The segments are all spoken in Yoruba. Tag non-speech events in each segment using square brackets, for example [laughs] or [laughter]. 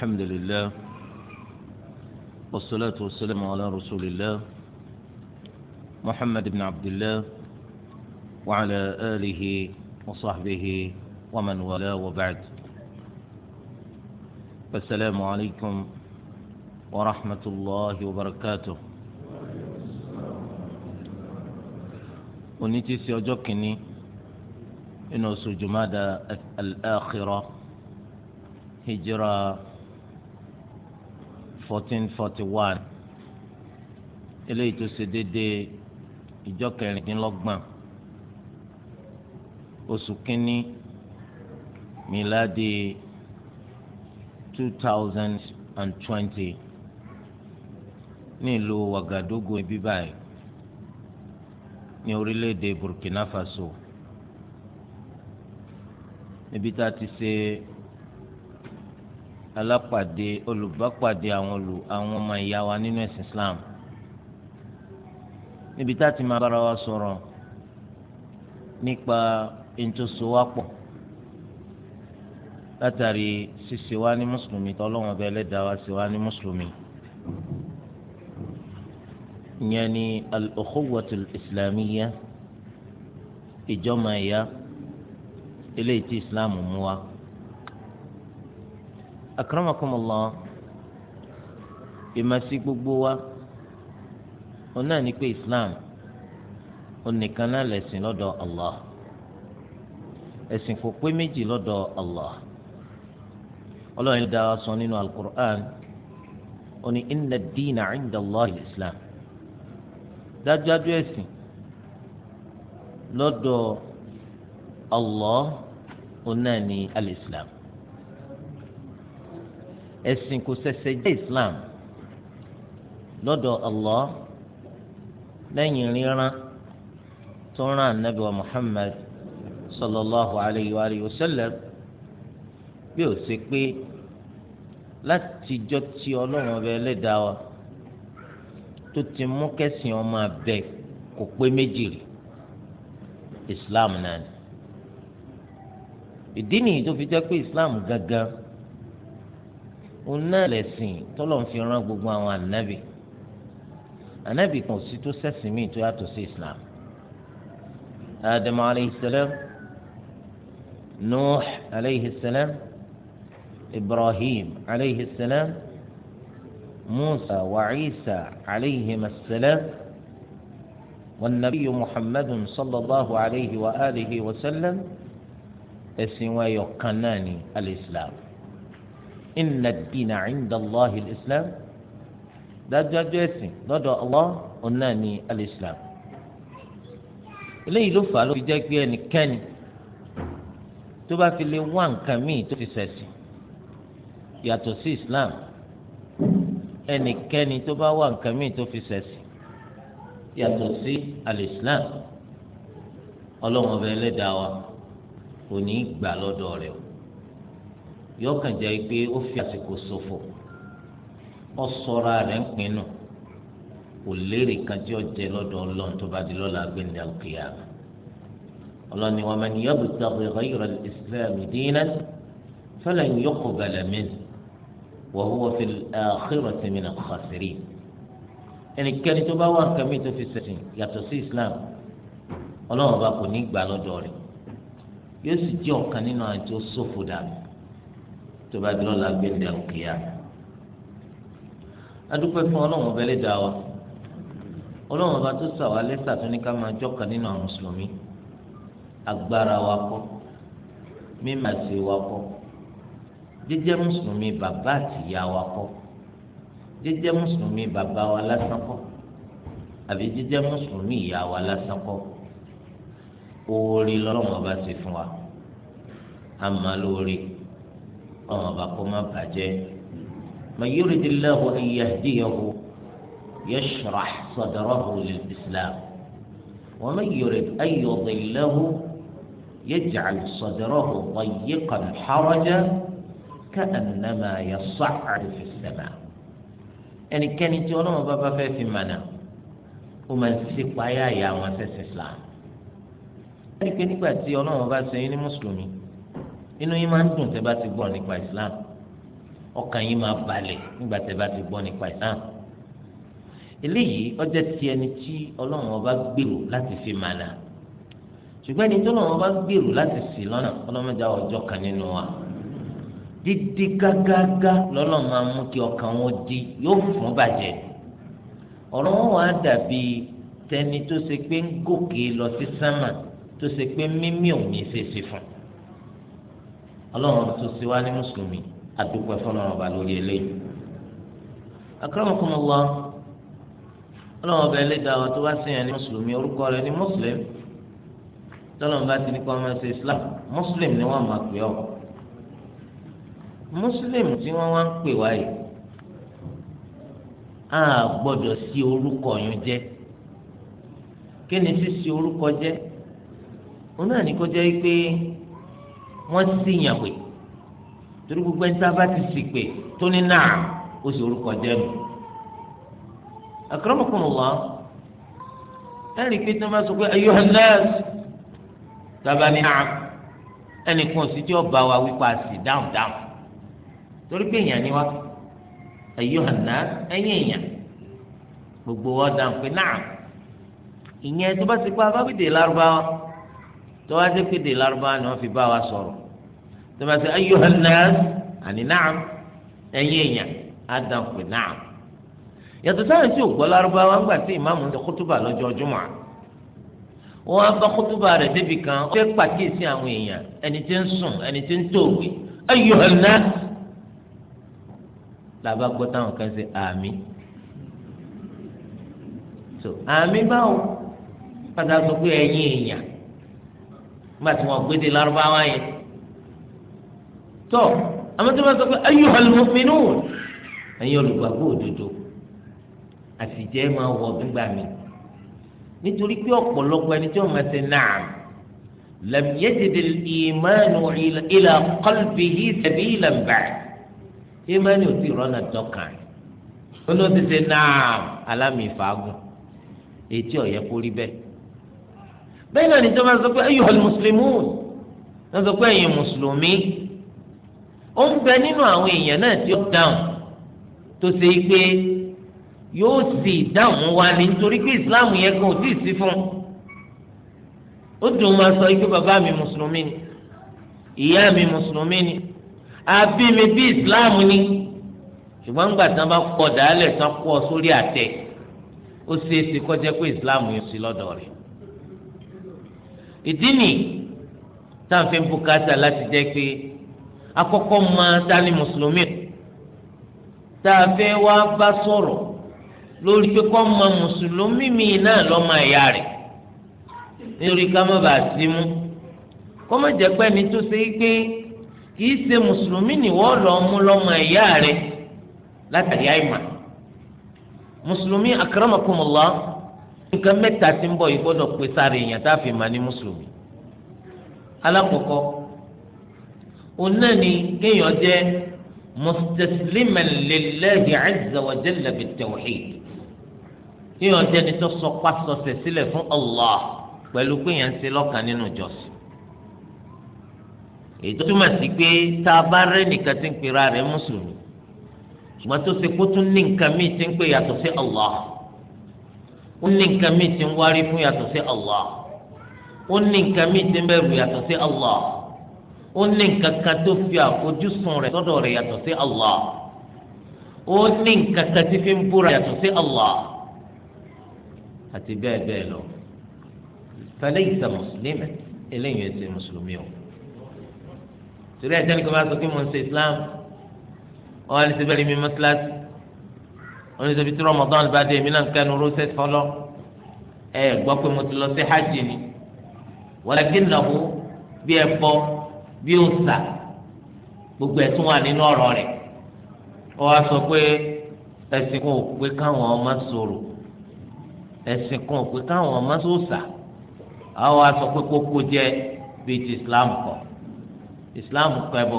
الحمد لله والصلاة والسلام على رسول الله محمد بن عبد الله وعلى آله وصحبه ومن والاه وبعد السلام عليكم ورحمة الله وبركاته ونيتي سيوجوكني إنه سجمادة الآخرة هجرة fourteen forty one eléyìí tó ṣe déédéé ìjọ kẹrìndínlọ́gbọ̀n oṣù kínní miladi two thousand and twenty ní ìlú Wagadugu ibi báyìí ní orílẹ̀-èdè Burkina Faso níbi tá a ti ṣe alápàdé olùbápàdé àwọn olù àwọn ọmọ ìyá wa nínú ẹ̀sìn Islam níbi tá a ti máa bára wa sọ̀rọ̀ nípa ìtòsowápọ̀ látàrí ṣíṣe wa ní mùsùlùmí tọ́lọ́wọ́n bẹ́ẹ̀ lẹ́dàá wa ṣe wa ní mùsùlùmí ìyẹn ni al-ukhuwatul islamiyya ìjọ́mọ̀ ẹ̀yà eléyìí tí Islam mú wa akramakumullah ìmọ̀sí gbogbo wa òun náà ní pé islam onìkan náà lẹ̀sìn lọ́dọ̀ allah ẹ̀sìn kò pé méjì lọ́dọ̀ allah ọlọ́run dá wa sọ nínú alukur'an ó ní inna ad-dina islam dájúdájú ẹ̀sìn lọ́dọ̀ allah òun ní alìsílámù ẹ̀sìn kò ṣẹ̀ṣẹ̀ jẹ́ islam lọ́dọ̀ allah lẹ́yìn ríran tó ń rán anabi wa muhammad sallallahu alayhi wa alihi wa sallam bí ó ṣe pé látijọ́ tí ọlọ́run ọba ẹlẹ́dàá wa tó ti mú kẹ́sìn ọmọ abẹ kò pé méjì rí islam náà ìdí nìyí tó fi jẹ́ pé islam gangan. òun náà lẹ̀sìn tọ́lọ́run fi rán gbogbo àwọn ànábì ànábì kan sí tó sẹ́sìn mi tó yàtọ̀ sí islam adamu alayhi salam nuh alayhi salam ibrahim alayhi salam musa wa isa alayhi salam والنبي wa salam esin wa yọ وسلم اسم alayhi salam. inna dina inda allah islam dájúdájú ẹ̀sìn lọ́dọ̀ allah ọ̀nà ni alislam eléyìí ló fà á ló fi jẹ́ pé ẹnikẹ́ni tó bá fi lè wá nǹkan míì tó fi ṣẹ̀sìn yàtọ̀ sí islam ẹnikẹ́ni tó bá wá nǹkan míì tó fi ṣẹ̀sìn yàtọ̀ sí alislam ọlọ́run ọba ẹlẹ́dàá wa kò ní í gbà lọ́dọ̀ rẹ̀ o yọ kàn jẹ́ pé ó fi àsìkò ṣòfò ó sọra rẹ̀ ń pinnu kò léèrè kan tí ó jẹ lọ́dọ̀ ọlọ́run tó bá di lọ́la gbẹ̀ndẹ̀ òkèèyà ọlọ́ni wa man yabtaghi ghayra al-islam dinan falan yuqbala minhu wa huwa fil akhirati min al-khasirin ẹnikẹ́ni tó bá wà kàmí tó fi ṣẹ̀sìn yàtọ̀ sí islam ọlọ́run bá kò ní gbà lọ́dọ̀ rẹ̀ yóò sì jẹ́ ọ̀kan nínú àjọ ṣòfò dànù tó bá di lọ́la gbẹ̀ndẹ̀ òkèèyà. adúpẹ́ fún ọlọ́run ọbẹ̀ lè dá wa ọlọ́run ọba tó sà wá lẹ́sà tó ní ká máa jọ́ka nínú àwọn mùsùlùmí agbára wa kọ́ mímà sí wa kọ́ jíjẹ́ mùsùlùmí bàbá àtìyá wa kọ́ jíjẹ́ mùsùlùmí bàbá wa lásán kọ́ àbí jíjẹ́ mùsùlùmí ìyá wa lásán kọ́ oore lọ́rùn ọba ti fún wa àmà ọmọ ọba kó má bàjẹ́ ma yuridillahu an yahdiyahu yashrah sadrahu lil islam wa man yurid an yudillahu yaj'al sadrahu dayyiqan harajan ka'annama yas'adu fis sama' ẹnikẹ́ni tí ọlọ́run bá bá fẹ́ fi mànà ó máa ń ṣe payá ìyá àwọn ẹsẹ̀ islam ẹnikẹ́ni nígbà tí ọlọ́run bá ṣe yín ní mùsùlùmí inú yín máa ń dùn tẹ́ bá ti gbọ́ nípa islam ọkàn yín máa balẹ̀ nígbà tẹ́ bá ti gbọ́ nípa islam eléyìí ọjọ́ ti ẹni tí ọlọ́run ọba gbèrò láti fi mànà ṣùgbọ́n ẹni tí ọlọ́run ọba gbèrò láti sì lọ́nà ọlọ́mọdé ọjọ́ kan nínú wa dídí gágágá lọ́lọ́run máa mú kí ọkàn wọn di yóò fún bàjẹ́ ọ̀rọ̀ wọn wà á dàbí tẹni tó ṣe pé ń gòkè lọ sí sánmà tó ṣe pé mímí ò ní ṣe é ṣe fún un. ọlọ́run tó ṣe wá ní mùsùlùmí àdúpẹ́ fọlọ́run ọba lórí eléyìí. akramakumullah ọlọ́run ọba ẹlẹ́dàá wa tó bá sèyàn ní mùsùlùmí orúkọ rẹ̀ ní mùsùlùm tọ́lọ́run bá ti ní kó ọmọ ṣe islam mùsùlùm ni wọ́n máa pè ọ́ mùsùlùm tí wọ́n wá ń pè wáyé a gbọ́dọ̀ sí orúkọ yẹn jẹ́ kí ni sísí orúkọ jẹ́ òun náà ní kó jẹ́ pé wọ́n sì yàn pé torí gbogbo ẹni tí a bá ti sì pé tó ní náà ó sì orúkọ jẹ́ mi. akramakumullah ẹ rí i pé tí wọ́n bá sọ pé ayyuhan nas tábà ní náà ẹnìkan sì tí ó bá wa wípé a sì dáhùn dáhùn torí pé èèyàn ni wá ayyuhan nas ẹ̀yìn èèyàn gbogbo wa dáhùn pé náà ìyẹn tó bá ti pa abáwídè lárúbáwá tó wá dé pé dè ni wọ́n fi bá wa sọ̀rọ̀ tọ́ba sọ ayyuhan nas àní na'am ẹ̀yìn èèyàn adam pè na'am yàtọ̀ sáyẹn tí ò gbọ́ lárúbáwá ńgbà tí ìmáàmù ń sọ kótóbà lọ́jọ́ Jímọ̀ wọn á bá kótóbà rẹ̀ débi kan ó fẹ́ pàkíyèsí àwọn èèyàn ẹni tí ń sùn ẹni tí ń tòwé ayyuhan làbá gbọ́ táwọn kan ṣe àmì so àmì báwo padà sọ pé ẹ̀yin èèyàn nígbà tí wọ́n gbé de lárúbáwá yẹn tọ́ àmọ́ tí wọ́n sọ pé ayyuhal mu'minun ẹ̀yin olùgbàgbọ́ òdodo àfìjẹ́ máa wọ̀ gbígbà mi nítorí pé ọ̀pọ̀lọpọ̀ ẹni tí wọ́n máa ṣe na'am lam yajidil imanu ila qalbihi sabilan ba'd ìmánì ò tí ì rọ́nà dọ́kàn olóòtú ṣe na'am alámì ìfàgùn ètí ọ̀yẹ́ kó rí bẹ́ẹ̀ bẹ́ẹ̀ náà ni wọ́n sọ pé ayyuhal muslimun sọ pé ẹ̀yin mùsùlùmí ó ń bẹ nínú àwọn èèyàn náà tí ó dáhùn tó ṣe é pé yóò sì dáhùn wa ni nítorí pé ìsìláàmù yẹn kan ò tí ì sí fún un ó dùn máa sọ pé bàbá mi mùsùlùmí ni ìyá mi mùsùlùmí ni àbí mi bí ìsìláàmù ni ṣùgbọ́n ńgbà tí wọ́n bá kọ dàálẹ̀ tán kọ́ sórí àtẹ ó ṣeé ṣe kọjá pé ìsìláàmù yóò sí lọ́dọ̀ rẹ̀ ìdí nìyí táwọn fi ń bùkátà láti jẹ́ pé Akọkọ máa dání mùsùlùmí tá a bá sọ̀rọ̀ lórí pé kọ́ ma mùsùlùmí mi náà lọ́mọ ẹ̀yà rẹ̀ nítorí ká má sí mú kọ́ má tó ṣe pé kìí ṣe mùsùlùmí nìwọ́ lọ́ mú lọ́mọ ẹ̀yà rẹ̀ látàrí mùsùlùmí nǹkan mẹ́ta ń a òun náà ni kéèyàn jẹ́ mustasliman lillahi azza wa jalla bit-tawhid kéèyàn jẹ́ ni tó sọpá sọsẹ̀ sílẹ̀ fún Allah pẹ̀lú kéèyàn ṣe lọ́kàn nínú ìjọsìn èyí tó túmọ̀ sí pé tá a bá rẹ́ nìkan tí ń pera rẹ̀ mùsùlùmí ṣùgbọ́n tó ṣe kó tún ní nǹkan míì tí ń pè yàtọ̀ sí Allah ó ní nǹkan míì tí ń wárí fún yàtọ̀ sí Allah ó ní nǹkan míì tí ń bẹ̀rù yàtọ̀ sí Allah ó ní nǹkan kan tó fi àfojúsùn rẹ̀ sọ́dọ̀ rẹ̀ yàtọ̀ sí Allah ó ní nǹkan kan tí fi ń búra yàtọ̀ sí Allah àti bẹ́ẹ̀ bẹ́ẹ̀ lọ falaysa musliman eléyìí ẹsẹ̀ mùsùlùmí o torí ẹ̀jẹ̀ ni kò bá sọ pé mo ń ṣe Islam ọ̀hún ẹni sẹ́fẹ̀ẹ́ mi mọ́sálásí ọ̀hún ẹni tí Ramadan bá dé èmi náà ń kẹ́nu rọ́ṣẹ́ fọlọ́ ẹ̀ gbọ́ pé mo ti lọ sí hajj ni walakinnahu bí ẹ bọ́ bí ó ń sà gbogbo ẹ̀tún wà nínú ọ̀rọ̀ rẹ̀ ó wá sọ pé ẹ̀sìn kan ò pé káwọn ọmọ sọ̀rọ̀ ẹ̀sìn kan ò pé káwọn ọmọ Islam kọ Islam kọ ẹbọ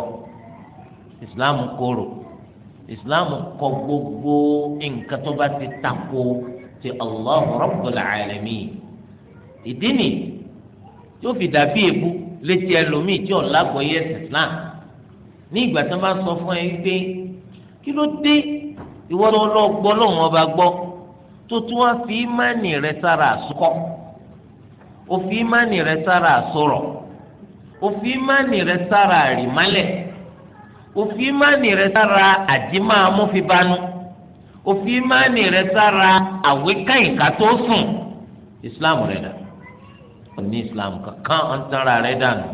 Islam kọrò Islam kọ gbogbo nǹkan tó bá ti tako ti Allah Rabbul ìdí ni létí ẹlòmíì tí ò lágbọ̀ọ́yé ẹ̀sìn Islam ní ìgbà tí wọ́n bá sọ fún ẹ pé kí ló dé ìwọ ló lọ gbọ́ lọ́wọ́n ọba gbọ́ tó tún wá fi ìmánì rẹ sára àsukọ́ ó fi ìmánì rẹ sára àsọ̀rọ̀ ó fi ìmánì rẹ sára àrìmálẹ̀ ó fi ìmánì rẹ sára àdìmáàmúfibánú ó fi ìmánì rẹ sára àwékàyìnká tó sùn Islam rẹ dà òní islam kankan ọ̀n tanra rẹ̀ dànù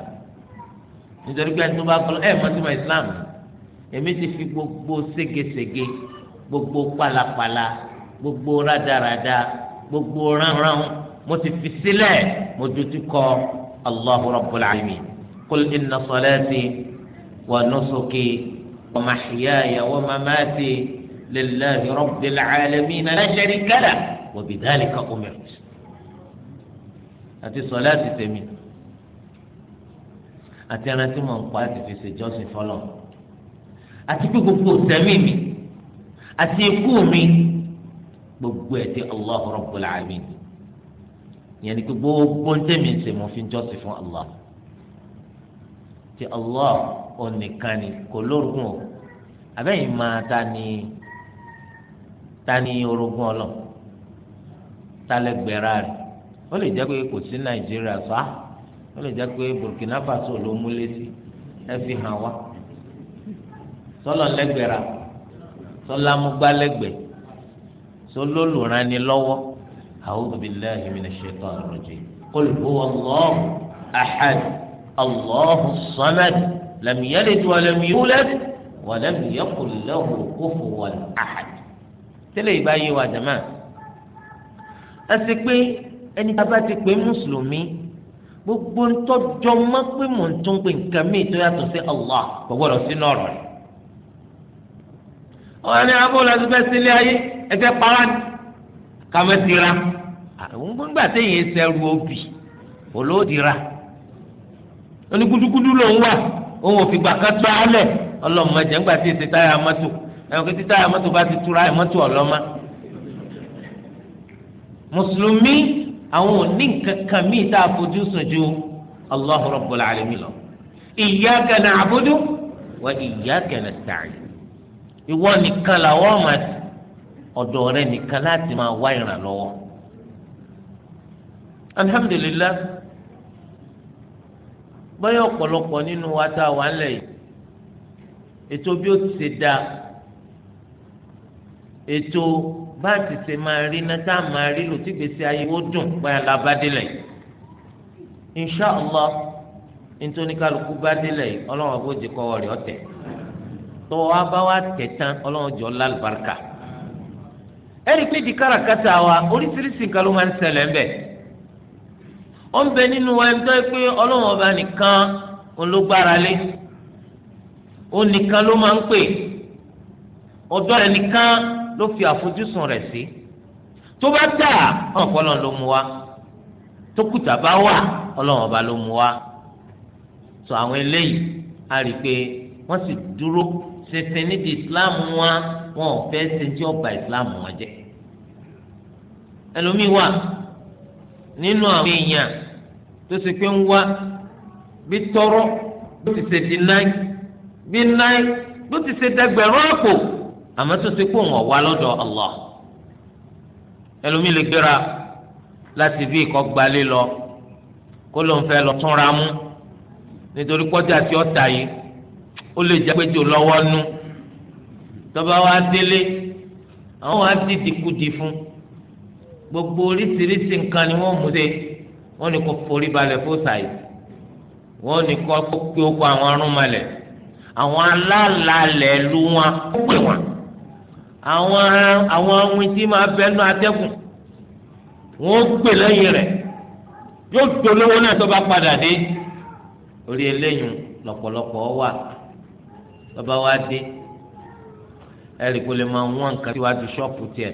nítorí pé ẹni tó bá fọlọ́ ẹ̀ mọ́tí ma islam èmi ti fi gbogbo ségesège gbogbo pálapàla gbogbo rádaràda gbogbo ránran mo ti fi sílẹ̀ mo dojú kọ allahu rabbul alamin qul inna salati wa nusuki wa mahyaya wa mamati lillahi rabbil alamin la sharika lahu wa bidhalika umirtu àti sọlá ti tèmi àti ẹran tí mo ń pa àti fi ṣe jọ́sìn fọlọ́ àti pé gbogbo sẹ́mi mi àti ikú mi gbogbo ẹ̀ ti Allah Rabbul Alamin ìyẹn ni pé gbogbo ń tẹ̀mí ṣe mo fi jọ́sìn fún Allah ti Allah onìkan ni kò lórúkún o abẹ́yìn máa ta ni ta ni orogún ọlọ́ ta lẹ́gbẹ̀ẹ́ rárẹ̀ ó lè jẹ́ pé kò sí nàìjíríà sá ó lè jẹ́ pé burkina faso ló mú létí ẹ fi hàn wá sọlọ lẹgbẹra sọlá amúgbálẹ́gbẹ̀ sọlọlùrani lọ́wọ́ a'udhu billahi minash shaitani rrajim qul huwa Allahu ahad Allahu samad lam yalid wa lam yulad wa lam yakul lahu kufuwan ahad tẹ́lẹ̀ ìbáyé wa jama ẹsẹ pé ẹni tí a bá ti pè mùsùlùmí gbogbo ntọ́jọ́ má pé mò ń tún pé nǹkan mi tó yàtọ̀ sí Allah kò gbọ́dọ̀ sínú ọ̀rọ̀ rẹ̀. ọ̀rọ̀ ni abó la ti fẹ́ sílé ayé ẹgbẹ́ para ni kàmẹ́ ti ra àwọn gbọ́ngbà téèyàn sẹ́rù òbí olóòdì ra oní gudugudu ló ń wà òun ò fìgbà kan tó alẹ̀ ọlọ́mọdé ńgbà tí èsì táyà mọ́tò ẹ̀wọ̀n kí táyà mọ́tò bá ti túra ẹ̀ ọlọ́mọ mùsùlùmí àwọn òní nǹkan kan míì tá a fojú sùn ju Allahu Rabbul Alamin lọ iyyaka na'budu wa iyyaka nasta'in ìwọ nìkan làwọn ọmọ àti ọ̀dọ̀ rẹ nìkan láti máa wá ìrànlọ́wọ́ alhamdulilayi báyọ̀ ọ̀pọ̀lọpọ̀ nínú wa tá a wà ńlẹ̀ ètò bí ó ti ṣe dáa ètò bá a ti ṣe máa rí iná tá a máa rí lò tí gbèsè ayé ó dùn báyà la bá délẹ̀ inṣàlá nítorí kálukú bá délẹ̀ yìí ọlọ́run àbó jẹ kọ́wọ́ rẹ̀ ọ̀tẹ̀ tó wá bá wá tẹ̀ tán ọlọ́run jọ lálùbáríkà ẹ̀rí pé di kárakáta wa oríṣiríṣi nǹkan ló máa ń ṣẹlẹ̀ ń bẹ̀ ó ń bẹ nínú wa ń tọ́ pé ọlọ́run ọba nìkan ológbára lé ó nìkan ló máa ń pè ọ̀dọ̀ rẹ̀ nìkan ló fi àfojúsùn rẹ̀ sí tó bá dà ọ̀pọ̀lọ́ ló mú wa tó kùtà bá wà ọlọ́run ọba ló mú wa tó àwọn eléyìí a rí i pé wọ́n sì dúró ṣẹṣẹ nídìí islam wa wọn ò fẹ́ ṣe tí ọba islam wọn jẹ ẹlòmíì wà nínú àwọn èèyàn tó ṣe pé ń wá bí tọrọ bó ti ṣe di náì bí náì bó ti ṣe dẹgbẹ̀rún àpò àmọ́ tó ti kó wọn wá lọ́dọ̀ Allah ẹlòmíì lè gbéra láti bí ikọ̀ gbalé lọ kó ló ń fẹ́ lọ túnra mú nítorí pọ́jà tí ó ta yìí ó lè jẹ́ péjọ lọ́wọ́ nú tọ́ba wa délé àwọn wa dìdì kudì fún gbogbo oríṣiríṣi nǹkan ni wọ́n mú de wọ́n ní kó forí balẹ̀ fún sàyè wọ́n ní kó pé ó kó àwọn arúnmalẹ̀ àwọn aláàlá lẹ̀ wọn ó pè wọn àwọn àwọn ohun tí máa bẹ nù atẹ́kùn wọn ó gbè lẹ́yìn rẹ̀ yóò dolówó náà tó bá padà dé orí eléyìí lọ́pọ̀lọpọ̀ wà lọ́ba wa dé ẹ̀rì kò lè máa wọ́n nǹkan síwájú ṣọ́ọ̀pù tiẹ̀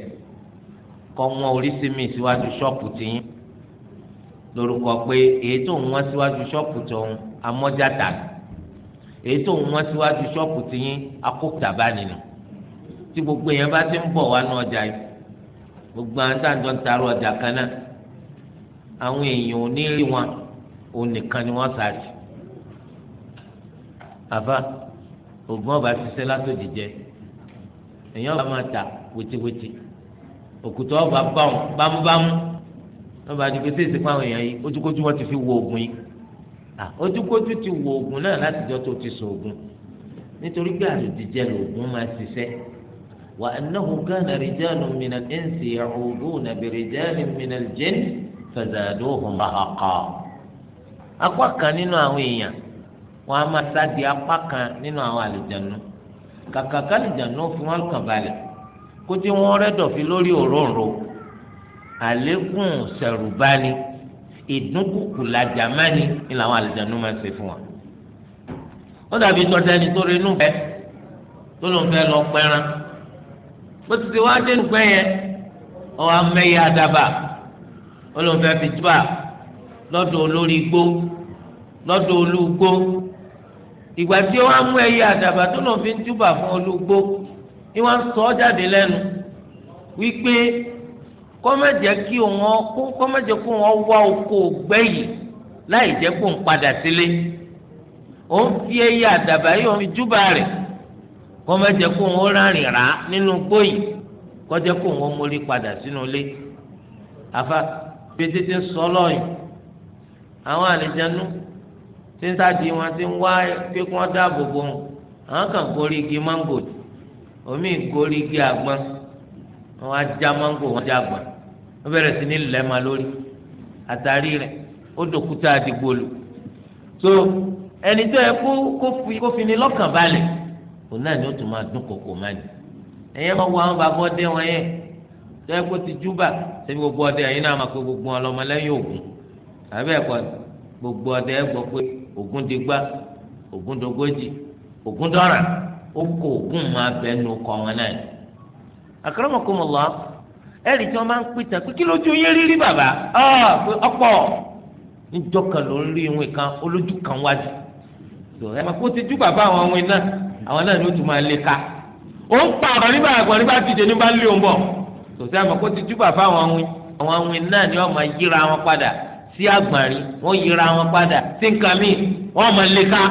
kọ́ wọ́n oríṣi mi síwájú ṣọ́ọ̀pù tiyín lórúkọ pé èyí tó ń wọ́n síwájú ṣọ́ọ̀pù tòun amọ́jàtà èyí tó ń wọ́n síwájú ṣọ́ọ̀pù tiyín akókùtà bá nínú tí gbogbo èèyàn bá ti ń bọ̀ wá ní ọjà yìí gbogbo àwọn táǹtọ́ ń tarọ ọjà kan náà àwọn èèyàn ò ní rí wọn òun ni wọ́n sáré àbá ògùn ọba ṣiṣẹ́ látòdì jẹ èèyàn ọba máa ta wetiweti òkùtọ̀ ọba bámúbámú ọba àdìgbò tí èsì fáwọn èèyàn yìí ojúkójú wọn ti fi wo oògùn yìí ojúkójú ti wo oògùn náà látijọ́ tó ti sọ oògùn nítorí pé àlòdì jẹ lóògùn máa ṣiṣẹ́. وأنه كان رجال من الإنس يعودون برجال من الجن فزادوهم رهقا أقوى كان نينو أويا وأما سادي أقوى كان نينو أوالي جنو كاكا في مالك بالك كنت موردو في لولي أورونرو àlékún sẹ̀rùbáni ìdúnkùkùlà jàmánì ni làwọn àlejànú máa ń ṣe fún wa. ó dàbí tọ́jà ẹni tó rinú bẹ́ẹ̀ tó ló ń fẹ́ lọ pẹ́ran bó ti ti wá dé nùgbẹ́ yẹn ọ wá mẹ́yẹ àdàbà fìtúbà lọ́dọ̀ olórí igbó lọ́dọ̀ olúgbó ìgbà tí wọ́n á ẹyẹ àdàbà tó lọ́n fi ń túbà fún olúgbó ni wọ́n sọ ọ́ jáde lẹ́nu wípé kí wọ́n kó wọ́n wá oko fi ẹyẹ yìí fi kọ́ má jẹ́ kó wọn rárìn rà nínú gbóyè kọ́ jẹ́ kó wọn mórí padà sínú ilé àfa bí títí sọ lọ́yìn àwọn àlejànú tí ń sáàdì wọn ti ń wá pé kí wọ́n dáàbò bò wọn àwọn kan gorí igi máńgò omi gorí igi àgbọn wọn á já wọn já àgbọn wọn bẹ̀rẹ̀ sí ní lẹ́ẹ̀ma lórí àtàrí rẹ̀ ó dòkúta àdìgbò lò so ẹni tó yẹ kó kó fi ní lọ́kàn balẹ̀. òun náà ni ó tún máa dún kòkò má ní. ẹ̀yẹ́ máa wo àwọn bàbá ọdẹ wọn yẹn tó ti júbà ṣebí gbogbo ọdẹ ẹ̀yin náà máa gbogbo wọn lọ́mọ lẹ́yìn ògún àbí ẹ̀kọ́ gbogbo ọdẹ ẹ̀ gbọ́ pé ti gbá ó kó máa kọ́ wọn náà. ẹ̀rì tí wọ́n máa ń pé kí lójú rírí bàbá ọ̀pọ̀ níjọ́ kan ló ń rí ìwé kan olójú kan àwọn náà ni ó tún máa lé ká ó ń pa ọ̀rọ̀ nígbà àgbọ̀n nígbà dìde ní bá lé òun bọ̀ sòtẹ́ àmọ́ kó ti júbà fáwọn awin àwọn awin náà ni wọ́n máa yíra wọn padà sí àgbàrí wọ́n yíra wọn padà sí nǹkan míì wọ́n máa lé ká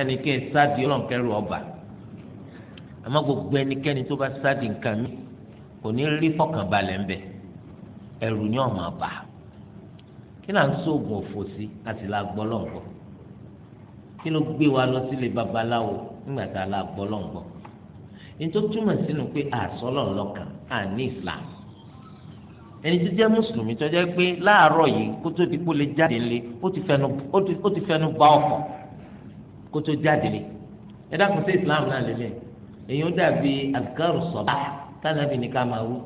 ẹnikẹ́ni sáàdì ọlọ́nkẹ́rù ọba àmọ́ gbogbo ẹnikẹ́ni tó bá sáàdì nǹkan kò ní rí fọkànbalẹ̀ ńbẹ ẹ̀rù ni ọ̀ kí ló gbé wa lọ sílé babaláwo nígbà tá a la gbọ́ lọ́ngbọ́n nítorí túmọ̀ sínú pé àsọlọ̀ lọ́kàn à ní islam ẹni tó jẹ́ mùsùlùmí tó jẹ́ pé láàárọ̀ yìí kó tó di kó lè jáde lé ó ti fẹnu bá ọkọ̀ kó tó jáde lé ẹ dákun sí islam náà lélẹ̀ èyí ó dàbí azkaru sabah tánàbì ní ká máa wú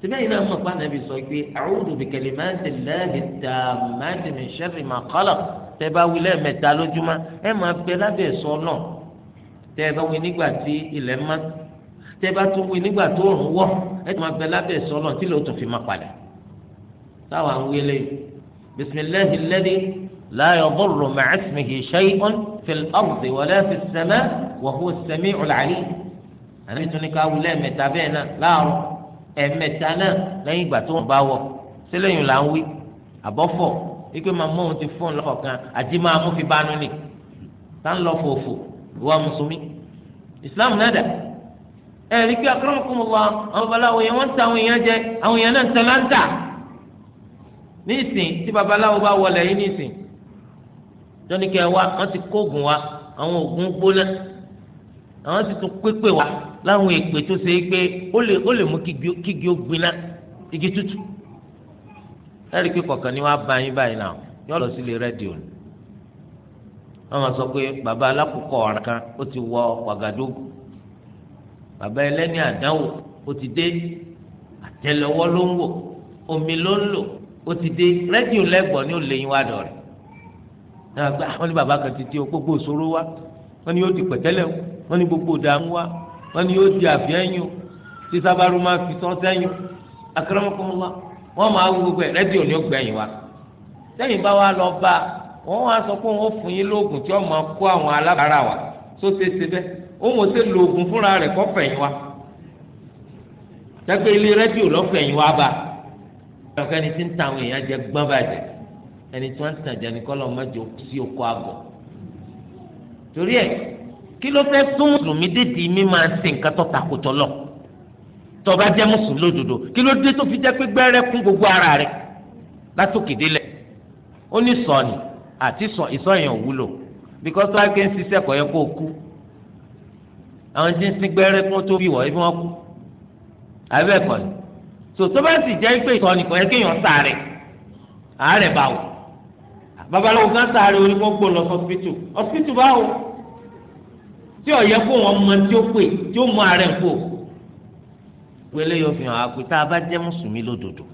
síbẹ̀ yìí náà mọ̀ pé ànàbì sọ pé a'udhu bi kalimati llahi tammati min sharri tẹ bá wí lẹ́ẹ̀mẹ́ta lójúmọ́ ẹ máa bẹ lábẹ́ ẹ̀sọ́ náà tẹ bá wí nígbà tí ilẹ̀ mọ́ tẹ bá tún wí nígbà tó òrùn wọ̀ ẹ máa bẹ lábẹ́ ẹ̀sọ́ náà tí lóòótọ́ fi máa padà táwa ń wílé bisimilahi lẹ́dí láyọ̀ bọ́ọ̀lù màásìmìhì ṣẹ́yìn fìl ọ̀rùdì wọlé fi sẹ́mẹ́ wọ̀hú sẹ́mi ọ̀làlí àná tún ká wí lẹ́ẹ̀mẹ́ta bẹ́ẹ̀ náà láàrọ̀ ẹ̀ẹ̀mẹ́ta náà lẹ́yìn ìgbà tó ń bá wọ̀ sílẹ̀ yìí là ń wí àbọ̀fọ̀ ikú màmá òun ti fóun lọ́kọ̀ọ̀kan àti máa mú fi bánú ni tá ń lọ fòfò ìwà mùsùlùmí ìsìláàmù náà dà ẹ rí i pé akọ́nàmọ́kùnmọ́ àwọn babaláwo yẹn wọ́n ń ta àwọn èèyàn jẹ àwọn èèyàn náà ń tẹ láńtà ní ìsìn tí babaláwo bá wọlé yìí ní ìsìn tọ́nikẹ́ wa wọ́n ti kóògùn wa àwọn oògùn gbóná àwọn ti tún pépè wa láwọn èpè tó ṣe é pé ó lè mú kígi ó gbiná igi tútù ẹ̀rí pé kọ̀ọ̀kan ni wọ́n á ba yín báyìí náà yọ lọ sílé rédíò ni wọ́n máa sọ pé bàbá alákòókò ọ̀ràn kan ó ti wọ wàgàdógù bàbá ẹlẹ́ni àdánwò ó ti dé àtẹ́lẹwọ́ ló ń wò omi ló ń lò ó ti dé rédíò lẹ́gbọ̀n ni ó lè yín wá dọ̀rẹ́ ah, wọ́n ní bàbá kan ti di gbogbo ìṣòro wa wọ́n ní yóò di pẹ̀tẹ́lẹ̀ o wọ́n ní gbogbo ìdààmú wa wọ́n ní yóò di àfihàn yín o tí sábàrú máa fi sọ́ sẹ́yìn akérèmọ́kọ́mọ́ wa. wọ́n máa wú gbogbo ẹ̀ rẹ́díò ni ó gbẹ̀yìn wa sẹ́yìn bá wa lọ bá wọ́n wá sọ pé fún yín lóògùn tí wọ́n máa kó àwọn alábàárà wa tó ṣe ṣe bẹ́ẹ̀ òun ò ṣe fúnra rẹ̀ kọ́ fẹ̀yìn wa dẹ́gbẹ́ ilé rẹ́díò lọ́fẹ̀yìn wa bá ẹni tí ń ta àwọn èèyàn jẹ ẹni tí wọ́n ń tàn jẹ ní torí tó bá jẹ́ mùsùlùmí lódodo kí ló dé tó fi jẹ́ pé gbẹ́rẹ́ kún gbogbo ara rẹ̀ látòkè délẹ̀ ó ní sọ̀nì àti sọ ìsọ̀yàn òwúlò bíkọ́sì wá gé ń ṣiṣẹ́ kọ̀ yẹ kó kú àwọn tí ń sin gbẹ́rẹ́ kún tó bí wọ̀ ibi wọn kú àbẹ́ẹ̀kọ́ ni tò tó bá sì jẹ́ pé ìsọ̀nì kọ̀ yẹ kéèyàn sáré àárẹ̀ bá wò babaláwo kan sáré orí wọn gbó lọ hospital hospital báwo tí ó yẹ kó wọn mọ tí ó pè tí ó mọ àárẹ̀ ń gbogbo eléyìí ó fi hàn àpò tá a bá jẹ́ mùsùlùmí lódodo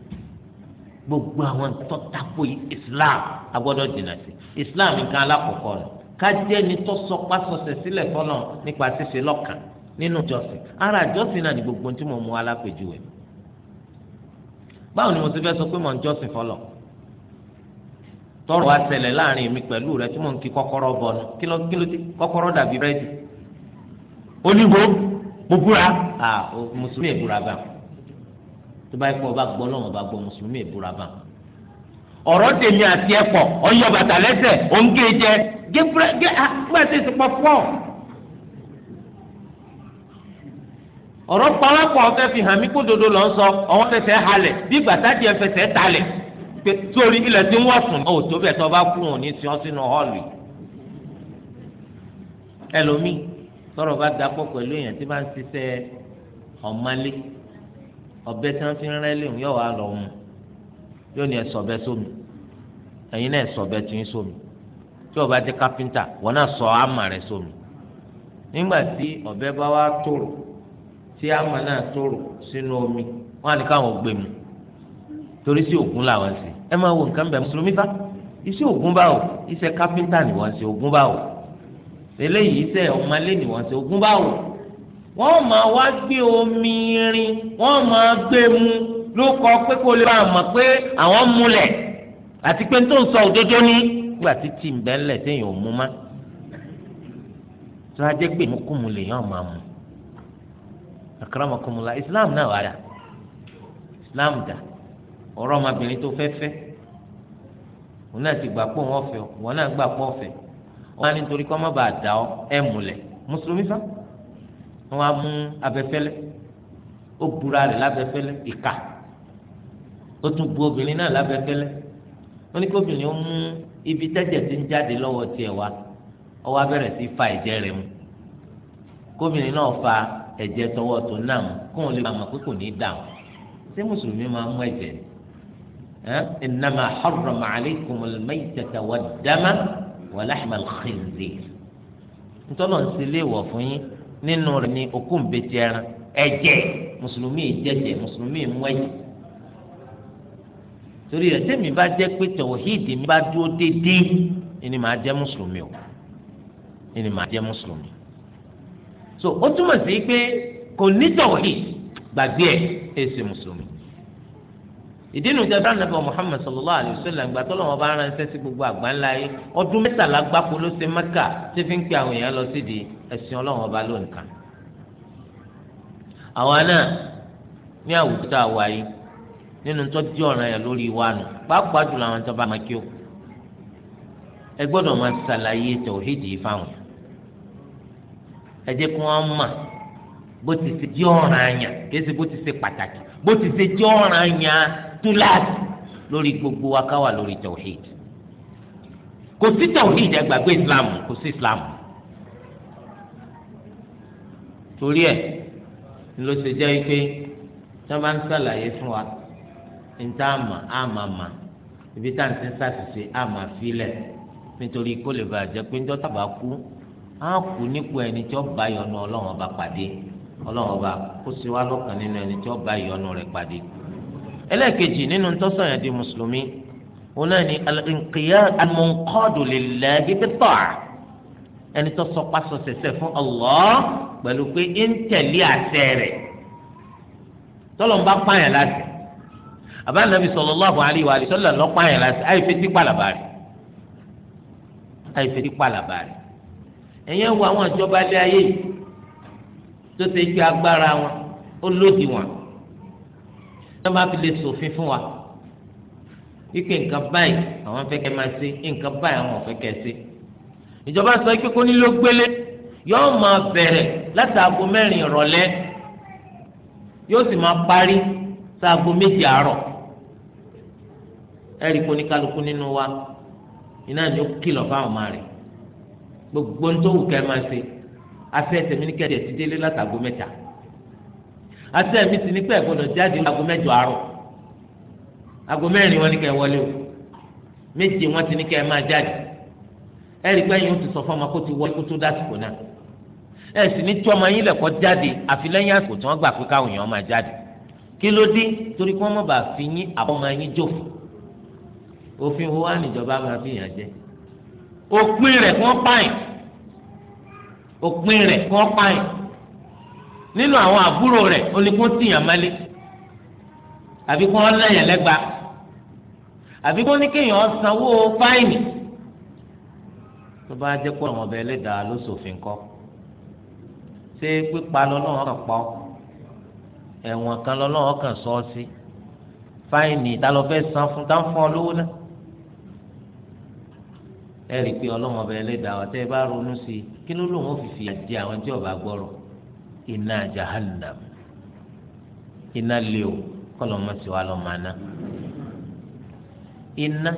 gbogbo àwọn tó tako islam a gbọ́dọ̀ dènà sí islam nǹkan alákọ̀ọ́kọ́ rẹ̀ ká ni tó sọ pásọsẹ̀ sílẹ̀ fọlọ́ nípa ṣíṣe lọ́kàn nínú ìjọsìn ara ìjọsìn náà ni gbogbo tí mo mú alápèjúwe báwo ni mo ti fẹ́ sọ pé mo ń jọ́sìn fọlọ́ tọrọ wa ṣẹlẹ̀ láàrin mi pẹ̀lú rẹ tí mo ń kí kọ́kọ́rọ́ bọnu kí ló dé kọ́kọ́rọ́ dàbí búrẹ́dì onígbò mo a mùsùlùmí èbúra bá tó bá yẹ kó o bá gbọ́ lọ́wọ́ bá gbọ mùsùlùmí èbúra bá ọ̀rọ̀ tèmi àti ẹ̀pọ̀ ọ̀yọ́ bàtà lẹ́sẹ̀ òǹgé jẹ gé gé ah, gbèsè ìsìnkpọ̀ pọ̀ ọ̀rọ̀ pàápàá ọ̀fẹ́ fi hàn mí kó dodo lọ sọ ọ̀wọ́n fẹsẹ̀ halẹ̀ bí gbàtàjì ẹ̀ fẹsẹ̀ talẹ̀ torí ilẹ̀ tí wọ́n sùn ọ̀ tó bẹ̀ tó bá kú òní sínú ẹlòmíì tọrọ bá dapọ̀ pẹ̀lú èèyàn tí bá ń ṣiṣẹ́ ọ̀málé ọbẹ̀ tí wọ́n fi ń rẹ́lẹ̀ ń yọ̀ wá lọ mu yóò ní ẹ̀sọ̀ ọbẹ̀ sómi ẹ̀yin náà ẹ̀sọ̀ ọbẹ̀ tí ń sómi tí ọba jẹ́ kápẹ́ńtà wọ́n náà sọ àmà rẹ̀ sómi nígbà tí ọbẹ̀ bá wá tòrò tí àmà náà tòrò sínú omi wọ́n á káwọn gbé mu torí sí ògùn làwọn ṣe ẹ máa wo nǹkan bẹ̀ mùsùlùmí bá iṣẹ́ ògùn báwo iṣẹ́ kápẹ́ńtà ni wọ́n ṣe ògùn báwo eléyìí tẹ ọmọlé ni wọ́n ti ogún báwò wọ́n máa wá gbé omi rin wọ́n máa gbé mu ló kọ pé kó lè bá a mọ̀ pé àwọn múlẹ̀ àti pé tó ń sọ òdodo ní nígbà tí tì ń bẹ́ńlẹ̀ téèyàn ò má tó a jẹ́ pé ìmúkùmù lèèyàn máa mú akaramakumula Islam náà wà dà Islam dà ọ̀rọ̀ ọmọbìnrin tó fẹ́ fẹ́ òun náà ti gbà pọ̀ wọ́n fẹ́ wọn náà gbà pọ̀ fẹ́ wọn á ní torí kọ́ má bàa dà ọ́ ẹ̀ múlẹ̀ mùsùlùmí fa wọn á mú abẹ́fẹ́lẹ́ ó búra rẹ̀ lábẹ́fẹ́lẹ́ ìka ó tún bu obìnrin náà lábẹ́fẹ́lẹ́ wọn ní kóbìnrin ó mú ibi tẹ́jẹ̀ ti ń jáde lọ́wọ́ tiẹ̀ wá ọwọ́ abẹ́rẹ́ sí fa ẹ̀jẹ̀ rẹ̀ mu kóbìnrin náà fa ẹ̀jẹ̀ tọwọ́ tó náà mu kóun lè máa mọ̀ pé kò ní í dà wọn ṣé mùsùlùmí máa mú ẹ̀jẹ̀ ẹ̀ ẹ̀ innama harrama alaykumul maytata wad dama wa lahmal khinzir ntọ́lọ̀ ń sílé wọ̀ fún yín nínú rẹ̀ ní okùn bẹ́tẹ̀ ẹran ẹ̀jẹ̀ mùsùlùmí ìjẹ̀jẹ̀ mùsùlùmí mú ẹ̀jẹ̀ torí rẹ̀ tẹ́mi bá jẹ́ pé tọ̀wọ̀hídì mi bá dúró déédéé ẹni màá jẹ́ mùsùlùmí o ẹni màá jẹ́ mùsùlùmí so ó túmọ̀ sí pé kò ní tọ̀wọ̀hídì gbàgbé ẹ̀ ẹ̀ ṣe mùsùlùmí ìdí nu jẹ́ sáà nàbẹ̀ Muhammad sallallahu alayhi wa sallam gbà tọ́lọ́ wọn bá rán ẹsẹ̀ sí gbogbo àgbáńlá yìí ọdún mẹ́tàlá gbáko ló ṣe Mẹ́kà tí fi ń pe àwọn èèyàn lọ sí di ẹ̀sìn Ọlọ́run ọba lónìkan. àwa náà ní àwùjọ tá a wà yìí nínú tó di ọ̀ràn yẹn lórí wa nù pàápàá jùlọ àwọn tó bá máa kí o. ẹ gbọ́dọ̀ máa ṣàlàyé tòhídì fáwọn ẹ jẹ́ kí wọ́n mọ̀ bó ti ṣe di ọ̀ràn yẹn kì í túláàsì lórí gbogbo wa ká wà lórí tawhid kò sí tawhid ẹ gbàgbé islam kò sí islam torí ẹ ló ṣe jẹ́ pé tí wọ́n bá ń ṣàlàyé fún wa ní tá a mà á mà mà ibi tá à ń ti ṣàṣìṣe á mà filẹ̀ nítorí kó lè bàjẹ́ pé ńjọ́ tàbá kú á kú nípò ẹni tí ó bá yọnu ọlọ́run ọba pàdé ọlọ́run ọba kó sì wá lọ́kàn nínú ẹni tí ó bá yọnu rẹ̀ pàdé ẹlẹ́ẹ̀kejì nínú tọ́sọ̀yàn di mùsùlùmí òun náà ni alìkìyà alìmọ̀nkọ́dù lillahi bit-ta'a ẹni tó sọ pásọ sẹsẹ fún Allah pẹ̀lú pé ń tẹ̀lé àṣẹ rẹ̀ tọ́lọ̀ ń bá pààyàn láti àbánabi sallallahu alaihi wa sallam lọ́ pààyàn láti àìfetí pàlàbà rẹ̀ àìfetí pàlàbà rẹ̀ ẹ̀yẹ́ wo àwọn ìjọba ilé ayé tó ṣe gbé agbára wọn ó lòdì wọn ẹ má fi lè ṣòfin fún wa wípé nǹkan báyìí àwọn fẹ́ kẹ́ máa ṣe nǹkan báyìí àwọn fẹ́ kẹ́ ṣe ìjọba sọ pé kó nílò gbélé yóò máa bẹ̀rẹ̀ láti aago mẹ́rin ìrọ̀lẹ́ yóò sì máa parí sí aago àárọ̀ ẹ̀rí kó ní kálukú nínú wa iná ni ó kìlọ̀ fáwọn ọmọ rẹ̀ gbogbo ń tó wù kẹ́ máa ṣe afẹ́ tẹ̀mí ní kẹ́ẹ̀dẹ̀ ti délé láti aago mẹ́ta àti ẹ̀mí ti ní pẹ́ gbọ́dọ̀ jáde ní aago mẹ́jọ àárọ̀ aago mẹ́rin wọn ní kẹ́ wọlé o méje wọn ti ní kẹ́ máa jáde ẹ̀rí pé yín ó ti sọ fún ọmọ kó ti wọlé kó tó dásìkò náà ẹ̀ sì ní tí ọmọ yín lẹ̀kọ́ jáde àfi lẹ́yìn àsìkò tí wọ́n gbà pé káwọn èèyàn máa jáde kí ló dé torí kí wọ́n mọ̀ bá fi yín àbọ̀mọ yín jòfò òfin wo wá máa fi yàn jẹ òpin rẹ̀ kí wọ́n pààyàn òpin rẹ̀ kí wọ́n pààyàn nínú àwọn àbúrò rẹ̀ oníkún tìyàn mẹ́lẹ́ àbí kí wọ́n lẹ́yìn lẹ́gba àbí kí wọ́n ní kéèyàn sanwó fáìnì tó bá jẹ́ pé àwọn ọbẹ̀ ẹlẹ́dàá ló ṣòfin kọ́ ṣé pípa lọ́lọ́run kan pa ọ́ ẹ̀wọ̀n kan lọ́lọ́run kan sọ ọ́ sí fáìnì ìdálọ́fẹ́ san fún táǹfọ́n olówó náà ẹ rí i pé ọlọ́run ọbẹ̀ ẹlẹ́dàá bá ronú sí i kí ló lóun ó fi fìyà jẹ àwọn tí ọba gbọ́rọ̀ iná jahannam iná leo kọlọ mọ sí wa lọ máa ná iná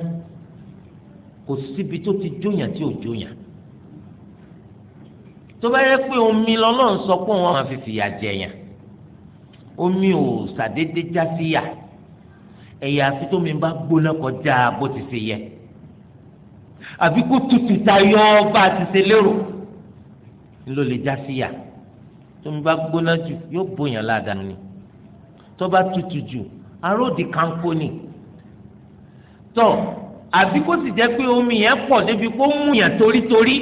kò síbi tó ti jóyàn tí ò jóyàn tó bá yẹ pé omi lọ́lọ́run sọ pé wọ́n máa fi fìyà jẹyàn omi ò ṣàdédé já síyà ẹ̀yà àfi tómi bá gbóná kọjá bó ti ṣe yẹ àbí kó tutù tayọ bá ti ṣe lérò ló lè já síyà tó ń bá gbóná jù yóò bóyàn ládàá ni tó bá tutù jù aróòdì kanko ni tó àbí kó sì jẹ́ pé omi yẹn pọ̀ débi kó mú yàn torítorí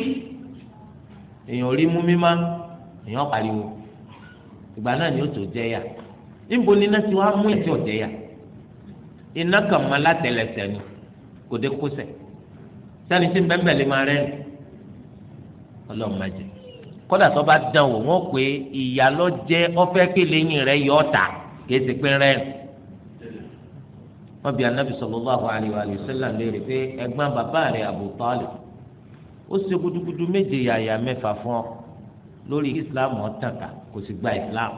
èèyàn rí mú mímá èèyàn pariwo ìgbà náà ni ó tó jẹ́ yà níbo ni iná ti wá mú ẹ̀tí ọ̀jẹ́ yà iná kàn máa látẹlẹsẹ ni kò dé kó sẹ̀ sani tí bẹ́ẹ̀ bẹ́ẹ̀ lè máa rẹ́rìn ọlọ́run máa jẹ́ kódà tó bá dán wò wọn pé ìyá lọ jẹ ọfẹ kele yín rẹ yọ ọta kìí ti pín rẹ wọn bí anabi sallallahu alaihi wa sallam léèrè pé ẹ̀gbọ́n bàbá rẹ Abu ó ṣe gudugudu méje yàyà mẹ́fà fún ọ lórí islam ọtàn ká kò sì gba islam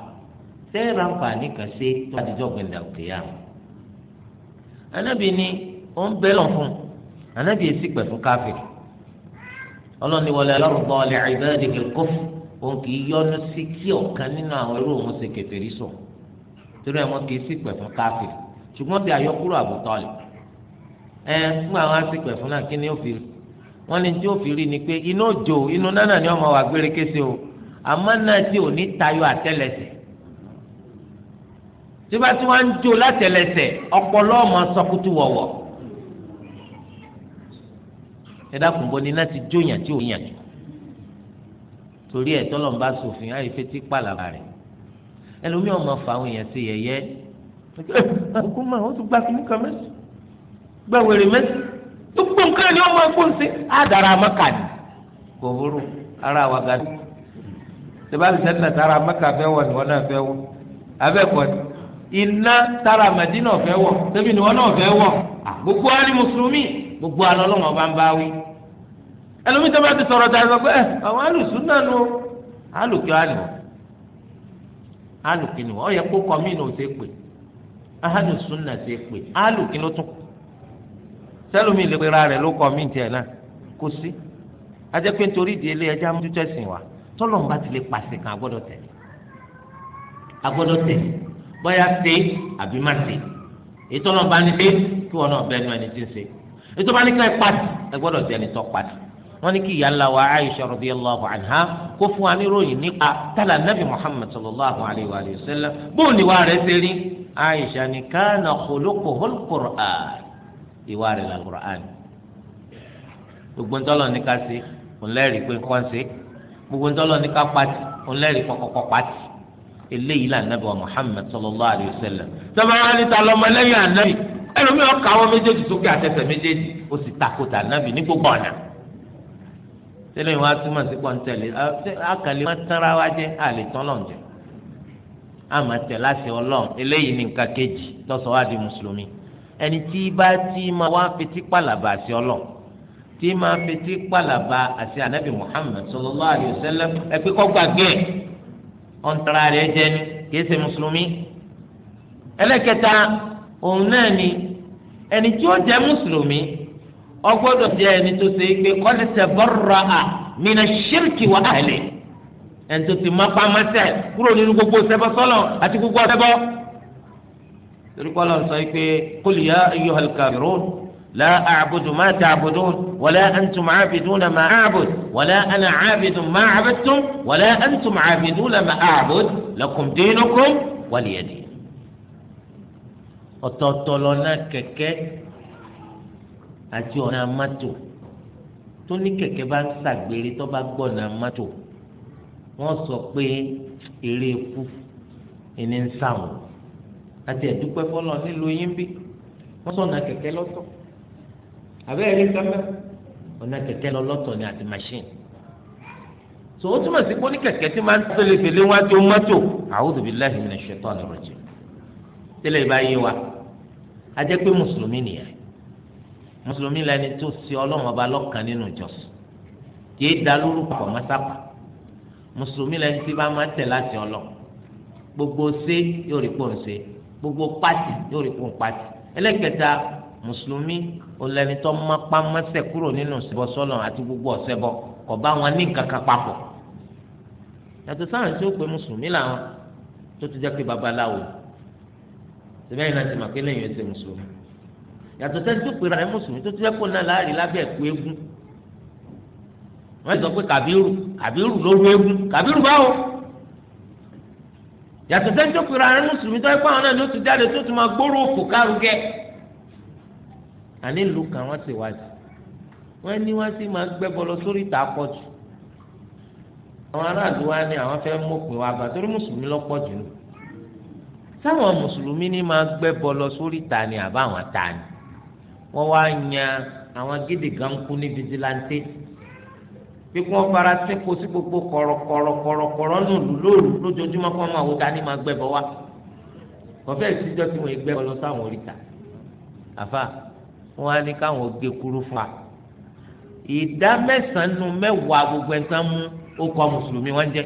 sẹẹrà nfààní kan ṣe tó bá dijọ gbẹndà òkè yá anabi ni ó ń bẹ́lọ̀ fún anabi èsì pẹ̀ fún káfíìn. ọlọ́ni wọlé ọlọ́rùbọ ọlẹ́ àìbáyé kẹlẹ́kọ́f òun kì í yọnu sí kí ọ̀kan nínú àwọn irú òun ṣe kẹfẹ́rí sùn torí ẹ̀ wọ́n kì í sì pẹ̀ fún káfíìn ṣùgbọ́n bí àyọkúrò àbútọ́ lẹ̀ ẹ fún àwọn àṣìpẹ̀ fún náà kí ni ó wọ́n ní tí rí ni pé iná òjò inú nánà ni ọmọ o àmọ́ ọpọlọ ọmọ ẹ dákun bó ni náà ti jóyàn tí ò yàn jù torí ẹ tọ́lọ̀ ń bá sòfin àyè fetí pàlàbà rẹ̀ ẹlòmíì ọmọ fà àwọn èèyàn sí yẹ̀yẹ́ ọkùnrin máa ó tún gba kínní kan mẹ́sì gba wèrè mẹ́sì tó gbọ́ nǹkan ni ọmọ ẹ̀kọ́ ń ṣe àdàrà àmọ́kà ni kò burú ara wa gàdú tẹ́bàbí sẹ́ńtà tara àmọ́kà fẹ́ wọ̀ ni wọ́n náà fẹ́ wọ̀ abẹ́kọ̀ ni iná tara mẹ́dínà fẹ́ wọ̀ tẹ́bí ni wọ́n náà fẹ́ wọ̀ gbogbo wa mùsùlùmí. gbogbo alọ lọ́wọ́ bá ń bá wí ẹlòmíì tó bá ti sọ̀rọ̀ ta alụsụ pé ẹ eh, àwọn alùsùn náà nu alùkí wa nù alùkí nù ọ yẹ kó kọmí nù ṣe pè alùsùn náà ṣe pè alùkí ló tún sẹlómi lè pera rẹ ló kọmí tiẹ̀ náà kó sí nítorí ìdí ilé wa ti lè pàṣẹ kan agbọ́dọ̀ tẹ̀ àbí má kí wọn náà ẹni tí ń ṣe. ètò bá ní ká ẹ pàdé ẹ gbọ́dọ̀ jẹ́ ẹni tó pàdé wọ́n ní kí ìyá ńlá wa Aisha radiyallahu anha kó fún wa níròyìn nípa tálà nabi Muhammad sallallahu alayhi wa sallam bóun ni wàá rẹ̀ ṣe rí Aisha ní kana khuluquhul Qur'an ìwà rẹ̀ la Qur'an gbogbo ńtọ́lọ̀ ní ká ṣe òun lẹ́rìí pé kọ́ ṣe gbogbo ńtọ́lọ̀ ní ká pàtì òun kọ́kọ́kọ́ pàtì eléyìí là nàbẹ̀ wa sallallahu alayhi wa sallam ẹlòmíràn ka àwọn méjèèjì sókè àtẹsẹ̀ méjèèjì ó sì takòtà nàbì ní gbogbo ọ̀nà tẹ́lẹ̀ wọn atúmọ̀ sí pọ́ńtẹ́lì àkàlẹ́ wọn tẹ́ra wá jẹ́ àlè tán lọ́n jẹ́ àmọ́ tẹ̀ láti ọlọ́run eléyìí ní nǹkan kejì lọ́sọ̀ wá di mùsùlùmí ẹni tí bá ti máa wá fetí pàlàbà àti ọlọ́run tí máa fetí pàlàbà àti ànábì Muhammad sallallahu alaihi wasallam ẹgbẹ́ kọ́ gbàgbé ẹ̀ rẹ̀ jẹ́ ni kìí ṣe mùsùlùmí ẹlẹ́kẹta òun náà ni ẹni tí ó jẹ mùsùlùmí ó gbọ́dọ̀ jẹ ẹni tó ṣe pé kọ́ni tẹ̀bọ́rọ̀ à mina ṣírkì wà áhìlì ẹni tó ti máa pamọ́ sẹ́ kúrò nínú gbogbo ṣẹbọ sọ́lọ̀ àti gbogbo ṣẹbọ. torí kọ́ lọ́n sọ pé qul ya ayyuhal kafirun la a'budu ma ta'budun wala antum 'abiduna ma a'budu wala ana 'abidun ma 'abadtum wala antum 'abiduna ma a'budu lakum dinukum waliya din ọ̀tọ̀ọ̀tọ̀ lọ́nà kẹ̀kẹ́ àti ọ̀nà mọ́tò tó ní kẹ̀kẹ́ bá ń ṣàgbèrè tó bá gbọ̀nà mọ́tò wọ́n sọ pé eré ikú ẹni ń sàwọn àti ẹ̀dúpẹ́ fọlọ́ nílùú yín bí wọ́n sọ̀nà kẹ̀kẹ́ lọ́tọ̀ àbẹ́rẹ́ rí sẹ́mẹ́ ọ̀nà kẹ̀kẹ́ lọ lọ́tọ̀ ni àti machine so ó túmọ̀ sí pé ó ní kẹ̀kẹ́ tí máa ń tẹ̀lé fèlé wájú mọ́tò a'udhu billahi minash shaitani rajim tẹ́lẹ̀ bá yé wa ajẹ́ pé mùsùlùmí nìyẹn mùsùlùmí lẹni tó ṣe ọlọ́run ọba lọ́kàn nínú ìjọsìn kìí da lórúkọ mọ́sápà mùsùlùmí lẹni tí bá máa tẹ̀ láti ọlọ́ gbogbo ṣe yóò rí pòun ṣe gbogbo pàtì yóò rí pòun pàtì ẹlẹ́kẹta mùsùlùmí olẹni tó má pamọ́sẹ̀ kúrò nínú ìṣẹ́bọsọ́lọ̀ àti gbogbo ọ̀ṣẹbọ kò bá wọn ní nǹkan papọ̀ yàtọ̀ sáwọn tí ó pe mùsùlùmí làwọn tó ti jẹ́ pé babaláwo síbẹ̀ yìí náà ti mọ̀ pé lẹ́yìn ẹsẹ̀ mùsùlùmí yàtọ̀ sẹ́ni tó pera ẹ mùsùlùmí tó ti fẹ́ kó náà láàrin lábẹ́ ẹ̀kú eégún wọ́n sọ pé kàbírù kàbírù ló ru eégún kàbírù báwo yàtọ̀ sẹ́ni tó pera ẹ mùsùlùmí tó ẹ̀kọ́ àwọn náà ló ti jáde tó ti máa gbóró òfò kárugẹ. àní ìlú kan wọ́n sì wájú wọ́n ní wọ́n sì máa gbẹ́ bọ́ sórí ìta pọ̀jù àwọn aráàlú wa ní àwọn fẹ́ mọ̀pin wa bàtórí mùsùlùmí lọ́pọ̀ jù nù sáwọn mùsùlùmí ni máa gbẹ́ bọlọ sórí ta ni àbáwọn ta ni wọ́n wá yan àwọn gidi gan kú ní fìdíláńtì bí wọ́n fara sẹ́kọ̀ọ́ sí gbogbo kọ̀rọ̀kọ̀rọ̀ kọ̀rọ̀kọ̀rọ̀ lòlù lòlù lójoojúmọ́ kí wọ́n máa wò ta ni máa gbẹ́ bọ wá wọ́n fẹ́ẹ́ síjọ́ tí wọ́n gbẹ́ bọlọ sáwọn oríta àfa wọ́n á ní káwọn gbé kúrú fa ìdá mẹ́sàn-án nu mẹ́wàá gbogbo mú ó kọ́ mùsùlùmí wọ́n jẹ́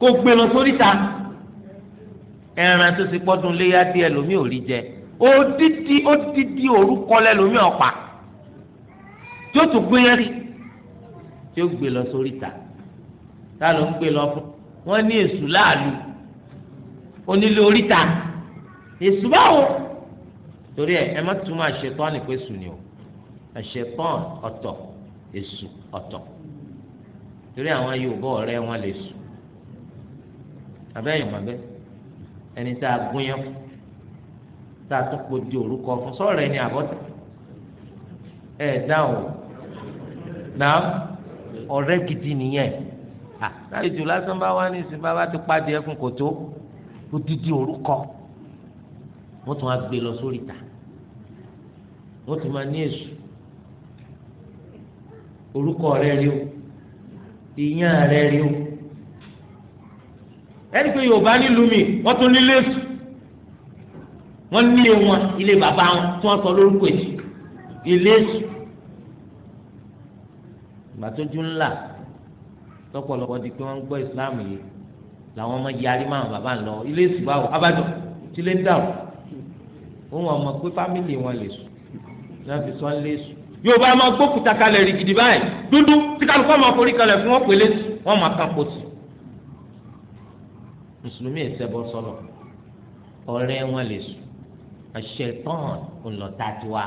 kó gbé lọ sórí ta ẹran tó ti pọ́dún léyà díẹ̀ lómi ò rí jẹ odidi odidi orúkọ lẹ lómi ọ̀pá tí ó tún gbé yẹn rí tí ó gbé lọ sórí ta tá ló ń gbé lọ fún wọn ní èṣù láàlú onílé oríta èṣù báwo torí ẹ ẹ má túmọ̀ àṣetán nípa èṣù ni o àṣetán ọ̀tọ̀ èṣù ọ̀tọ̀ torí àwọn Yorùbá ọ̀rẹ́ wọn lè sùn abẹ́yìn mọ̀bẹ́ ẹni tá a gún yẹn tá a tún kpodi orúkọ fún sọ̀rọ̀ ẹni àbọ̀tẹ̀ ẹ̀ dáhùn náà ọ̀rẹ́ gidi nìyẹn láti jù lásán bá wá ní ìsìn bá bá ti pàdé ẹkùn kò tó odidi orúkọ wọ́n tún á gbé lọ sórí ìta wọ́n tún máa ní èṣù orúkọ rẹ̀ rí o ìyẹn rẹ̀ rí o ẹni pé yorùbá nílùú mi wọ́n tún nílé sùn wọ́n nílé wọn ilé bàbá wọn tí wọ́n sọ lórúkọ èsì ilé sùn ìgbà tó dún ńlá lọ́pọ̀lọpọ̀ di pé wọ́n ń gbọ́ ìsìláàmù yìí làwọn ọmọ yarí máa bàbá ń lọ ilé sùn báwo abájọ tí lè dàrú òun ọmọ pé fámìlì wọn lè sùn náà fi sọ ń lé sùn yorùbá máa gbókùtà kalẹ̀ rìgìdì báyìí dúdú tí kálukọ́ máa forí kalẹ̀ fún wọn pèlè sùn wọn máa kàn pọ̀ sí mùsùlùmí ìṣẹbọ sọlọ ọ̀rẹ́ wọn lè sùn àṣetán ọlọta tiwa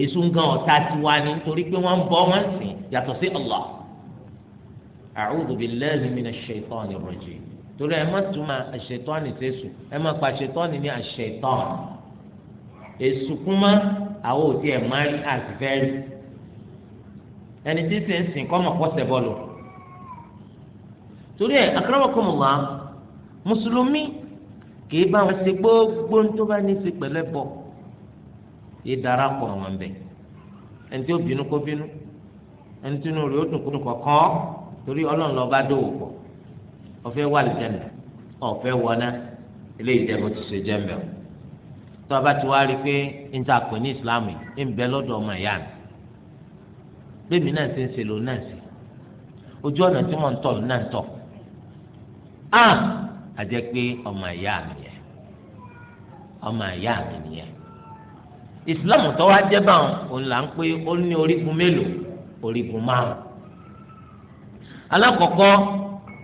èso ń gan ọ̀tá tiwa ni nítorí pé wọ́n ń bọ́ wọ́n sìn yàtọ̀ sí Allah a'udhu billahi minash shaitani rrajim torí ẹ má tún máa àṣetán ní sẹ́sùn ẹ má pa àṣetán ní àṣetán èso kún àwọn òtí ẹ̀ má rí àtìfẹ́ rí ẹni tí sẹ́sìn kọ́ mọ̀ pọ́sẹ̀ torí ẹ akramakumullah mùsùlùmí kì í bá wọn ṣe gbogbo tó bá ní í ṣe pẹ̀lẹ́ bọ̀ yìí darapọ̀ wọn bẹ̀ ẹni tí ó bínú kó bínú ẹni tí inú rẹ̀ ó dùn kó dùn kọ̀ọ̀kan torí ọlọ́run lọ́ọ́ bá dòwò pọ̀ ọ̀fẹ́ wà lìjẹ̀nà ọ̀fẹ́ wọná eléyìí jẹ́ ti ṣe jẹ́ mbẹ́ o tó a bá ti wá rí i pé n ta pè ní ìsìláàmù yìí ń bẹ lọ́dọ̀ ọmọ ìyá mi bẹ́ẹ̀ náà ti ń ṣe lò náà sí ojú ọ̀nà tí mò ń tọ̀ náà ń tọ̀ á ah, àjẹ pé ọmọ ìyá mi yẹ ọmọ ìyá mi nìyẹn islam tó wá jẹ́ báwọn òun là ń pé ó ní orígun mélòó orígun márùn alákọ̀ọ́kọ́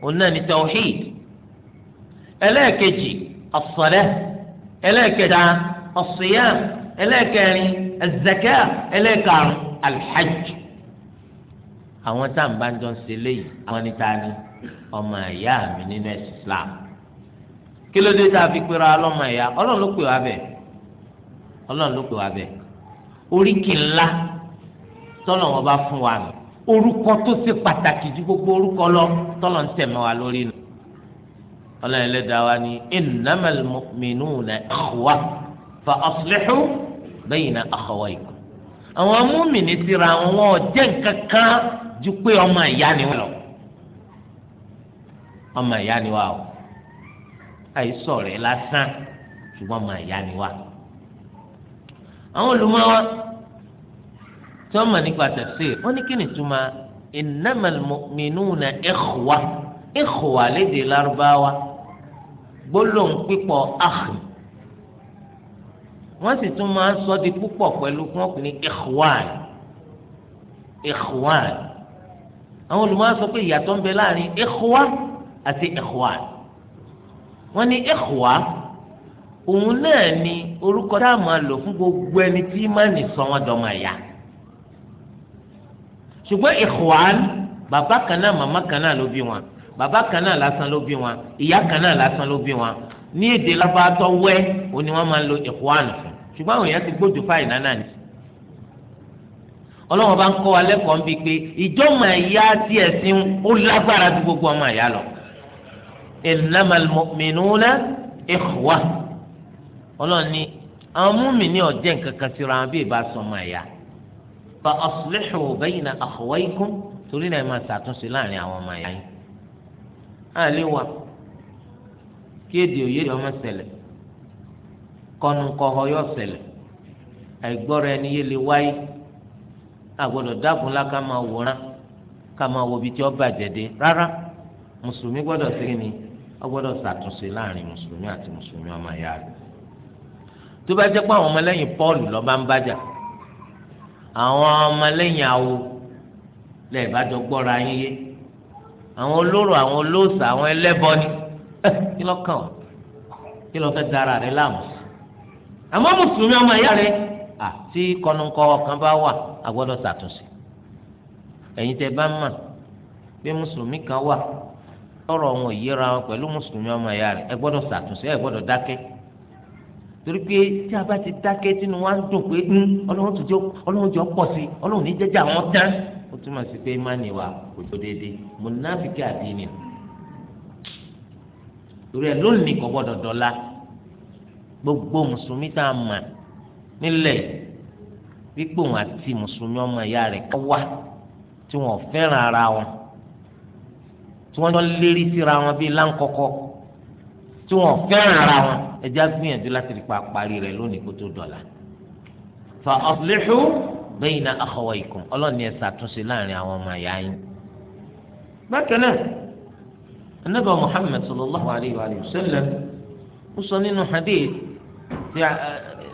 òun náà ní tawhid ẹlẹ́ẹ̀kejì as-salah ẹlẹ́ẹ̀kẹta as ẹlẹ́ẹ̀kẹrin az ẹlẹ́ẹ̀karùn-ún àwọn tá ń jọ ń ṣe léyìí àwọn níta ni ọmọ ẹ̀yà mi nínú ẹ̀sìn Islam kí ló dé tá a fi pera ọlọ́mọ ẹ̀yà ọlọ́run ló pè wá bẹ́ẹ̀ ọlọ́run ló pè wá bẹ́ẹ̀ oríkì ńlá tọ́lọ̀ wọn bá fún wa nù orúkọ tó ṣe pàtàkì ju gbogbo orúkọ lọ tọ́lọ̀ ń tẹ̀ mọ́ wa lórí nù ọlọ́run ẹlẹ́dàá wa ni innamal mu'minuna ikhwa fa aslihu bayna akhawaykum àwọn amúmìnì síra wọn jẹ́ nǹkan kan ju pé ọmọ ìyá ni wọn lọ ọmọ ìyá ni wa o àìsọ rẹ lásán ṣùgbọ́n ọmọ ìyá ni wa. àwọn olùmọ̀wá tí wọ́n mọ̀ nípa tafsir wọ́n ní kí ni túmọ̀ innamal mu'minuna ikhwa ikhwa lédè lárúbáwá gbólóhùn pípọ̀ akhi wọ́n sì tún máa ń sọ di púpọ̀ pẹ̀lú kí wọ́n pè ní àwọn olùmọ̀wá sọ pé ìyàtọ̀ ń bẹ láàrin ikhwa àti ikhwan wọ́n ní ikhwa òun náà ni orúkọ tá a máa lò fún gbogbo ẹni tí ìmánì sọ wọn dọmọ ẹ̀yà ṣùgbọ́n ikhwan bàbá kan náà màmá kan náà ló bí wọn bàbá kan náà lásán ló bí wọn ìyá kan náà lásán ló bí wọn ní èdè lábàtọ̀ wẹ́ òní wọ́n máa ń lo ikhwan fún ṣùgbọ́n àwọn èèyàn ti gbójú fáì náà ni ọlọ́wọ́n bá ń kọ́ wa lẹ́kọ̀ọ́ bíi pé ìjọ́mọ̀ ẹ̀yà tí ẹ̀sìn ó lágbára ju gbogbo ọmọ ẹ̀yà lọ innamal mu'minuna ikhwa ọlọ́run ní àwọn mùmínì ọ̀jẹ̀ nǹkan kan síra wọn bí ìbá sọmọ ẹ̀yà fa aslihu bayna akhawaykum torí náà ẹ máa ṣàtúnṣe láàrin àwọn ọmọ ẹ̀yà yìí àlè wà kí èdè òye ọmọ ṣẹlẹ̀ kọnùkọhọ yọ ṣẹlẹ̀ àìgbọ́ra ẹni yé lè wáyé àgbọ́dọ̀ dákunlá ká máa wòran ká máa wo ibi tí ó bàjẹ́ dé rárá mùsùlùmí gbọ́dọ̀ sí ni wọ́n gbọ́dọ̀ ṣàtúnṣe láàrin mùsùlùmí àti mùsùlùmí ọmọ ìyá rẹ̀ tó bá jẹ́ pé àwọn ọmọlẹ́yìn Pọ́ọ̀lù ló bá ń bájà àwọn ọmọlẹ́yìn awo lẹ́ẹ̀bájọ gbọ́ra yín yé àwọn olóró àwọn olóòṣà àwọn ẹlẹ́bọni [laughs] kí ló kàn ọ́ kí ló fẹ́ dára rẹ láàmú àmọ́ mùsùlùmí ọmọ ìyá rẹ̀ àti kọ́nùkọ́ kan bá wà a ṣàtúnṣe ẹ̀yin tẹ́ bá mọ̀ pé mùsùlùmí kan wà tọrọ wọn ò yíra wọn pẹ̀lú mùsùlùmí ọmọ ẹ̀yà rẹ̀ ẹ gbọ́dọ̀ ṣàtúnṣe ẹ gbọ́dọ̀ dákẹ́ torí pé tí a bá ti dákẹ́ tínú wa ń dùn pé ń hmm, ọlọ́run tó jẹ́ ọlọ́run jọ pọ̀ sí ọlọ́run ní jẹ́jẹ́ àwọn tán ó túmọ̀ sí pé ìmánì wa kò tó déédéé mùnáfíkì àdínì torí ẹ lónìí kò gbọ́dọ̀ dọ́là gbogbo mùsùlùmí tá a mà nílẹ̀ wípé òun àti mùsùlùmí ọmọ ìyá rẹ̀ kọ́ tí wọ́n fẹ́ràn ara wọn tí wọ́n jọ ń lérí síra wọn bíi láńkọ́kọ́ tí wọ́n fẹ́ràn ara wọn ẹja gbìyànjú láti rí pa parí rẹ̀ lónìí kó tó dọ̀la. fa aslihu bayna akhawaykum ọlọ́ni ẹ̀ ṣàtúnṣe láàrin àwọn ọmọ ìyá yín. bákan náà anabi muhammed sallallahu alayhi wa sallam ó sọ nínú hadith ti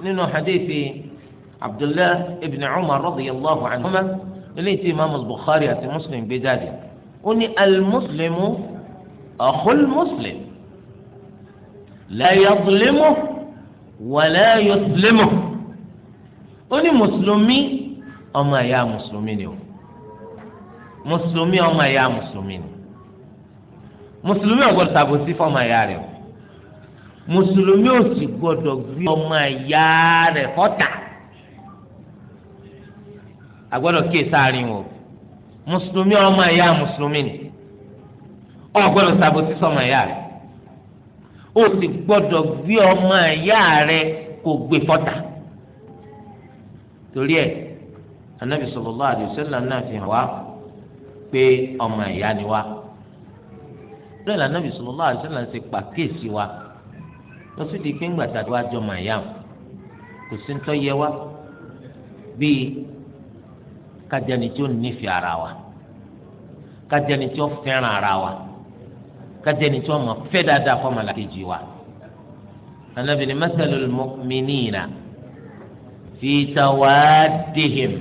nínú hadith abdullah ibn umar radiyallahu anhu. eléyìí tí imaamu bukhari àti muslim gbé jáde ó ní alimuslimu akhul muslim la yadlimu wala yuslimu ó ní mùsùlùmí ọmọ ẹ̀yà mùsùlùmí ni o mùsùlùmí ọmọ ẹ̀yà mùsùlùmí ni mùsùlùmí ò gbọ́dọ̀ ṣàbòsí fọ́mọ ẹ̀yà rẹ̀ o mùsùlùmí ò sì gbọ́dọ̀ gbé ọmọ ẹ̀yà rẹ̀ fọ́tà a gbọ́dọ̀ o. mùsùlùmí ọmọ ẹ̀yà mùsùlùmí ni ọ gbọ́dọ̀ ṣàbòsí sọmọ ẹ̀yà rẹ̀ ó sì gbọ́dọ̀ gbé ọmọ ẹ̀yà rẹ̀ kó gbé torí ẹ anabi sallallahu alaihi náà fi hàn wá pé ọmọ ẹ̀yà ni wá bẹ́ẹ̀ lànàbì sallallahu ṣe pàkíyèsí wa lọ sí di pé wá ẹ̀yà kò sí ń tọ́ yẹ wá bíi. kájẹni tí ó nífi ara wa kájẹni tí ó fẹ́ràn ara wa kájẹni tí ó mọ̀ fẹ́ dáadáa fọmọlá kejì wa anabi ni masalul mu'minina fi tawaadihim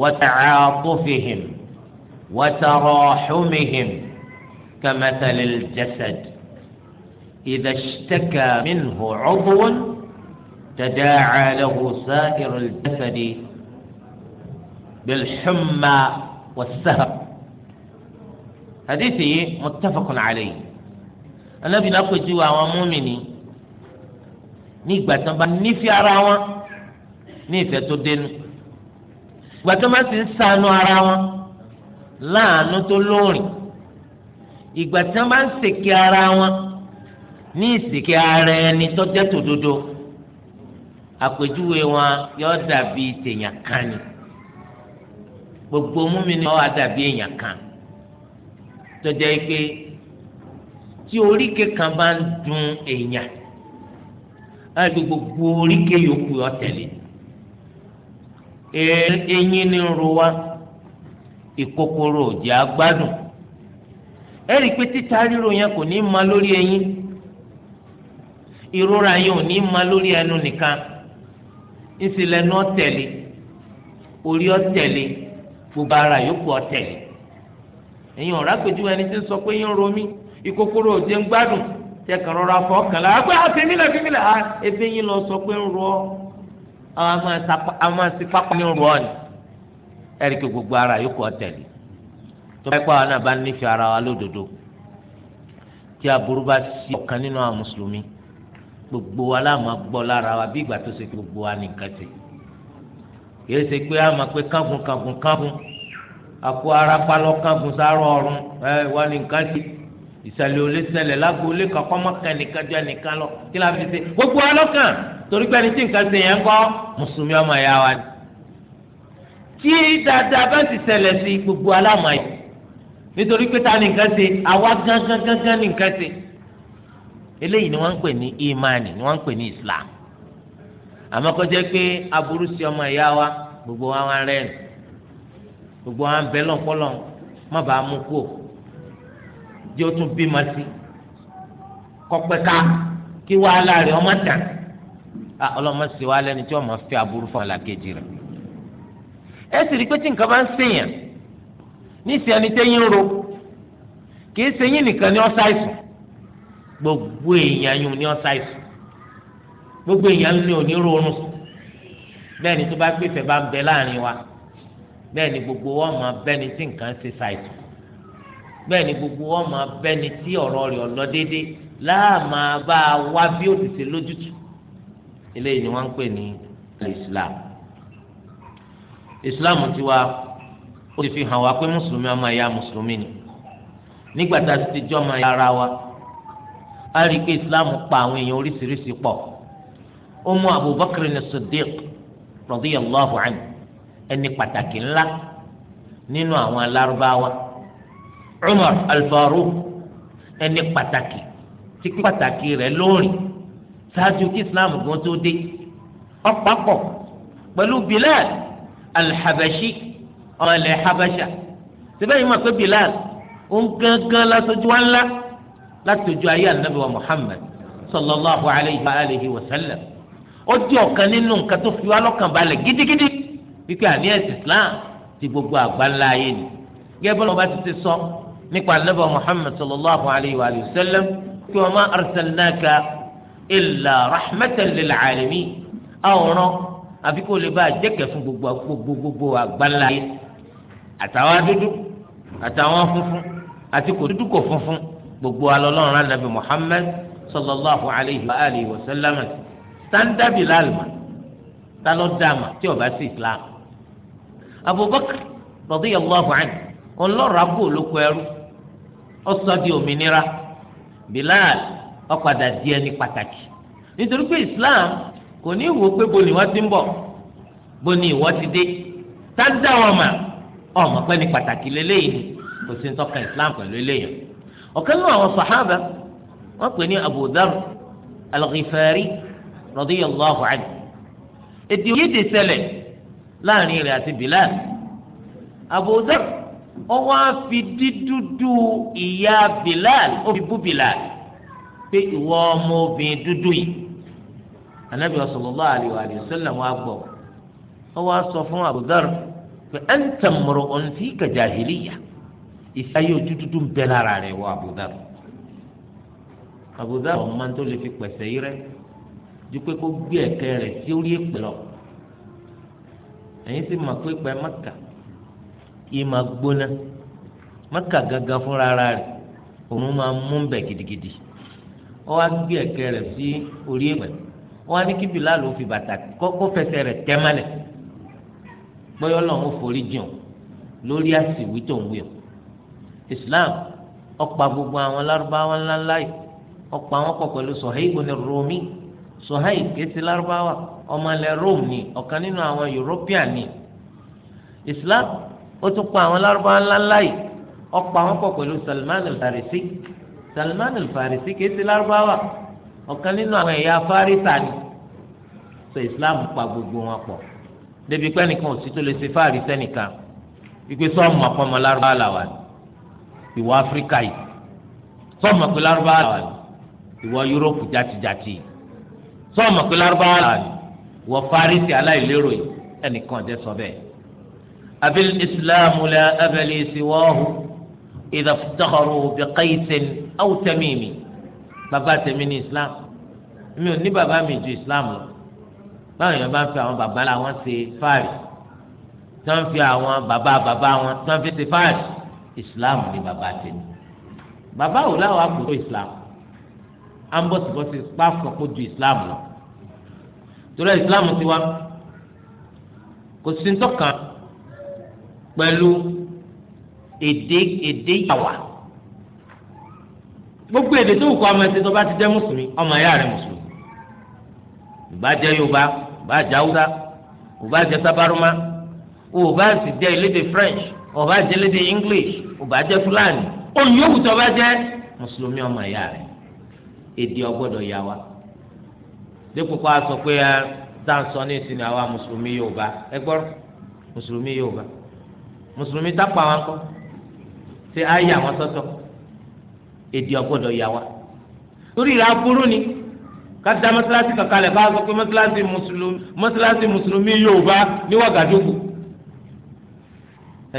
wa ta'atufihim wa tarahumihim kamasalil jasad idha ishtaka minhu 'udwun tadaa'a lahu sa'iru al-jasadi. bilḥumma wasahab hadithi متفق عليه. النبي anabi náà pèsè wa àwọn múmini ní ìgbà tí wọn bá nífẹ̀ẹ́ ara wọn ní ìfẹ́ tó dénú ìgbà tí wọn bá ti ń ṣàánú ara wọn láàánú tó lóòrìn ìgbà tí wọn bá ń ṣèké ara wọn ní ìṣèké ara ẹni tó jẹ́ tòdodo àpèjúwe wọn yóò dàbí tèèyàn kan ni. gbogbo múmi ni wọn wá dàbí èèyàn kan tọjá yìí pé tí oríkè kan bá ń dun èèyàn láti gbogbo oríkè yòókù ọtẹlẹ eyín ni ń ro wá ìkòkòrò òjì agbádùn ẹ rí i pé títa ríro yẹn kò ní ma lórí eyín ìrora yẹn ò ní ma lórí ẹnu nìkan ń sì lẹnu ọtẹlẹ orí ọtẹlẹ. gbogbo ara yòókù ọ̀tẹ̀ èyàn ọ̀rá pẹ̀jú ẹni tí ń sọ pé yín romi ìkókóró òde ń gbádùn tẹkàn rọra fọkàn la pé àfẹmílẹ̀ à ebi yín lọ sọ pé ń rọ àwọn asipapa ń rọ ni ẹ̀ríkì gbogbo ara yòókù tó bá pẹ́ náà bá nífẹ̀ẹ́ ara wa lódodo tí aburú bá sí ọ̀kan nínú àwọn mùsùlùmí gbogbo wa láàmú lára wa bí ìgbà gbogbo wa yìí ṣe pé àmọ́ pé kángun kángun kángun àpò arapa lọ kángun sáró ọrùn ẹ wà ní nǹkan ti ìṣẹ̀lẹ̀ olè ṣẹlẹ̀ lágboolé kankan mọ́kàn nìkan jọ nìkan lọ kí la fi ṣe gbogbo ọlọ́kàn torí pé ẹni tí nǹkan ṣe yẹn ń kọ́ mùsùlùmí ọmọ ìyá wa ni. tí dáadáa bá ti ṣẹlẹ̀ sí gbogbo aláàmọ̀ yìí nítorí pé ta ni nǹkan ṣe àwa gángan gángan ni nǹkan ṣe eléyìí ni wọ́n ń pè ní imani ni wọ́n ń pè ní islam àmọ́ kó jẹ́ pé aburú sí ọmọ ìyá wa gbogbo wa wá rẹ́ẹ̀nì gbogbo wa ń bẹ lọ́nkọ́lọ́n má bàa mú kú jẹ́ ó tún bímọ sí kọ́pẹ́ká kí wàhálà rẹ̀ ọmọ tàn á ọlọ́mọ sí wa lẹ́ni tí ọmọ fẹ́ aburú fún alákejì rẹ̀ ẹ sì rí pé tí nǹkan bá ń ṣèyàn ní ìsìn ẹni tẹ́yìn ń ro kì í ṣe nìkan ni ó ṣàìsàn gbogbo èèyàn yìí ni ó ṣàìsàn gbogbo èèyàn ní onírúurú bẹ́ẹ̀ ni tó bá gbèsè bá ń bẹ láàrin wa bẹ́ẹ̀ ni gbogbo wọn máa bẹ́ni tí nǹkan ṣe ṣàìsàn bẹ́ẹ̀ ni gbogbo wọn máa bẹ́ni tí ọ̀rọ̀ rẹ̀ ọ̀lọ́ déédéé láàmà bá a wá bí ó ti ṣe lójútùú eléyìí ni wọ́n ń pè ní Islam Islam tiwa ó ti fi hàn wá pé mùsùlùmí ọmọ ẹ̀yà mùsùlùmí ni nígbà tá a ti jọ́ ọmọ ẹ̀yà ara wa a rí i pé Islam pa àwọn èèyàn oríṣiríṣi pọ̀ ó mú abubakar ní siddiq radiyallahu anhu ẹni pàtàkì ńlá nínú àwọn alárúbáwá umar al-faruq ẹni pàtàkì tí pàtàkì rẹ̀ lóòrìn ṣáájú kí islam gan tó dé ọ̀pápọ̀ pẹ̀lú bilal al-habashi ọmọ ilẹ̀ habasha síbẹ̀ yìí mọ̀ pé bilal ó ń gángan lásojú wa ńlá láti ojú ayé anabi muhammad sallallahu alayhi wa alihi wa sallam ó jẹ́ ọ̀kan nínú nǹkan tó fi wá lọ́kàn balẹ̀ gidigidi wípé àní ẹ̀sìn islam ti gbogbo àgbáńlá ayé ni gẹ́gẹ́ bọ́lá ọba ti ti sọ nípa anábọ̀ muhammad sallallahu alayhi wa sallam kí wa ma arsalnaka illa rahmatan lil alamin àwòrán àfi kó lè bá a jẹ́kẹ̀ fún gbogbo gbogbo àgbáńlá ayé àtàwọn dúdú àtàwọn funfun àti kò dúdú kò funfun gbogbo alọ́lọ́run anábì muhammad sallallahu alayhi wa sallam sanda bilal ma ta lọ da ma tí ó bá sí islam abubakar radiyallahu anhu ọlọ́rọ̀ abú olóko ẹrú ọsọ di òmìnira bilal ó padà di ẹni pàtàkì nítorí pé islam kò ní wò pé bo ni wọ́n ti ń bọ̀ bo ni ìwọ ti dé sanda wọn ma ọmọ pẹ́ ni pàtàkì lélẹ́yìn kò sí ń tọ́ka islam pẹ̀lú eléyìn ọ̀kan náà àwọn sàhábà wọ́n pè ní abu dhar radiyallahu anhu èdè òyìnbó ṣẹlẹ̀ láàrin rẹ̀ àti Bilal Abu Dharr ọwọ́ àfi dídúdú ìyá Bilal ó fi bú Bilal pé ìwọ ọmọ obìnrin dúdú yìí anabi sallallahu alayhi wa sallam wa gbọ́ ọwọ́ sọ fún Abu Dharr pé anta mru'un fika jahiliyya ìfayé ojú dúdú ń bẹ lára rẹ̀ wọ Abu Dharr Abu Dharr ọmọ tó lè fi pẹ̀sẹ̀ yìí rẹ̀ ju pé kó gbé ẹ̀kẹ́ rẹ̀ tí ó rí èpè lọ ẹ̀yin sì mọ̀ pé pẹ́ mọ́kà yìí máa gbóná mọ́kà gangan fúnra ara rẹ̀ òun máa mú bẹ̀ gidigidi ó wá gbé ẹ̀kẹ́ rẹ̀ sí orí èpè ó wá ní kí Bilal ló fi bàtà kó fẹsẹ̀ rẹ̀ tẹ́ mọ́lẹ̀ gbọ́yọ́ lọ́n forí jìn lórí àsìwí tó ń wí Islam ọ̀pá gbogbo àwọn lárúbáwá ńláńlá yìí ọ̀pá wọn kọ̀ pẹ̀lú Suhaib ní Rumi. Suhaib kesi lárúbáwá ọmọlẹ̀ Rome ni ọ̀kan nínú àwọn European ni Islam ó tún pa àwọn lárúbáwá ńláńlá yìí ó pa wọ́n Salman al-Farisi Salman al-Farisi kìí lárúbáwá ọ̀kan nínú àwọn ẹ̀yà Farisa ni so Islam pa gbogbo wọn pọ̀ débi pé ẹnìkan ò sí tó lè ṣe fáàrí sẹ́nìkan ìgbé sọ́ọ̀mù àpọ́nmọ lárúbáwá làwà ìwọ Áfíríkà yìí sọ́ọ̀mù àpọ́nmọ lárúbáwá làwà ìwọ Yúróòpù játijàti yìí sọọmọ pé lárúbáwá là ní wọ fárísì aláìlérò yìí ẹnìkan jẹ sọ bẹ́ẹ̀. abil islamu la abali siwahu idha iftakharu bi qaisin aw tamimi bàbá tèmi ní islam mi ò ní bàbá mi ju islam lọ báwọn yẹn bá ń fi àwọn bàbá làwọn ṣe fáàrí tí wọ́n fi àwọn bàbá bàbá wọn tí wọ́n fi ṣe fáàrí islam ní bàbá tèmi bàbá wò láwọn àbúrò islam à ń bọ̀ sí bọ́sí pàṣọ kó ju islam lọ torí islam ti wá kò sí ntọ́kàn pẹ̀lú èdè èdè yàwá gbogbo èdè tó kọ ọmọ ẹsẹ tó bá ti jẹ́ mùsùlùmí ọmọ ẹ̀yà rẹ̀ mùsùlùmí ìbá jẹ́ yorùbá ìbá jẹ́ haúsá ìbá jẹ́ sábàrúmá ìbá sì jẹ́ elédè french ìbá jẹ́ elédè english ìbá jẹ́ fúlàní olùyọ̀wù tó jẹ́ mùsùlùmí ọmọ ẹ̀yà rẹ̀ èdè ọgbọ́dọ̀ yà wá dípò a sọ pé ẹ dáńsọ ní ìsinmi àwa mùsùlùmí Yorùbá ẹ gbọ́rọ̀ mùsùlùmí Yorùbá mùsùlùmí tápà wọn kọ́ ṣé á yà wọn sọ́tọ̀ èdè ọgbọ́dọ̀ yà wá torí ìlà ni mọ́sálásí bá a sọ pé mọ́sálásí mùsùlùmí mọ́sálásí mùsùlùmí Yorùbá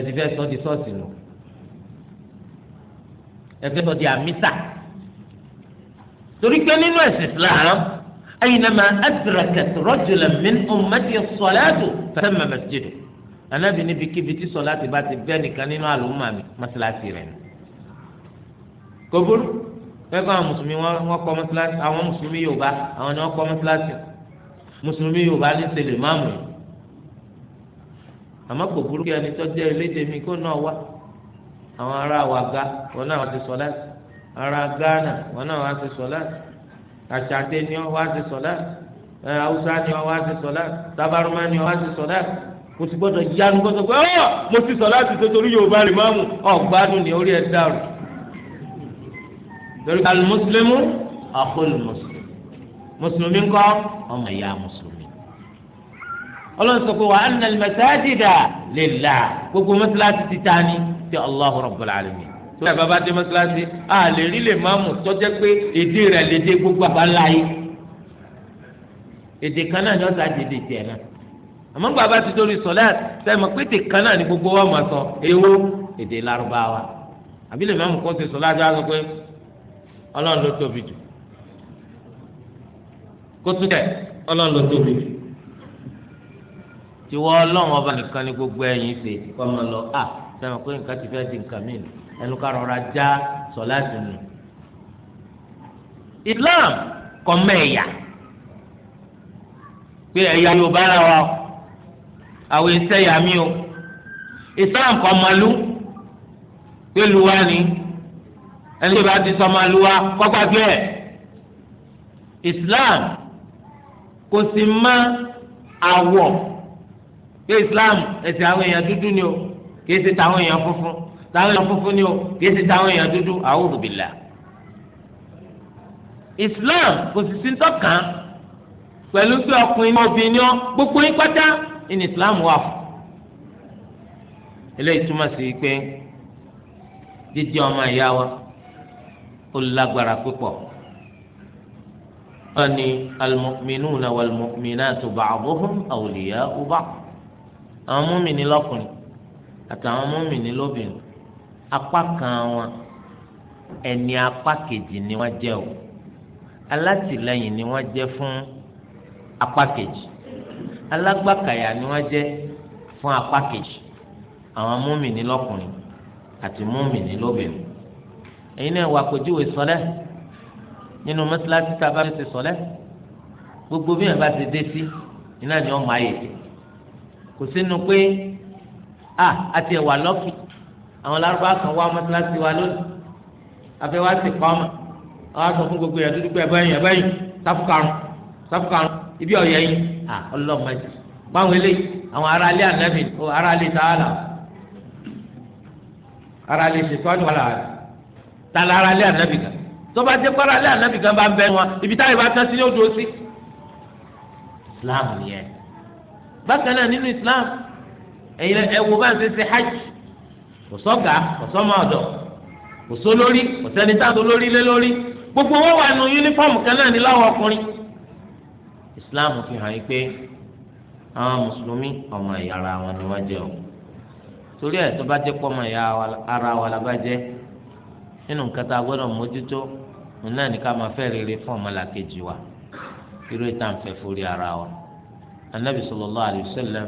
ní sọ di sọ́ọ̀sì nù ẹ fẹ́ sọ di torí pé nínú ẹ̀sìn Islam aynama adrakat rajulan min ummati as-salatu fatamma masjiduhu anábì níbi kíbi tí sọláàtì bá ti bẹ́ẹ̀ nìkan nínú àlùmọ́ mi mọ́sálásí rẹ̀ ni. kò burú fẹ́ẹ́ kọ́ àwọn mùsùlùmí wọ́n kọ́ mọ́sálásí àwọn mùsùlùmí Yorùbá àwọn ni wọ́n kọ́ mọ́sálásí mùsùlùmí Yorùbá ní sẹlẹ̀ máàmù yìí. àmọ́ kò kí ara Ghana wọn náà wá sí sọlá àṣàdé ni wọn wá sí sọlá ẹ Haúsá ni wọn wá sí sọlá tabaruma ni wọn wá sí sọlá kò sì gbọdọ̀ yanu gbọdọ̀ pé ọ mo ti sọlá ti torí Yorùbá rẹ máa mú ọgbádùn ní orí ẹ dàrú torí alimusilimu akọlu mùsùlùmí mùsùlùmí ńkọ́ ọmọ ìyá mùsùlùmí ọlọ́run sọ pé wà á nà dà lè là gbogbo mọ́sálásí ti ta ni ti Allahu Rabbul Alamin tó yà bàbá dé mọ́sálásí a lè rí lè má mú tọ́jẹ́ pé èdè rẹ̀ lè dé gbogbo àbá láyé èdè kan náà ni ọ̀sà dèdè tiẹ̀ náà àmọ́ bàbá ti dórí sọ̀lẹ́ sẹ́mi pété kan náà ni gbogbo wa máa sọ ewo èdè lárúbáwá àbí lè má mú kó ṣe sọ̀lá tó a sọ pé ọlọ́run ló tóbi jù kó tún tẹ̀ ọlọ́run ló tóbi jù tiwọ́ ọlọ́run ọba nìkan ni gbogbo ẹ̀yìn ṣe kọ́ ọ lọ a sẹ́mi pé nǹkan ti fẹ́ di nǹkan mìíràn ẹnu ká rọra já sọláàtì nù Islam kọ mọ ẹ̀yà pé ẹ̀yà Yorùbá la wa àwọn ìṣe ẹ̀yà mi o Islam kọ malu pé luwa ni ẹni tó bá ti sọ maluwa kọ́gbà bẹ́ẹ̀ Islam kò sì má àwọ̀ pé Islam ẹ̀sìn àwọn èèyàn dúdú ni o kì í ṣe tàwọn èèyàn funfun táwọn èèyàn funfun ni o kìí ṣe táwọn èèyàn dúdú a'udhu billah islam kò sì sí ntọ́kàn pẹ̀lú pé ọkùnrin ní obìnrin ọ gbogbo yín pátá ní islam wà fún eléyìí túmọ̀ sí pé jíjẹ́ ọmọ ìyá wa ó lágbára púpọ̀ wọ́n ní al-mu'minuna wal-mu'minatu ba'duhum awliya'u ba'd àwọn mùmínì lọ́kùnrin àtàwọn mùmínì lóbìnrin apá kan wọn ẹni apá kejì ni wọ́n jẹ́ o alátìlẹ́yìn ni wọ́n jẹ́ fún apá kejì alágbàkàyà ni wọ́n jẹ́ fún apá kejì àwọn múmìnì lọ́kùnrin àti múmìnì lóbìnrin èyí náà wà pèjúwe sọlẹ nínú mọ́sálásí tá a ti sọlẹ gbogbo bí wọn bá ti dé sí iná ni wọn máa yè kò sínú pé ah, a àti ẹwà lọkì àwọn lárúbá kan wá mọ́tíláṣí wa lónìí afẹ́ wa sì kọ́ ọmọ àwọn aṣọ fún gbogbo yẹn dúdú pé ẹ̀bẹ́ sáfùkàrún sáfùkàrún ibi ọ̀yẹ́ yìí à ọlọ́mọdé báwọn eléyìí àwọn ará ilé ànábì ó ará ilé sàálà ará ilé ṣètọ́ni wàlà rẹ̀ ta la ará ilé ànábì kan tọ́ba jẹ́ pé ará ilé ànábì kan bá ń bẹ́ wọn ibi táyì bá tẹ́ sí yóò dúró sí. islam nìyẹn bákan náà nínú islam ẹ̀yin ẹ̀ wò bá ń ṣe ṣe hajj kò sọ́gà kò sọ́mọ ọ̀dọ̀ kò sólórí kò sẹ́ni táàtò lórí lé lórí gbogbo wọn wà nù yúnífọ́ọ̀mù kan náà ní láwọn ọkùnrin Islam fi hàn yín pé àwọn mùsùlùmí ọmọ ẹ̀yà ara wọn ni wọ́n jẹ́ o torí ẹ̀ tó bá jẹ́ pọ́ ọmọ ẹ̀yà ara wa la bá jẹ́ nínú nǹkan gbọ́dọ̀ mójútó òun náà ní ká máa fẹ́ rere fún ọmọlàkejì wa irú ìta ń fẹ́ forí ara wa anabi sallallahu alayhi wa sallam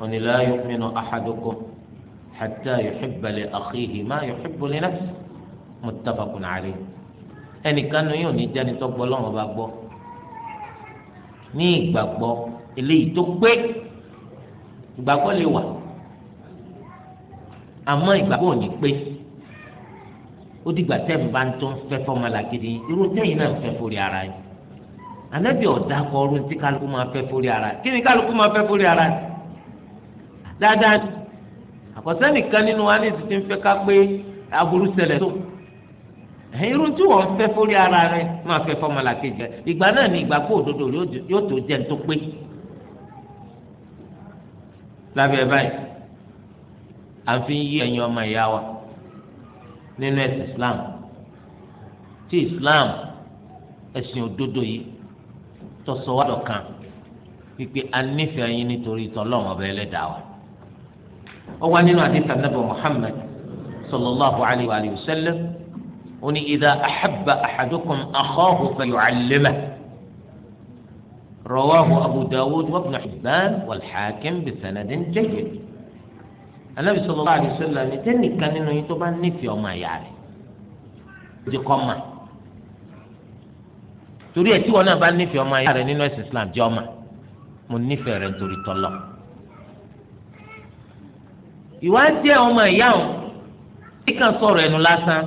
mìíràn ahadukum hatta yuhibba li akhihi ma yuhibbu li nafsihi muttafaqun alayhi ẹnìkan ní yóò ní jẹ́ni tó gbọ́ lọ́wọ́ bá gbọ́ ní ìgbàgbọ́ eléyìí tó pé ìgbàgbọ́ lè wà àmọ́ ìgbàgbọ́ ò ní pé ó dìgbà tẹ́mi bá ń tó ń fẹ́ fọ́mọlà gidi irú tẹ́yìn náà ń fẹ́ forí ara yìí ànábì ọ̀dà kọ ọdún tí kálukú máa fẹ́ forí ara yìí kí ni kálukú máa fẹ́ forí ara yìí dáadáa àkọsẹ́nìkan nínú wa ní ìsìtì ń fẹ́ ká pé aburú ṣẹlẹ̀ tó irú tí wọ́n fẹ́ fórí ara rẹ máa fẹ́ fọmọlá kejì ìgbà náà ni ìgbàgbọ́ òdodo yóò tó jẹ́ tó pé lábẹ́ báyìí à ń fi yí ẹyin ọmọ ìyá wa nínú Islam tí Islam ẹ̀sìn òdodo yìí tọ́sọ̀wádọ̀ kan pípé a nífẹ̀ẹ́ yín nítorí ẹlẹ́dàá wa. ọwọ́ nínú àdìsá nàbà Muhammad sallallahu alayhi wa sallam ó ní idha ahabba ahadukum akhahu falyu'allimah rawahu abu dawud wa ibn hibban wal hakim bi sanadin jayyid anabi sallallahu alayhi wa sallam ní tẹ́nìkan nínú yín tó bá nífẹ̀ẹ́ ọmọ àyà rẹ̀ ó ti kọ́ máa torí ẹ tí wọn náà bá nífẹ̀ẹ́ ọmọ ayé rẹ nínú ẹ̀sìn Islam jẹ́ ọmọ mo nífẹ̀ẹ́ rẹ nítorí tọ́lọ́ ìwà ń jẹ́ ọmọ ìyá òun kí kan sọ̀rọ̀ ẹnu lásán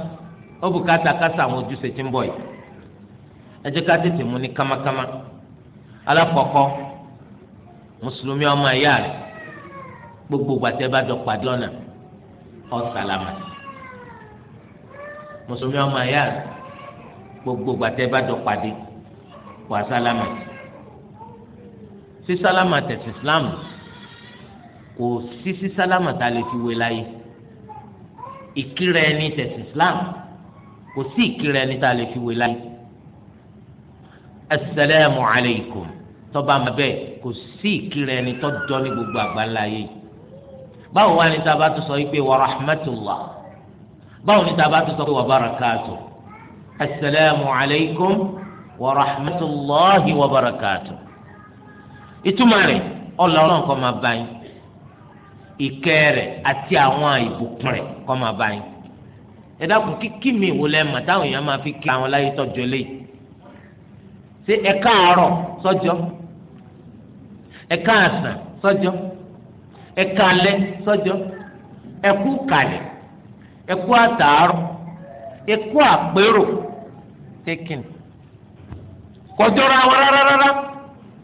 ó bu kátàkátà àwọn ojúṣe tí ń bọ̀ yìí ẹ jẹ́ ká tètè mú ní kámákámá alákọ̀ọ́kọ́ mùsùlùmí ọmọ ìyá rẹ̀ gbogbo gbàtẹ́ bá jọ pàdé ọ̀nà ó sàlámà mùsùlùmí ọmọ ìyá rẹ̀ gbogbo gbàtẹ́ bá jọ pàdé wà sálámà sí sálámà tẹ̀sí islámù kò sísí sálámà tá a lè fi wé láyé ìkírà ẹni tẹ̀sí islam kò sí ìkírà ẹni tá a lè fi wé láyé asalaamu alaykum tọba mabẹ kò sí ìkírà ẹni tó jọ ní gbogbo àgbáńlá báwo wá ní tá tó sọ yìí pé wa báwo ní tá tó sọ pé wa barakatuh asalaamu alaykum wa rahmatulahi wa barakatuh ìtumọ̀ rẹ̀ ọlọ́run kọ́ máa bá yín ìkẹ́ rẹ̀ àti àwọn ìbùkún rẹ̀ kó máa bá yín ẹ dákun kíkí mi wò lẹ́ẹ̀mà táwọn èèyàn máa fi kí àwọn láyé tọ́jú eléyìí ṣé ẹ káàárọ̀ sọ́jọ́ ẹ káàsán sọ́jọ́ ẹ kálẹ́ sọ́jọ́ ẹ kú kálẹ̀ ẹ kú àtàárọ̀ ẹ kú àpérò tẹ́kìn kọjọ́ra rárá rárá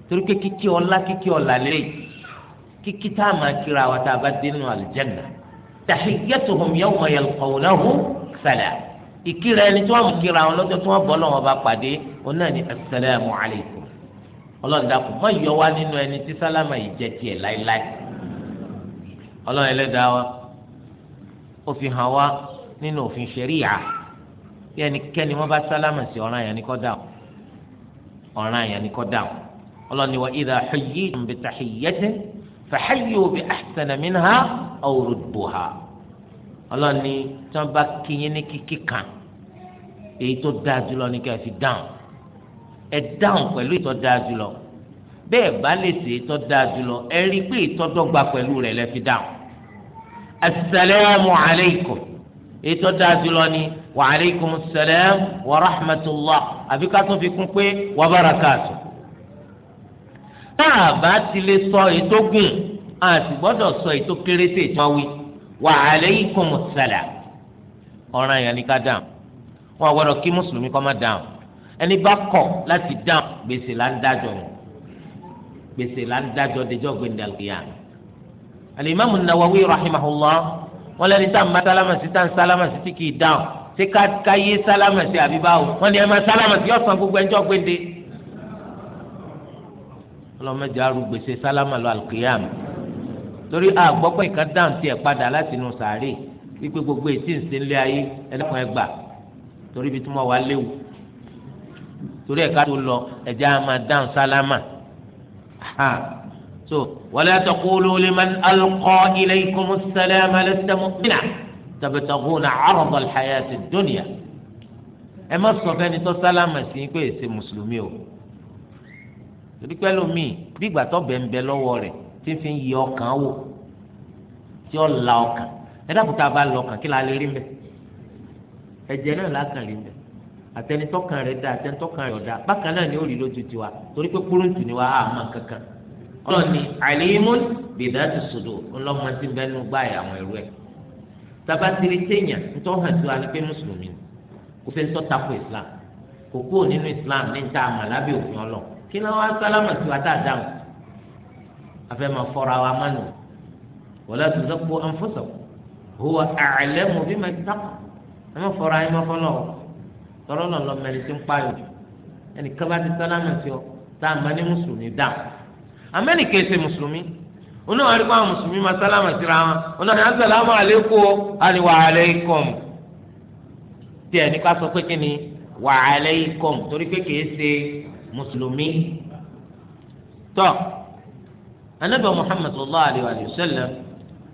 torí pé kíkí ọlá kíkí ọlà lélẹ́yìí kíkí tá a máa kíra wa tá a bá dé nínú àlùjánnà tahiyyatuhum yawma yalqawnahu salam ìkíra ẹni tí wọ́n mú kíra wọn lọ́jọ́ tí wọ́n bọ́ lọ́wọ́ bá pàdé òun náà ní asalaamu alaykum ọlọ́run dàpọ̀ má yọ wá nínú ẹni tí sálámà yìí jẹ́ tiẹ̀ láéláé ọlọ́run ẹlẹ́dàá wa ó fi hàn wá nínú òfin ṣẹ̀ríyà bí ẹnikẹ́ni wọ́n bá sálámà sí ọ̀ràn yẹn fàáyò bí ahsana minha aw rudduha ọlọ́ni tí wọ́n bá kíyìn ní kíkí kan èyí tó dáa jùlọ ní ká fi dáhùn ẹ dáhùn pẹ̀lú ìtọ́ dáa jùlọ bẹ́ẹ̀ bá lè ṣe ìtọ́ dáa jùlọ ẹ rí i pé ìtọ́ dọ́gba pẹ̀lú rẹ̀ lẹ́ fi dáhùn asalaamu alaykum ètò dáa jùlọ ni wa alaykum salaam wa fi kún pé wa tá a bá ti lè sọ ètò gùn a sì gbọ́dọ̀ sọ ètò kéréte ìtọ́wé wa alaykum salam ọ̀ràn yẹn ni ká dáhùn wọn gbọ́dọ̀ kí mùsùlùmí kọ́ má dáhùn ẹni bá kọ̀ láti dáhùn gbèsè là ń dájọ́ gbèsè là ń dájọ́ dejọ́ gbẹ̀ndàlùkìyà alimami nawawi rahimahullah wọn lẹni tá a ma sálámà tá a sálámà tí kì í dáhùn ṣé ká yé sálámà àbí báwo wọn ni ẹ ma sálámà sí ọ̀sán gbogbo ẹjọ́ gbẹ̀ndé ọlọ́mọdé arúgbèsè sálámà lọ alqiyam torí àgbọ́pọ̀ ìkan dáhùn tiẹ̀ padà láti inú sàárè wípé gbogbo ètí ìsínlé ayé ẹlẹ́kùn ẹgbà torí ibi tí wọ́n wá léwu torí ẹ̀ka tó lọ ẹ̀jẹ̀ á máa dáhùn sálámà so wala taqulu liman alqa ilaykum as-salama lasta mu'mina tabtaghuna 'arada al-hayati ad-dunya ẹ má sọ fẹ́ni tó sálámà sí pé èsì mùsùlùmí o torí pé lómìn bí ìgbà tó bẹ̀ǹbẹ̀ lọ́wọ́ rẹ̀ tí fi ń yí ọkàn wò tí ó la ọkàn ẹ dákúta bá lọ ọkàn kí la lè rí mbẹ ẹ̀jẹ̀ náà lákàn rí mbẹ àtẹnitọ́kàn rẹ̀ dá àtẹnitọ́kàn rẹ̀ ọ̀dá bákan náà ni ó rí lójú tiwa torí pé kúrúǹtù ni wa á mọ kankan ọlọ́ni àlímún bìdáàtì sòdò ńlọ́mọdé bẹ́nu gbáyà àwọn ẹ̀rú ẹ̀ tabatiri téèyàn ńtọ́ hàn sí wa ni pé mùsùlùmí kò fẹ́ ń tọ́ islam kò kúrò nínú islam ní ní ta òfin ọlọ́ọ̀ kí náà wá sálámà sí wa tá a dáhùn afẹ́ máa fọ́ra wa má nù wọlé àtúntò kó ànfọ́sọ̀ huwa a'lamu bima ittaqa ẹ má fọ́ra ẹ má fọ́lọ́ tọ́lọ́ náà lọ mẹ́rin tí ń pààyàn ẹnì kan bá ti sálámà sí ọ tá a máa ní mùsùlùmí dáhùn amẹ́nì kìí ṣe mùsùlùmí onáwó àríwá mùsùlùmí máa sálámà síra wọn onáwó assalamu alaykum àni wa alaykum tiẹ̀ ní ká sọ pé kí ni wa alaykum torí pé kìí ṣe mùsùlùmí tọ́ anábẹ́ muhammad sallallahu alayhi wa sallam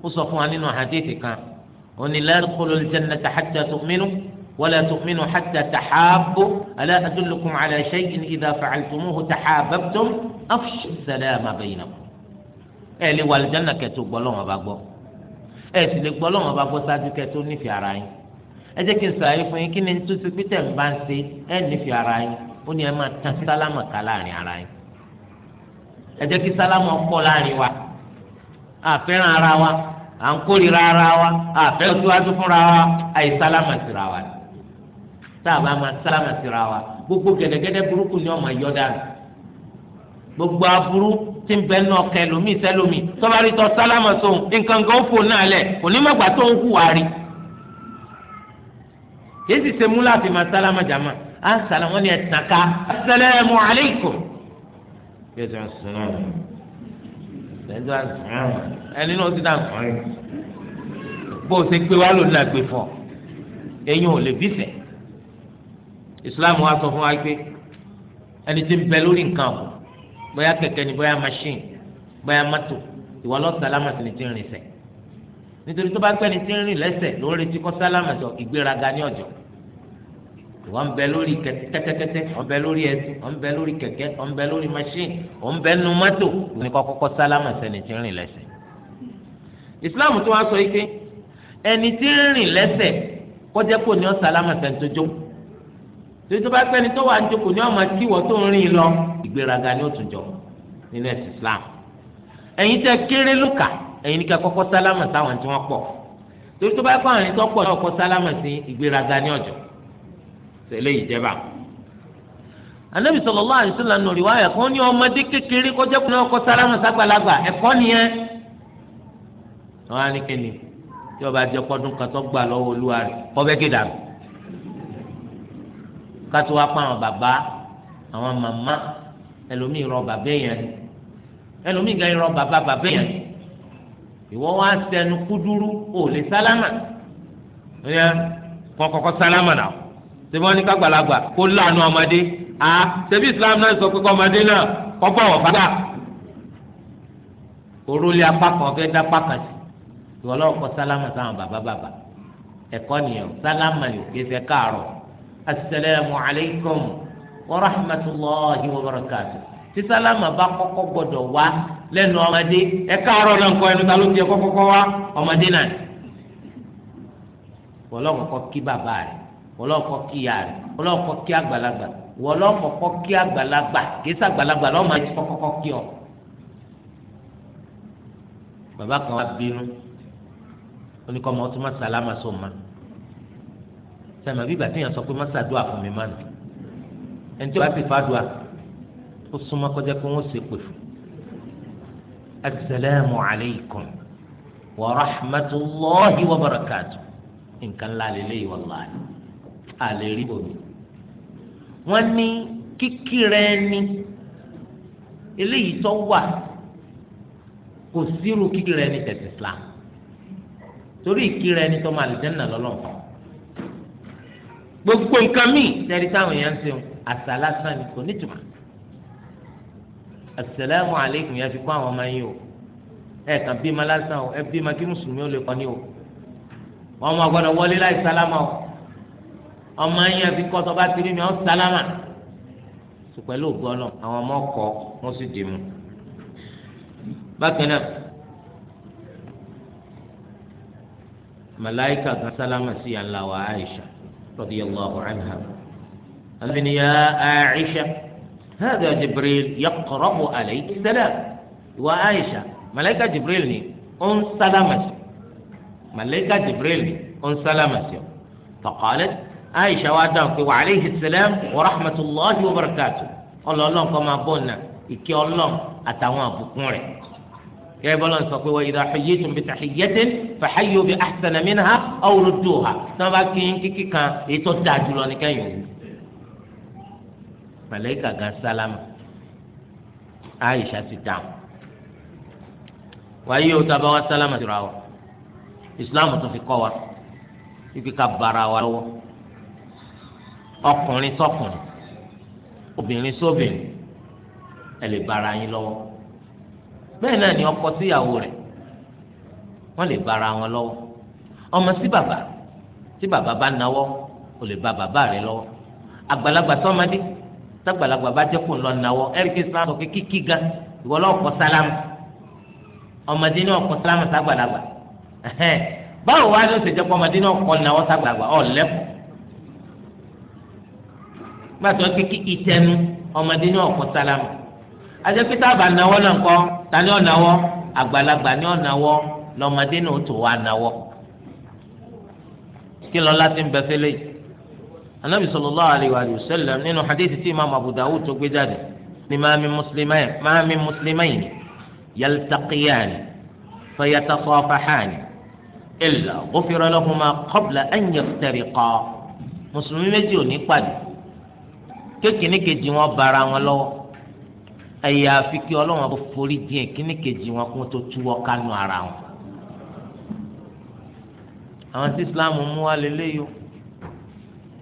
ó sọ fún wa nínú hadithi kan òní la yadkhulul jannata hatta tu'minu ولا تؤمنوا حتى تحابوا ألا أدلكم على شيء إذا فعلتموه تحاببتم أفشوا السلام بينكم ẹ lè wà lìjánà kẹtù gbọ́ lọ́wọ́n bá gbọ́ ẹ sì lè gbọ́ lọ́wọ́n bá gbọ́ sáájú kẹtù nífẹ̀ẹ́ ara yín ẹ jẹ́ kí n sàlàyé fún yín kí ni tó ti pété ń bá ń ṣe ẹ nífẹ̀ẹ́ ara yín ó ní ẹ máa tan sálámà ká láàrin ara yín ẹ jẹ́ kí sálámà pọ̀ láàrin wa àfẹ́ràn ara wa à ń kórìíra ara wa àfẹ́ òtúwájú fúnra wa àì sálámà síra wa tá a bá máa sálámà síra wa gbogbo gẹ́dẹ́gẹ́dẹ́ burúkú ni ọmọ yọ dànù gbogbo aburú tí ń bẹ náà kẹlòmíì sẹlòmíì tọ́bárí tọ́ sálámà sóhun nǹkan kan ó fò náà lẹ̀ kò ní mọ̀gbà tó ń hùwà rí kì í sì ṣe mú láti máa sálámà jàmáà à ń sàlẹ̀ wọ́n ní ẹ̀ tàn ká asalaamu alaykum yóò sọ sùnmù lẹ́yìn tó sùnmù ẹni náà ti dà sùnmù bó o ṣe pé wàá lò ní àgbè fọ eyín ò lè bífẹ̀ Islam wa sọ fún wa pé ẹni tí ń bẹ lórí nǹkan ọ̀hún bóyá kẹ̀kẹ́ ni bóyá machine bóyá mọ́tò ìwọ lọ sálámà sí ni ti rìn sẹ̀ nítorí tó bá pẹ́ ni ti rìn lẹ́sẹ̀ lórí tí kò sálámà sọ ìgbéraga ní ọ̀jọ̀ wọn bẹ lórí kẹtẹkẹtẹ wọn bẹ lórí ẹsẹ wọn bẹ lórí kẹ̀kẹ́ wọn bẹ lórí machine wọn bẹ nu mọ́tò ní kọkọkọ sálámà sẹni tí ń rìn lẹ́sẹ̀ islam tó wá sọ yìí pé ẹni tí ń rìn lẹ́sẹ̀ kọjá kò ní ọ sálámà sẹni tó jó tó bá pẹ́ni tó wà ń jókòó ní ọmọ kí wọ́n tó ń rìn lọ ìgbéraga ni ó tún jọ nínú ẹ̀sìn islam ẹ̀yin tẹ kéré lùkà ẹ̀yin ní ká kọ́kọ́ sálámà sáwọn tí tẹ̀lé ìjẹba. anabi sallallahu alaihi wasallam nù rí wáyà kan ní ọmọdé kékeré kọjá kúnlẹ ọkọ sálámù sàgbàlagbà ẹ̀kọ́ nìyẹn. wọn á ní kíni tí ọba jẹ kọdún kan tó gbà lọ́wọ́ olúwa rẹ̀ kọfẹ kéde àná. kátó wá pa àwọn bàbá àwọn màmá ẹlòmíì rọ bàbá yẹn ẹlòmíì gan rọ bàbá bàbá yẹn ìwọ wá sẹnu kúdúrú ò lè sálámà kọkọkọ sálámà náà ṣebí wọ́n ní kágbàlagbà kó láàánú ọmọdé a ṣebí islam náà sọ pé ọmọdé náà kọgbà wọn fagbà orólé apá kan fẹẹ dá apá kan sí ìwọ lọ́wọ́ kọ sálámà sáwọn bàbá bàbá ẹ̀kọ́ nìyẹn sálámà yóò ké fẹ káàárọ̀ asalaamu alaykum wa rahmatulahi wa barakatu tí sálámà bá kọ́kọ́ gbọ́dọ̀ wá lẹ́nu ọmọdé ẹ náà kọ ẹnu ta ló wá ọmọdé náà ìwọ lọ́wọ́ kí bàbá rẹ wọlọ́kọ́ kí ya rẹ̀ wọlọ́kọ́ kí àgbàlagbà wọlọ́kọ́kọ́ kí àgbàlagbà kìsà àgbàlagbà lọ́mọ ẹ̀jẹ̀ kọ́kọ́kọ́ kí ọ. bàbá kan wá bínú ó ní kọ́ ọmọ ọtún máa sàlámà sọ ma sẹ́mi àbí ìgbà tí èèyàn sọ pé má sàdúà fún mi má nù ẹni tí wàá sì fàdúà ó súnmọ́ kọjá pé wọ́n sì pè fún asalaamu alaykum wa rahmatulahi wa barakatu nǹkan ńlá lélẹ́yìí wàlláhi àlè rí bòmí wọ́n ní kíkìrẹ ẹni eléyìí tó wà kò sírù kíkìrẹ ẹni tẹsí Islam torí ìkìrẹ ẹni tó máa lè jẹ nà lọlọ gbogbo nǹkan míì tẹrí táwọn èèyàn ń sèwọn àṣà lásán ni kò nítumọ̀ asalaamu aleykum ya fi kó àwọn ọmọ yín o ẹ kàn bí lásán o ẹ bí kí mùsùlùmí ó lè kọ́ ni o wọn máa gbọ́dọ̀ wọlé láì sálámà o ọmọ yẹn fi kọ́ sọ́ba tìrì mi ọ́ sálámà sọ pẹ̀lú ògbọ́nà àwọn ọmọ kọ́ wọ́n sì dì mú. bákan náà màláìkà kan sálámà sí yàn láwa Aisha radiyallahu anha àbíní ya Aisha hada Jibril yaqrabu alayki salam wa Aisha màláìkà Jibril ni ó ń sálámà sí màláìkà Jibril ni ó ń sálámà sí ọ faqalat aisha wa dáhùn pé wa aleyhi salam wa rahmatulahi wa barakatu ọlọ́ọ̀lọ́n kọ́ máa bọ̀ náà ìkẹ́ ọlọ́ọ̀n àtàwọn àbùkún rẹ̀ yẹ́n bọ́lá ń sọ pé wa idha hayyitum bi tahiyyatin fahayyu bi ahsana minha aw rudduha tí wọ́n bá kí n kíkí kan èyí tó dáa jùlọ ní kẹ́yìn òwú. màlẹ́kà gan sálámà aisha ti dáhùn wàá yíyó tá a bá wá sálámà jùlọ àwọn islam tó fi kọ́ wa ibi ká bara wa lọ́wọ́ ọkùnrin sọkùnrin obìnrin sóbìnrin ẹ lè bára yín lọ́wọ́ bẹ́ẹ̀ náà ni ọkọ síyàwó rẹ̀ wọ́n lè bára wọn lọ́wọ́ ọmọ sí bàbá tí bàbá bá náwọ́ ò lè bá bàbá rẹ̀ lọ́wọ́ àgbàlagbà sọmadé tágbàlagbà bá jẹ́ kó ń lọ náwọ́ ẹ̀ríkì sàn sọ pé kíkí ga ìwọ lọ́kọ̀ sálámù ọmọdé ní ọkọ̀ sálámù tágbàlagbà báwo wá ló ṣe jẹ́ pé ọmọdé ní ọkọ̀ náwọ́ tágbàlagbà ọ̀ lẹ́kọ̀ọ́ gbàtọ́ kékeré ìtẹnu ọmọdé ní ọ̀pọ̀ sálámù àjẹpẹ́ táàbà náwọ́ náà kọ́ ta ni ọ̀nàwọ́ àgbàlagbà ni ọ̀nàwọ́ lọ́mọdé náà tó wà náwọ́ kí lọ láti ń bẹ fẹlẹ yìí anabi sallallahu alayhi wa sallam nínú hadithi tí imaamu abu dawud tó gbé jáde ni maami muslimayn maami muslimayn yaltaqiyani fayatasafahani illa ghufira lahuma qabla an yaftariqa mùsùlùmí méjì ò ní pàdé kékinní kejì wọn bara wọn lọ́wọ́ ẹyà àfi kí Ọlọ́run bó forí díẹ̀ kíní kejì wọn kó tó túwọ́ kánú ara wọn. àwọn tí Islam mú wa lélẹ́yìí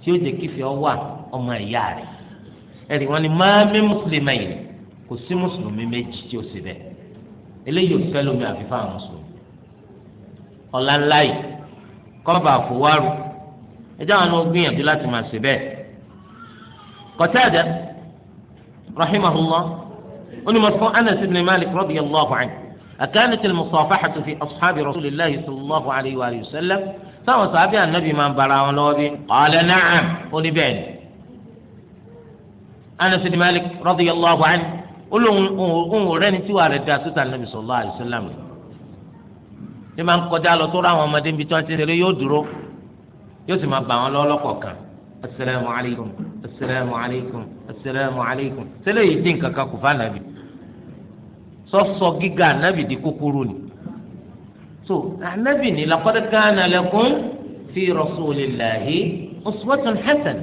tí ó jẹ́ kífẹ́ ọ wà ọmọ ẹ̀yà rẹ̀ ẹ̀rì wọn ni máa mí mùsùlùmí yìí kò sí mùsùlùmí méjì tí ó sì bẹ̀ eléyìí ò fẹ́ lómi àfi mùsùlùmí ọ̀la ńlá yìí kọ́ fòwárù ẹjọ́ àwọn ọgbìyànjú láti máa ṣe bẹ́ẹ̀. Qatada rahimahullah onímọ̀tò Anas ibn Malik radiyallahu anhu akanat al-musafahatu fi ashabi rasulillahi sallallahu alayhi wa sallam táwọn sàbí ànábì máa ń bara wọn lọ́wọ́ bí qala na'am oníbẹ̀ẹ́ni Anas ibn Malik radiyallahu anhu olóhùn òhùn ọ̀rẹ́ ni tíwà rẹ̀ da sọ́tà nàbì sallallahu alaihi wasallam ní máa ń kọjá lọ tó rà àwọn ọmọdé níbi tí wọ́n ti ṣeré yóò dúró yóò sì máa bà wọ́n lọ́wọ́ lọ́kọ̀ọ̀kan assalamu alaikum asalaamu alaykum asalaamu alaykum sẹlẹ yìí dín kankan kò fún anabi sọsọ gíga anabi di kúkúrú ni so anabi ni laqad kana lakum fi rasulillahi uswatun hasan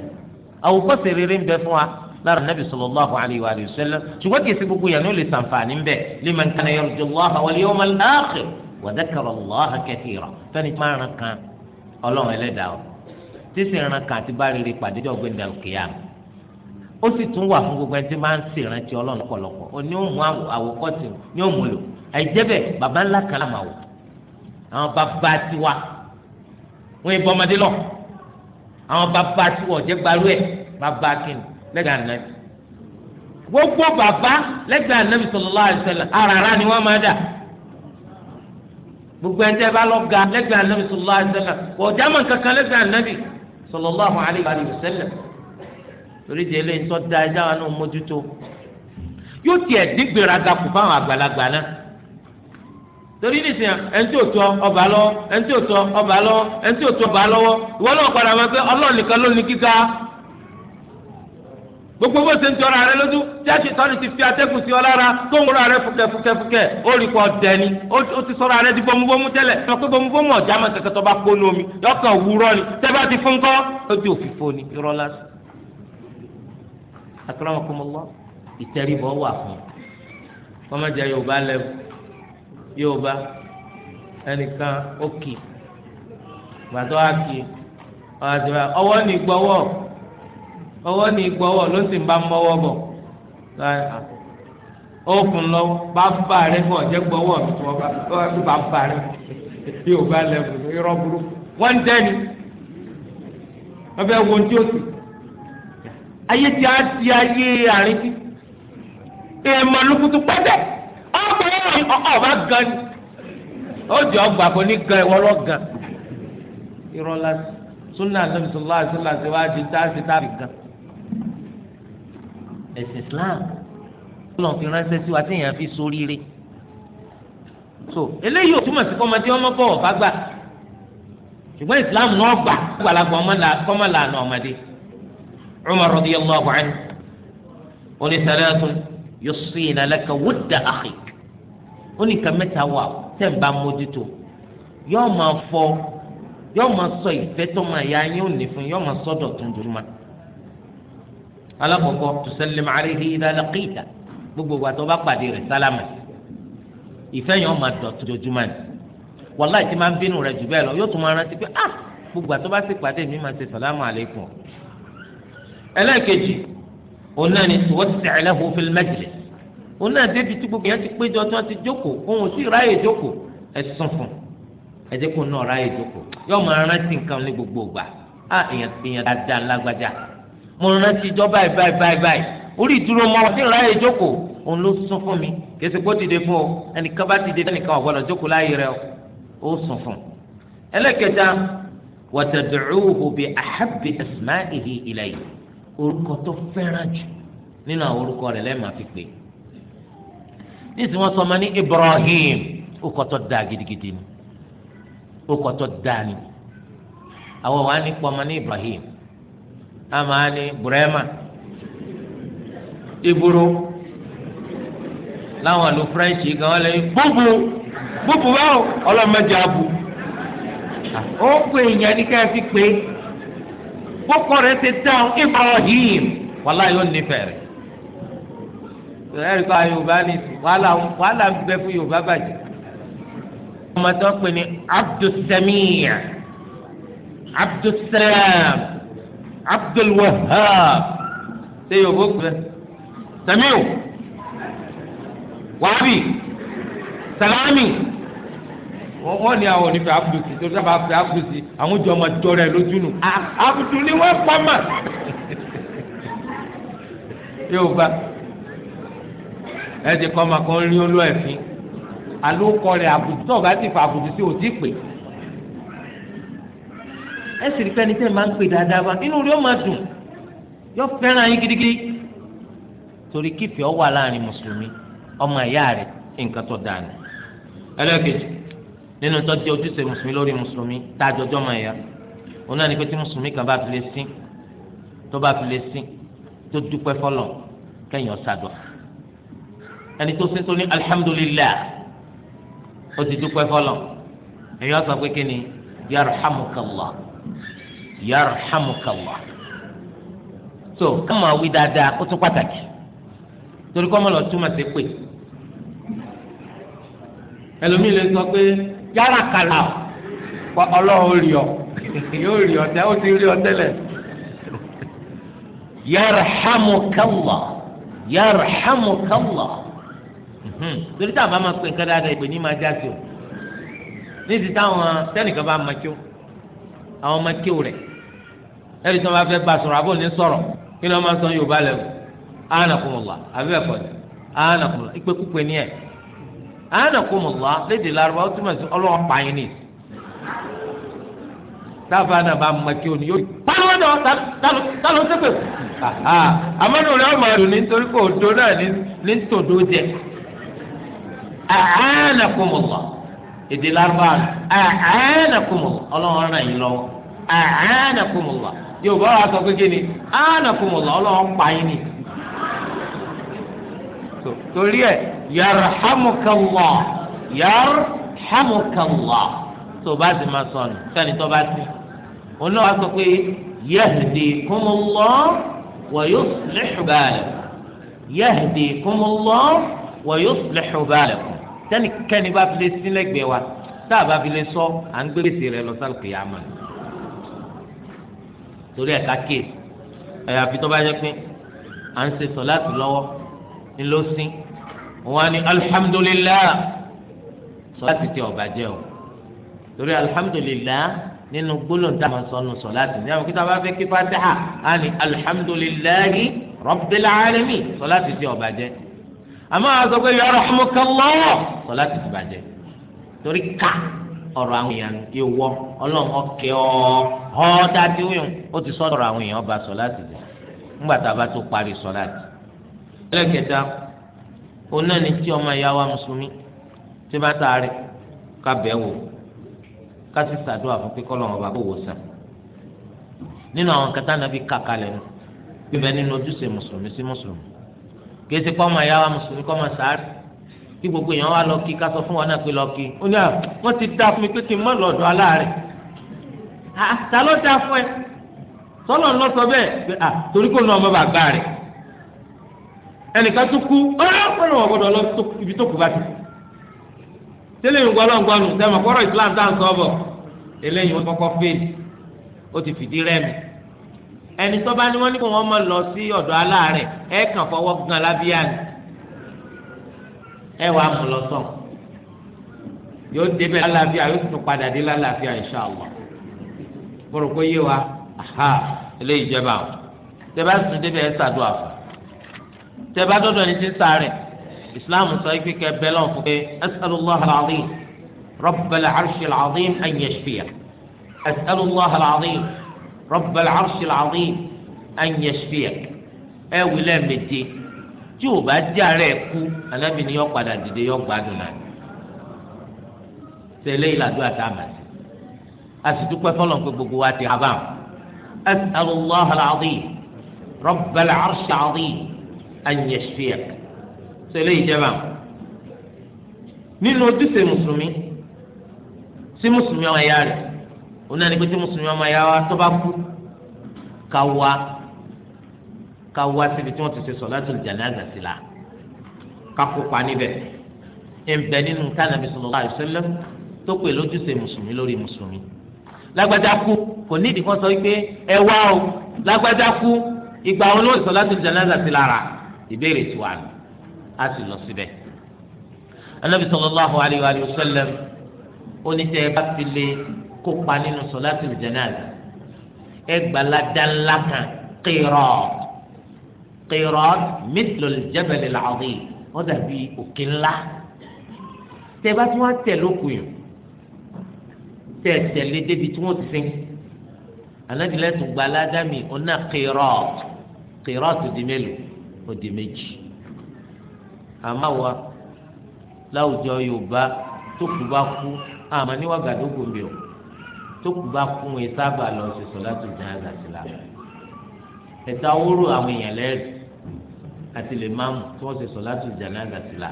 àwòkọ́ṣe rere ń bẹ fún wa lára anabi sallallahu alayhi wa sallam ṣùgbọ́n kìí ṣe gbogbo yẹn ní o lè sànfààní ń bẹ liman kana yarju allaha wal yawmal akhir wa dhakara allaha fẹ́ni tí wọ́n tí sì ràn kàn àti bá rere pàdé jọ gbẹndà òkè àmì ó sì tún wà fún gbogbo ẹni tí máa ń ṣèrántí ọlọ́run pọ̀lọpọ̀ ó ní òun àwòkọ́sì ní òun lò àìjẹ́bẹ̀ bàbá ńlá kan lámà wò àwọn bàbá tiwa wọ́n yẹ bọ́mọdé lọ àwọn bàbá tiwa ọ̀jẹ́ gbarú ẹ̀ bàbá kìnnì lẹ́gbẹ̀ẹ́ ànábì gbogbo bàbá lẹ́gbẹ̀ẹ́ ànábì sallallahu alaihi wasallam àràrà ni wọ́n máa dà gbogbo ẹni tẹ́ bá lọ ga lẹ́gbẹ̀ẹ́ ànábì sallallahu alaihi wasallam ọ̀já mọ̀ kankan lẹ́gbẹ̀ẹ́ ànábì sallallahu alayhi wa sallam torí di eléyìí tó da ẹja wa náà mójútó yóò tiẹ̀ dígbéraga kù fáwọn àgbàlagbà náà torí nìsín ẹni tí ò tọ ọba lọ́wọ́ ẹni tí ò tọ ọba lọ́wọ́ ẹni tí ò tọ ọba lọ́wọ́ ìwọ náà padà máa pé ọlọ́ọ̀nìkan ló ní kíkà gbogbo bó ṣe ń tọrọ ààrẹ lójú tí àṣì tọ́ni ti fi atẹ́kùn sí ọ lára tó ń rọ ààrẹ fúkẹ́fúkẹ́fúkẹ́ ó rí kọ dẹni ó ti sọ̀rọ̀ ààrẹ di bọ́mubọ́mu tẹ́lẹ̀ sọ pé bọ́mubọ́mu ọ̀já máa kẹ̀kẹ́ tó bá kó ní omi yọkàn wúrọ́ ni tẹ́bá ti fún kọ́ lójú òfìfo ni irọ́ lásán. àtúrọ̀mọkùnmọ́lọ́ ìtẹríbọ̀ wà fún wọn Yorùbá lẹ́wù Yorùbá ẹnìkan ó kì gbàdọ́ àkì ọwọ́ ní ọwọ, ló sì ń bá mọ́wọ́ bọ̀ òkun lọ́wọ́ bá bá rẹ mi tó bá bá rẹ bá fún burúkú tí sì ayé ti ayé àárín tí ló kutu ọkùnrin ọba gan ni ó ọgbà ní gan ìwọ lọ gan la ẹ̀sìn Islam lọ́n fi ránṣẹ́ sí wa téèyàn fi sóríire so eléyìí ò túmọ̀ sí kọ́mọdé ọmọ bọ̀wọ̀ bá gbà ṣùgbọ́n Islam náà gbà gbàlagbà ọmọ làánà ọmọdé Umar radiyallahu anhu oní sàlẹ́tún yusina laka wudda akhik oní nǹkan mẹ́ta wà tẹ̀ ń bá mójútó yọ́ọ́ máa fọ yọ́ọ́ máa sọ ìfẹ́ tó máa yá yín ò ní fún yọ́ọ́ máa sọ́dọ̀ tó ń dùn máa alakoko tusallim alayhi idha laqita gbogbo wa tó bá pàdé rẹ̀ sálámà ìfẹ́ yẹn ọmọ dọ̀tún jojúmọ́ ni wàláì tí máa ń bínú rẹ̀ jù bẹ́ẹ̀ lọ yóò tún máa rántí pé ah gbogbo àti tó bá sì pàdé mi máa ṣe sàlámù alaykum. ẹlẹ́ẹ̀kejì òun náà ni tuwọ́tìtì lahu fil majlis òun náà débi tí gbogbo yẹn ti péjọ tí ti jókòó òun sì ráàyè jókòó ẹ̀sùn fún ẹ jẹ́ kó náà ráàyè jókòó yóò máa rántí nǹkan gbogbo ìgbà ah èèyàn dáadáa lágbájá mo rántí ìjọ báyìí báyìí báyìí báyìí orí ìdúró mọ́ wọn sí ìráyè jókòó òun ló sún fún mi kèsì kó dìde fún ọ ẹnìkan bá dìde ẹnìkan ò gbọdọ̀ jókòó láàyè rẹ ó sùn fún ẹlẹ́kẹta wàtàdùrúhù bí àhábì asma'ihi ilayhi orúkọ tó fẹ́ràn jù nínú àwọn orúkọ rẹ̀ lẹ́ẹ̀ma fi pè. níìsì wọn ní Ibrahim orúkọ tó dáa gidigidi ni orúkọ tó dáa ni àwọn wà amaani burema iburo láwọn àlù french gan wọn lè búbu búbu báwo ọlọmọdé abu ó pè yẹn ní ká fi pé kókó rẹ ti dáhùn ibrahim wàlá yóò nífẹ̀ẹ́ rẹ̀ ẹ̀rí kọ́ yorùbá ni wàhálà wàhálà ń bẹ fún yorùbá bàjẹ́ ọmọ tó pè ní abdulsamiya abdulsalam. Abdul Wahab ṣe yòówó pẹ Samiu Wahabi Salami wọ́n ní àwọn onífẹ́ Abdul sí tó sábà fẹ́ Abdul sí àwọn jọ ọmọ jọrọ ẹ lójú nù Abdul ni wọ́n pa mà [laughs] yóò bá ẹ ti kọ́ ọmọ kan rí olú ẹ̀fín alókọ rẹ̀ àbùtù tó o bá ti fa àbùtù sí o ti pè é ẹ sì rí pẹ́ni tẹ́ máa ń pè dáadáa bá inú rí ó máa dùn yọ fẹ́ràn yín gidigidi torí kífì ọ wà láàrin mùsùlùmí ọmọ ìyá rẹ̀ nǹkan tó dáa ni ẹlẹ́kejì nínú tọ́jú ojúṣe mùsùlùmí lórí mùsùlùmí tá a jọjọ́ máa yá òun náà ni pé tí mùsùlùmí kan bá fi lè sìn tó bá fi lè sìn tó dúpẹ́ fọlọ́ kẹ́yìn ọ̀sàdọ̀ ẹni tó sẹ́tọ́ ní alihamudulilayi ó ti dúpẹ́ fọlọ́ ẹ̀yọ́ sọ pé kí ni yarhamukallah. yarhamukallah so ká máa dáadáa ó tún pàtàkì torí kọ́ ma lọ túmọ̀ sí pé ẹlòmíì lè sọ pé yàrá kàlà ọ ọlọ́run rí ọ [laughs] yóò rí ọ tẹ ó ti rí ọ tẹ́lẹ̀ [laughs] yarhamukallah yarhamukallah torí tá bá ma pè nǹkan dáadáa ìpè ní ma já sí o ní ti táwọn sẹ́nìkan bá àwọn ma kí ẹni tí wọn bá fẹ́ bá sọ̀rọ̀ àbò ní sọ̀rọ̀ kí ni wọn máa sọ yorùbá lẹwù anakumula àbí ẹkọ ni anakumula ìpèkúpè ni ẹ anakumula lédè larubá ó túmọ̀ sí ọlọ́wọ́ pààyàn ni táàbà náà bá mọ kí òní yóò pariwo náà tálọ́ sẹ́pẹ̀ amadu rẹ ọmọ ẹdùn nítorí kò do náà ní tòdó jẹ anakumula èdè larubá anakumula ọlọ́wọ́ ràn yín lọ́wọ́ anakumula yorùbá wa sọ pé kíni ánà fún mọ̀lá ọlọ́wọ́ pa yín ni. torí ẹ yarhamukallah yarhamukallah tó bá sì máa sọ nù sani tó bá sì. òun náà wá sọ pé yahdikumullah wa yuslihu balakum yahdikumullah wa yuslihu balakum sani kẹ́ni bá fi lé sílẹ̀ gbé wa tá a bá fi lé sọ à ń gbé gbèsè rẹ lọ sálùkì yàrá mọ́ni torí ẹ̀ka kéèsì àyàfi tó bá yẹ pé à ń ṣe sọ̀láàtì lọ́wọ́ ńlọ́sìn wọn ni alihamudulilayi sọ̀láàtì tí ó bàjẹ́ o torí alihamudulilayi nínú gbólóńtà máa sọnù sọ̀láàtì ní àwọn kíta bá fẹ́ kí fatiha á ní alihamudulilayi rabbil alamin sọ̀láàtì tí ó bàjẹ́ àmọ́ àwọn sọ pé yọrọ hàmúkàlọ́ sọ̀láàtì tí bàjẹ́ torí ká. ọ̀rọ̀ àwọn èèyàn wọ Ọlọ́run ọkẹ ọ ọ dájú wíwọn ó ti sọ ọrụ àwọn èèyàn ọba sọ láti jẹ ńgbà tá a bá tó parí sọ láti. òun náà ni tí ọmọ ìyá wa mùsùlùmí tí bá a rí ká wò ká sì fún pé ọba kò wò sàn. nínú àwọn kẹta kí gbogbo èèyàn wá lọ kí ká sọ fún wọn náà pé lọ kí ó ní à ah, wọn ti dá fún mi pé kí n má lọ́dọ̀ aláàárẹ̀ ah, ah, ta ló dá fún ẹ sọlọ ń lọ sọ bẹ́ẹ̀ pé à torí kò ní ọmọ bàbá rẹ̀ ẹnìkan tó kú ọlọ́pàá wọn gbọ́dọ̀ lọ ibi tó kú bá ti tẹ́lẹ̀ ń gbọlọ gbọnu sẹmọ kọrọ Islam tá à ń sọ bọ eléyìí wọn kọ́kọ́ fèèlì ó ti ẹ wà mú lọ sọ yóò débẹ̀ lálàáfíà yóò tún padà dé lálàáfíà ìṣàlọ kórókó yé wa aha ilé ìjẹba o tẹ́bá sùn débẹ̀ ẹ ṣàdúrà fún tẹ́bá dọ́dọ̀ ní ti ń islam sọ pé kẹ bẹ́ẹ̀ lọ fún pé asàlùláhà làdín rọ́bàlà àrṣì làdín ànyẹ̀ṣfìyà asàlùláhà làdín rọ́bàlà àrṣì ẹnyẹ fìyà ẹ wílẹ̀ méje. tí ò bá jẹ́ ara ẹ̀ kú anábì ni yọ padà dìde yọ gbádùn náà tẹ́lẹ̀ ìlàdó àtàmà sí asìtúpẹ́ fọlọ́n pé gbogbo wa ti ha bá wọn asàlù lọ́hàlà àdì rọ́bàlà àrṣà àdì ànyẹ̀ṣẹ́ẹ̀k tẹ́lẹ̀ ìjẹba nínú mùsùlùmí sí mùsùlùmí ọmọ ẹ̀yà rẹ̀ òun pé tí mùsùlùmí ọmọ ẹ̀yà wa tó kú ká ká wá síbi tí wọ́n ti ṣe sọ̀látù jánásà sí la ká kópa níbẹ̀ ẹnbẹ nínú tánàbí sallallahu alaihi wasallam tó pè lójúṣe mùsùlùmí lórí mùsùlùmí lágbájá kú kò ní ìdí kan sọ pé ẹ wá o lágbájá kú ìgbà wọn ló sọ̀látù jánásà sí lára ìbéèrè tí wà ní sì lọ síbẹ̀ anabi sallallahu alaihi wa sallam oníṣẹ́ ẹ bá fi lé kópa nínú sọ̀látù jánásà ẹ gbàlá dá ńlá kan kéèrọ qirat mithlul jabal al-azim wọ́n dàbí òkè ńlá tẹ bá tí wọ́n tẹ̀ lókun yìí tẹ tẹ̀lé débi tí wọ́n ti sin anadilẹ tún gba aládàmì ọ̀nà qirat qirat tó di mélòó ó di méjì àmọ́ wa láwùjọ yorùbá tó kù bá kú àmọ́ níwà gàdógò mi o tó kù bá kú wọn sábà lọ sí sọlá jẹ àgàtì la ẹ̀ta wúrò àwọn èèyàn lẹ́rìí àti lè máa mú tí wọ́n ṣe sọ̀látù jánásà sí la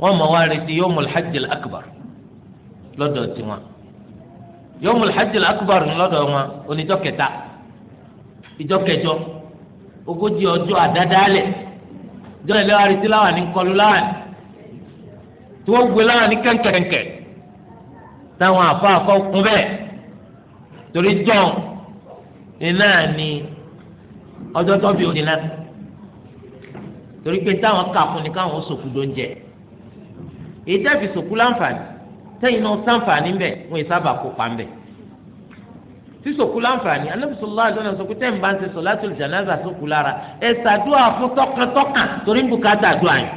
wọ́n mọ̀ wá retí yawmul hajjil akbar lọ́dọ̀ tiwọn yawmul hajjil akbar lọ́dọ̀ wọn oníjọ́ kẹta ìjọ kẹjọ ogójì ọjọ́ àdádálẹ̀ ìjọ ìlẹ̀ wa retí láwọn ní kọlu tí wọ́n gbé láwọn ní táwọn àfọ àkọ́kùn bẹ́ẹ̀ torí jọ̀ọ́ iná ni ọjọ́ tó bí òdì náà torí pé táwọn kà fún ni káwọn sòkú ló ń jẹ èyí tẹ́ẹ̀fì sòkú láǹfààní tẹ́yìn náà sáǹfààní ń bẹ̀ wọ́n yìí sábà kópa ń bẹ̀ tí sòkú láǹfààní Ànábì sallallahu alaihi wasallam sòkú tẹ́yìn bá ń ṣe solatul janaza sòkú lára ẹ̀ ṣàdúrà fún tọkàntọkàn torí ń bùkátà àdúrà yìí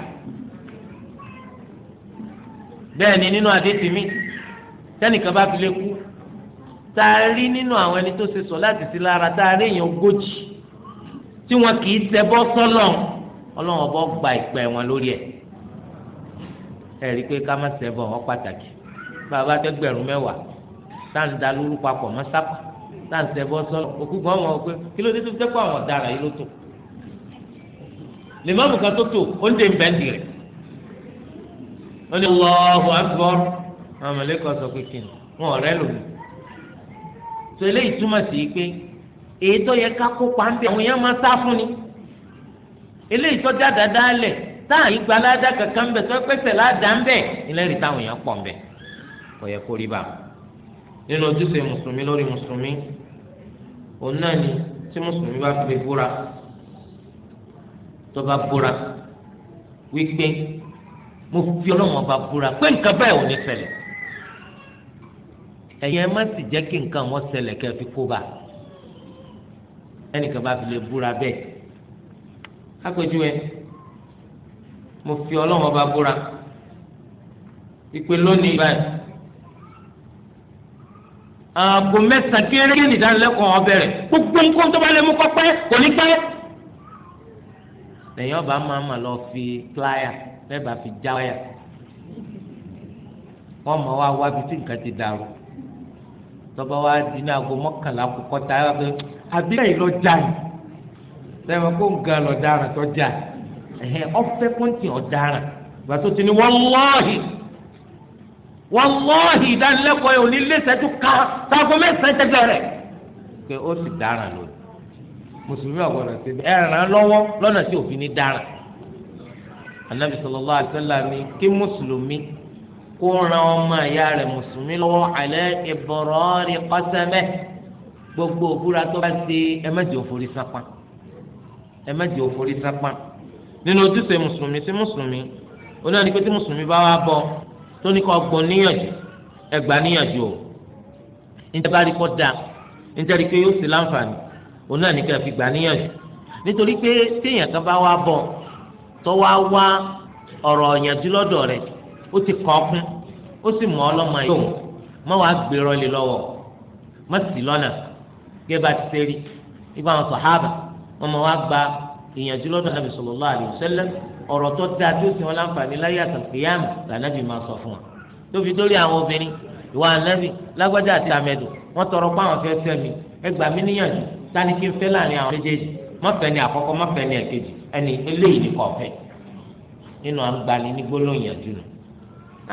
bẹ́ẹ̀ ni nínú àdéhùn mi tẹ́nìkan bá fi lè kú tá a rí nínú àwọn ẹni tó ṣe sọ láti sí lára tá a rí èèyàn ogójì tí wọn kì í ṣẹbọ sọ́lọ́run ọlọ́run ọba gba ìpẹ́ wọn lórí ẹ̀ ẹ̀ rí i pé ká má sẹ́bọ̀ ọ́ pàtàkì bàbá dẹ́gbẹ̀rún mẹ́wàá tá à ń da lóru papọ̀ mọ́ sápà tá à ń sẹ́bọ̀ sọ́lọ̀ òkú gan wọn pé kí ló dé tó dẹ́kọ̀ àwọn ọ̀daràn yìí ló tó lèmọ́mù kan tó tó ó ń dé nbẹ́ndì rẹ̀ ó ní Allahu Akbar àwọn mọ̀lẹ́kọ̀ sọ pé kí ni wọn ọ̀rẹ́ lòmí tó eléyìí túmọ̀ sí pé èyí tó yẹ ká kópa ń bẹ àwọn èèyàn máa sá fún ni eléyìí tọ́jà dáadáa lẹ̀ táà yìí gbalada kankan ń bẹ̀ sọ́pẹ́sẹ̀ ládàá ń bẹ̀ ilẹ̀ rí táwọn èèyàn pọ̀ ń bẹ̀ kò yẹ kó rí bá nínú ojúṣe mùsùlùmí lórí mùsùlùmí òun náà ni tí mùsùlùmí bá fi búra tó bá búra wípé mo fi ọlọ́wọ́n bá búra pé nǹkan báyìí ò ní ṣẹlẹ̀ ẹ̀yẹ má sì jẹ́ kí nǹkan wọn ṣẹlẹ̀ kẹ́ fi kó bá ẹnìkan bá fi lè búra bẹ́ẹ̀ lápẹjù ẹ mo fi ọlọ́run ọba búra ìpè lónìí báyìí aago mẹ́sàn-án kéré ní ìdánilẹ́kọ̀ọ́ ọbẹ̀rẹ̀ gbogbo nǹkan tó bá lè mú kọ́pẹ́ kò ní pẹ́. lẹ́yìn ọba máa ma lọ fi pláyà lẹ́bàá fi já wáyà wọ́n mọ̀ wá wá bí tí nǹkan ti dàrú tọ́ba wá di ní aago mọ́kànlá kọ́kọ́ tá a yà pé àbí ẹ̀yìn lọ já yìí sẹ́wọ̀n kó nǹkan lọ dáràn tó jà ẹ̀hẹ́ ọ̀fẹ́ pọ́ǹtì ọ̀daràn gbàtó ti ní wọ́lọ́ọ̀hì wọ́lọ́ọ̀hì ìdánilẹ́kọ̀ọ́ yẹn ò ní lé sẹ́jú ká sago mẹ́sàn-án tẹ́gbẹ́ rẹ̀ pé ó sì dáràn lónìí mùsùlùmí ọ̀gbọ̀nà ti ẹ̀ ràn án lọ́wọ́ lọ́nà tí òfin ní dáràn anabi sallallahu alaihi wasallam kí mùsùlùmí kó ran ọmọ ìyá rẹ̀ mùsùlùmí lọ́wọ́ alẹ́ ìbọ̀rọ̀ rí kọ́sẹ́mẹ́ gbogbo òkúra tó bá ṣe ẹ̀mẹ́jọ forí sápá ẹ má jẹ́ òfòrí sápá nínú ojúṣe mùsùlùmí sí mùsùlùmí onáà ní pé tí mùsùlùmí bá wá bọ tó ní kó gbọ́ níyànjú ẹ gbà níyànjú o níta bá rí kó dáa níta rí pé yóò sì láǹfààní onáà ní ká fi gbà níyànjú nítorí pé téèyàn kan bá wá bọ tó wá wá ọ̀rọ̀ ìyànjú lọ́dọ̀ rẹ̀ ó ti kọ́ kún ó sì mọ̀ ọlọ́mọ yìí òun má wàá gbèrọ lè lọ́wọ́ má sì lọ́nà gẹ́gẹ́ bá ti ṣe rí ibà wọn sàhábà wọn máa wá gba ìyànjú lọ́dọ̀ nàbì sallallahu alaihi wasallam ọ̀rọ̀ tó dáa tó sì wọn láǹfààní láyé àtàkìyàm lànàbì máa sọ fún wa tóbi dórí àwọn obìnrin ìwà ànàbì lágbájá àti àmẹdù wọn tọrọ pé àwọn fẹẹ fẹ́ mi ẹ gbà níyànjú tani kí n fẹ́ láàrin àwọn méjèèjì má fẹ́ ni àkọ́kọ́ má fẹ́ ni ẹ̀kejì ẹni eléyìí ni kò fẹ́ nínú àgbàlẹ ní gbólóhùn yànjú nù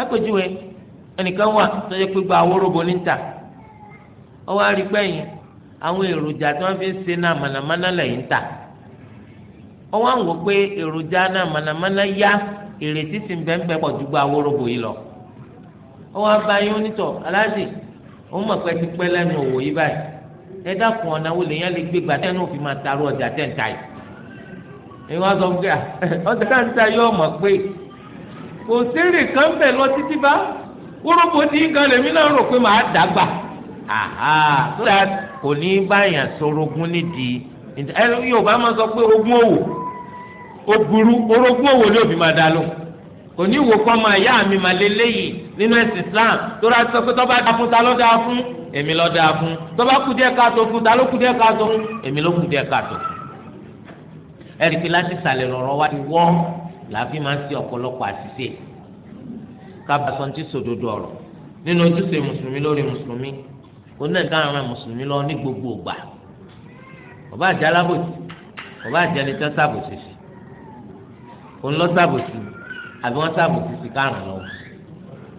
àpèjúwe ẹnìkan wà tó yẹ pé gba àwọn èròjà tí wọ́n fi ń ṣe náà lè ń tà ọwọ́ àwọn wò pé èròjà náà mànàmáná yá èrè títí bẹ́ẹ̀ pọ̀ ju gba awórobo yìí lọ ọwọ́ abayín onítọ̀ aláàjì òun mọ̀ pé ti pẹ́ lẹ́nu òwò yìí báyìí ọ̀nà wo lèyàn lè gbé máa taró ọjà yìí sọ pé ọjà pé kò ní báyàn sorogún nídìí yorùbá máa sọ pé ogún òwò ó burú orogún òwò ni òbí máa dá lóhùn kò ní wò kọ́ máa yá mi máa lé léyìí nínú ẹ̀sìn Islam tó rà sọ pé tó bá dá fún ta ló dá fún èmi ló dá fún tó bá kú díẹ̀ káàtó fún ta ló kú díẹ̀ káàtó fún èmi ló kú díẹ̀ káàtó fún ẹ̀rí pé láti sàlẹ̀ lọ́rọ̀ wá ti wọ́ làáfi máa ń ṣe ọ̀pọ̀lọpọ̀ àṣìṣe kábàásọ̀ ti sòdodo ọ̀rọ̀ nínú ojúṣe mùsùlùmí lórí mùsùlùmí onídàá àwọn mùsùlùmí lọ ní gbogbo ògbà ọba àti alábòsí ọba àti ẹni tó sábòsí sí òun lọ sábòsí àbí wọn sábòsí sí kárùn lọ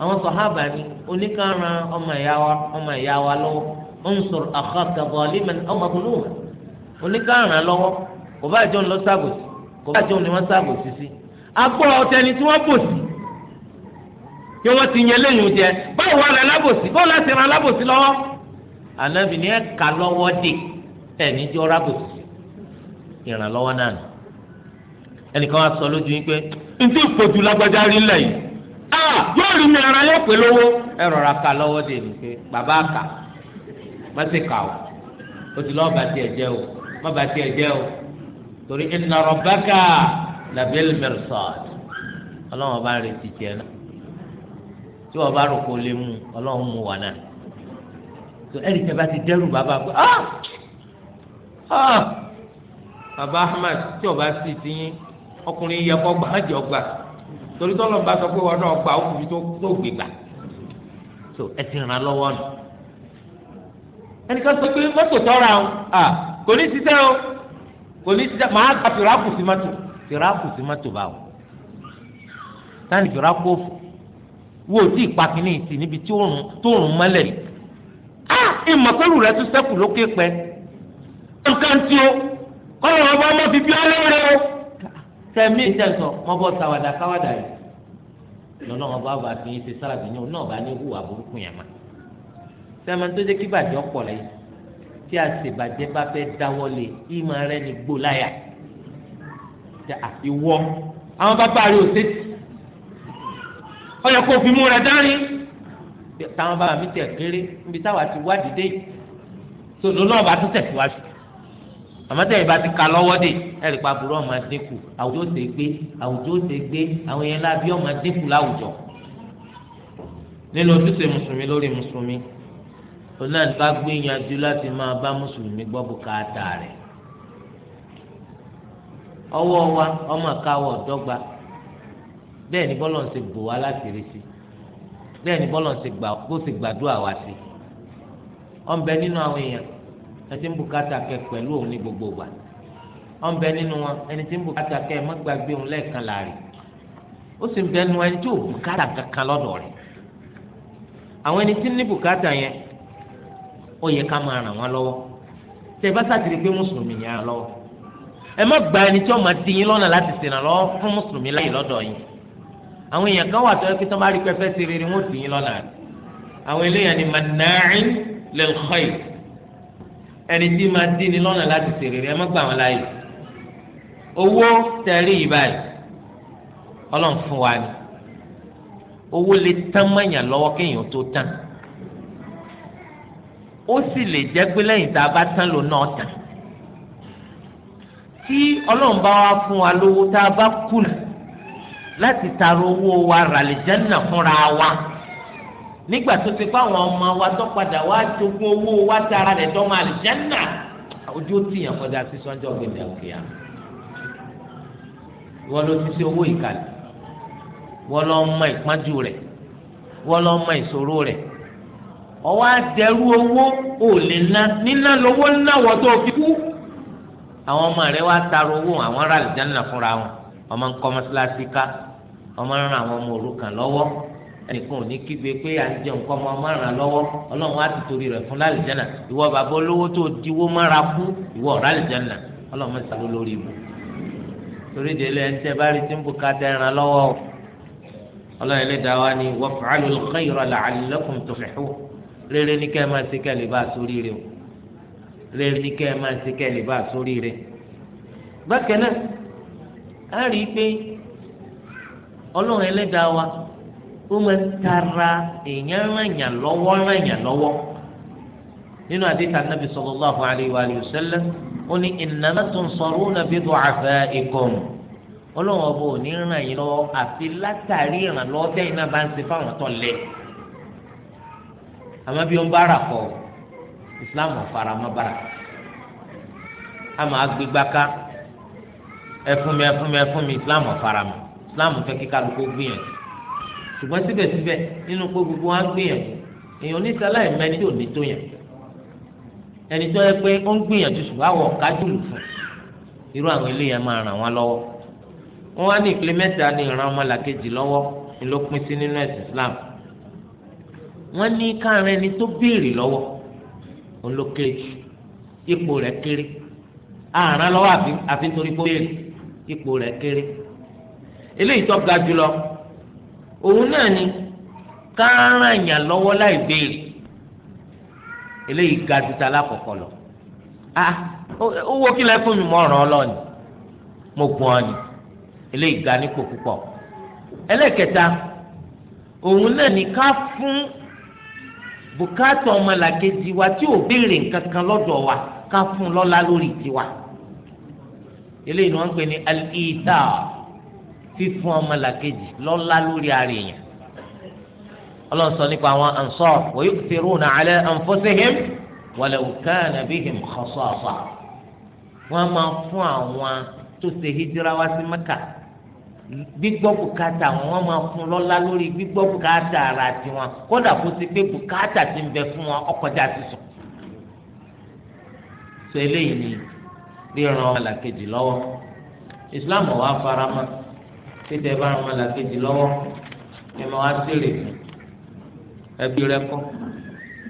àwọn sọhábà ni oníkàrán ọmọ ìyá wa ọmọ ìyá wa lọ́wọ́ unsur akhaka zaliman aw mazluman oníkàrán lọ́wọ́ ọba àjọ ń lọ sábòsí ọba àjọ ni wọn sábòsí sí agbọ ọtẹni tí wọn bòsí kí wọn ti yẹn lẹ́yìn jẹ báwo wà lẹ alábòsí báwo láti ran alábòsí lọ́wọ́ anabi ni ẹ kà lọ́wọ́ dé ẹ níjọ rábò ìrànlọ́wọ́ náà nù ẹnìkan wa sọ lójú yín pé ntí ìkòtù lágbájá rí lẹ yìí a yóò rí mi ara yóò pè lówó ẹ rọra kà lọ́wọ́ dé ni pé bàbá kà má ṣe kà o o ti lọ́ọ́ bá tiẹ̀ jẹ́ o má bá tiẹ̀ jẹ́ o torí inna rabbaka labil mirsad ọlọ́wọ́n bá retí tiẹ̀ náà tí wọ́n bá rò kó lè mú ọlọ́wọ́n mú wà náà tó ẹ̀rí tẹ́ bá ti dẹ́rù bàbá pé ah ah bàbá Ahmad tí ọba sì ti yín ọkùnrin yẹ kọ́ gbà á jọ gbà torí tọ́lọ̀ bá sọ pé wọn náà gbà ọkùnrin tó gbé gbà tó ẹ ti ràn án lọ́wọ́ nù ẹnìkan sọ pé mọ́tò tọ́ra o kò ní ṣiṣẹ́ o kò ní ṣiṣẹ́ màá gba fìràkù sí mọ́tò fìràkù sí mọ́tò báwo táyì fìràkù òfò wo tí ìpàkínní ti níbi tí òòrùn mọ́lẹ̀ yìí Ah, ìmọ̀kọ́lù rẹ tún sẹ́kù lókè pẹ́ nǹkan tí o kọ́lọ̀ ọba ọmọ fi bí ọlẹ́ rẹ o. tẹ̀mí ìtẹ̀sán mọ́ bọ́ sàwàdà káwàdà yìí lọ́nà ọba ọba fi ṣe sára fi yàn náà bá ní hùwà burúkú yẹn mà. sẹ́mi tó jẹ́ kí bàjẹ́ ọ̀pọ̀ lẹ́yìn tí a sì bàjẹ́ bá fẹ́ dáwọ́lé ìmọ̀ rẹ ní gbóláyà ìwọ àwọn bàbá rẹ ò ṣe ọyọ kò fi mú rẹ dání táwọn bá mi tẹ̀ kéré níbi táwa ti wádìí dé tó ló náà bá tún tẹ̀síwájú àmọ́tẹ́ ìbá ti ka lọ́wọ́ dé ẹ̀rì pa burú ọmọ dínkù àwùjọ ṣe gbé àwùjọ ṣe gbé àwọn yẹn lábí ọmọ dínkù láwùjọ nínú ojúṣe mùsùlùmí lórí mùsùlùmí onáà ká gbìyànjú láti máa bá mùsùlùmí gbọ́ bùkátà rẹ̀ ọwọ́ wa ọmọ káwọ̀ dọ́gba bẹ́ẹ̀ ni bọ́lọ̀ ń ṣe bò wá láti rí sí i bẹ́ẹ̀ ni bọ́lọ̀ ti gbà bó ti gbàdúrà wá sí ọ̀nbẹ nínú àwọn èèyàn ẹni tí ń bùkátà kẹ pẹ̀lú òun ní gbogbo wa ọ̀nbẹ nínú wọn ẹni tí ń bùkátà kẹ má gbàgbé òun lẹ́ẹ̀kan láàrin ó sì ń bẹ nu ẹni tí ò bùkátà kankan lọ́dọ̀ rẹ̀ àwọn ẹni tí ń ní bùkátà yẹn ó yẹ ká máa ràn wọ́n lọ́wọ́ tẹ bá sàtìrì pé mùsùlùmí yẹn lọ́wọ́ ẹ má gba ẹni tí ó àwọn èèyàn kan wà tó yẹ kí tó máa rí pẹpẹ sí rere wọn ò sì yín lọ́nà rẹ̀ àwọn eléyàn ni mana'in lil khair ẹni tí máa dín ní lọ́nà láti sí rere ẹ má gbà wọn láàyè owó tẹ̀rí ìbáyìí ọlọ́run fún wa ni owó lè tán mọ́yàn lọ́wọ́ kéèyàn tó tán ó sì lè jẹ́ pé lẹ́yìn tá a bá tán lò náà tán tí ọlọ́run bá wa fún wa lówó tá a bá kùnà láti tara owó wa ràlìjánà fúnra wa nígbà tó ti fáwọn ọmọ wa tó padà wá jogún owó wa tara rẹ̀ dọ́mọ àlìjánà ojú ó tìyàn kọjá sí sọ́njọ́ gbẹ̀dẹ̀ òkè yá wọ́n ló ti ṣe owó ìkàlẹ̀ wọ́n lọ mọ ìpájú rẹ̀ wọ́n lọ mọ ìṣòro rẹ̀ ọwọ́ àdẹrú owó ò lè ná níná lówó ńlá wọ́n tó fi kú àwọn ọmọ rẹ̀ wá tara owó àwọn ará fúnra wọn ọmọ nǹkan mọ́ṣáláṣí ká ọmọ ràn àwọn ọmọ òrukàn lọ́wọ́ ẹnìkan ò ní kígbe pé à ń jẹun kọ́ ọmọ ọmọ ràn lọ́wọ́ ọlọ́run á ti torí rẹ̀ fún lálìjánà ìwọ bàbá olówó tó diwó mára kú ìwọ ọ̀rá lìjánà ọlọ́run ti sàlọ́ lórí ibù torí délé ẹni tẹ́ bá rí tí ń bu ká dá lọ́wọ́ ọlọ́run ilé dáwà ni wọ́n fàálù khayra la'allakum tuflihun rere ní kẹ́ ẹ máa ṣe kẹ́lẹ́ bá sórí rẹ̀ rere ní kẹ́ ẹ máa ṣe kẹ́lẹ́ bá sórí rẹ̀ bákan náà ọlọ́run ẹlẹ́dàá wa ó máa ń tara èèyàn rànyàn lọ́wọ́ rànyàn lọ́wọ́ nínú àdìtà nàbì sallallahu alayhi wa sallam ó ní innama tunsaruna bi du'afaikum ọlọ́run ọba ò ní ràn yín lọ́wọ́ àfi látàrí ìrànlọ́wọ́ tẹ́yìn náà bá ń ṣe fáwọn tó lẹ̀ àmọ́ bí wọ́n bá rà Islam ọ̀fara má bára àmọ́ agbègbàká ẹ̀fúnmi ẹ̀fúnmi ẹ̀fúnmi Islam ọ̀fara mọ́. islam fẹ́ kí kálukú gbìyànjú ṣùgbọ́n síbẹ̀síbẹ̀ nínú pé gbogbo wa gbìyànjú èèyàn oníṣàlá yàn ẹni tó yẹ pé ó ń gbìyànjú ṣùgbọ́n àwọn fún irú àwọn eléyàn máa ràn wọn lọ́wọ́ wá ní ní ìran ọmọlàkejì ni ló pín sí nínú islam ní káàrin ẹni tó béèrè ipò kéré àràn eléyìí tó ga jùlọ òun náà ni káàrà yàn lọ́wọ́ láì béèrè eléyìí ga jù ta lákọ̀ọ́kọ́ lọ ah owó kí lẹ fún mi mọ ọ̀ràn ọlọ́ọ̀ni mo gbọ́n ọ ni eléyìí ga nípò púpọ̀ ẹlẹ́kẹta òun náà ni ká fún bùkátà ọmọlàkejì wa tí ò béèrè nǹkan kan lọ́dọ̀ wa ká fún lọ́lá lórí tiwa eléyìí ni wọ́n ń pè ní al fífún ọmọlàkejì lọ́lá lórí ara èèyàn ọlọ́run sọ nípa àwọn ansar wa yu'thiruna ala anfusihim walau kana bihim khasasa wọ́n máa fún àwọn tó ṣe hijira wá sí mẹ́kà gbígbọ́ bùkátà wọn wọ́n máa fún lọ́lá lórí gbígbọ́ bùkátà ara tiwọn kódà kó ti pé bùkátà ti ń bẹ fún wọn ọkọjá ti sọ eléyìí ni ríran ọmọlàkejì lọ́wọ́ Islam ò wá faramọ́ títẹ bá àwọn ọmọlàkejì lọ́wọ́ ẹ máa wá sílè ẹbí rẹ kọ́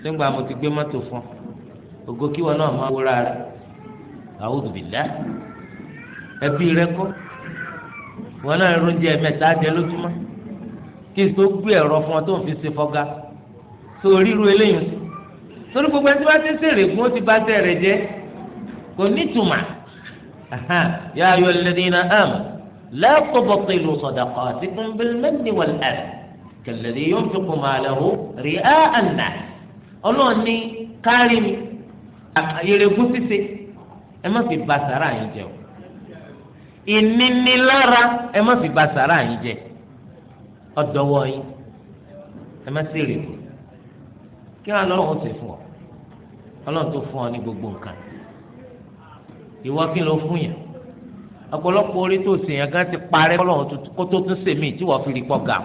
sígbà mo ti gbé mọ́tò fún ọ ògo kíwọ náà máa wúra rẹ àwùjọ bìlá ẹbí rẹ kọ́ wọn náà ronjẹ mẹ́ta jẹ lójúmọ́ kí n tó gbé ẹ̀rọ fún ọ tó ń fi ṣe fọgá tó ríru eléyìí torí gbogbo ẹni tí wọn ti sèrè fún ó ti bá tẹ̀rẹ̀ jẹ kò nítumà yà á yọ lẹ́dínà áàmù. لا تبطلوا صدقاتكم بالمن والأذى كالذي ينفق ماله رئاء الناس Ọlọ́run ní kárí mi àyèrègún ṣíṣe ẹ má fi ba sàrà yín jẹ o ìnínilára ẹ má fi ba sàrà yín jẹ ọdọwọ yín ẹ má sì rèé kí wọn lọ́rùn ti fún ọ Ọlọ́run tó fún ọ ní gbogbo nǹkan ìwọ kí ló fún yẹn ọ̀pọ̀lọpọ̀ orí tó sè yẹn gan ti parẹ́ kọ́lọ́hún kó tó tún sèmi tí wọ́n fi rí pọ̀ gà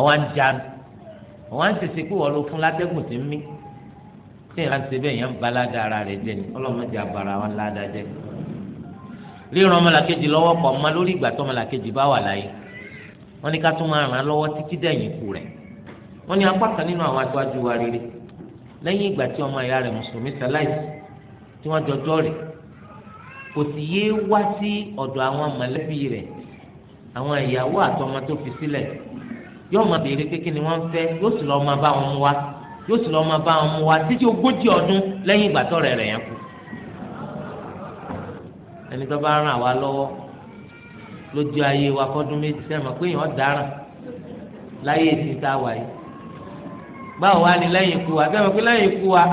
ọ̀wá ń jánu ọ̀wá ń tètè pé wọ́n ló fún látẹ́gùn tí ń mí tí ìlànà ti bẹ́ẹ̀ yẹn ń balada ara rẹ̀ jẹ ni ọlọ́mọdé abara wọn láda jẹ ríran ọmọlàkejì lọ́wọ́ pọ̀ mọ́ lórí ìgbà tó ọmọlàkejì bá wà láyé wọ́n ní ká tún máa ràn án lọ́wọ́ títí dẹ̀yìn ikú rẹ̀ wọ́n ní apá kan nínú àwọn aṣáájú wa rere lẹ́yìn ìgbà tí ọmọ ìyá rẹ̀ mùsùlùmí sẹ́láìsì tí wọ́n jọjọ́ rẹ̀ kò sì yé wá sí ọ̀dọ̀ àwọn mọ̀lẹ́bí rẹ̀ àwọn ìyàwó àtọmọ tó fi sílẹ̀ yóò máa béèrè pé kí ni wọ́n fẹ́ yóò sì lọ́ọ́ máa bá wọn mú wá yóò sì lọ́ọ́ máa bá wọn mú wá títí ogójì ọdún lẹ́yìn ìgbà tọ́rẹ̀ rẹ̀ yẹn kú. ẹni tó bá ràn wá lọ́wọ́ lójú ayé wa kọ́dún méjì sẹ́mọ̀ pé èèyàn dáràn láyé ti ta wà yìí báwo wá ní lẹ́yìn ikú wa sẹ́mọ̀ pé lẹ́yìn ikú wa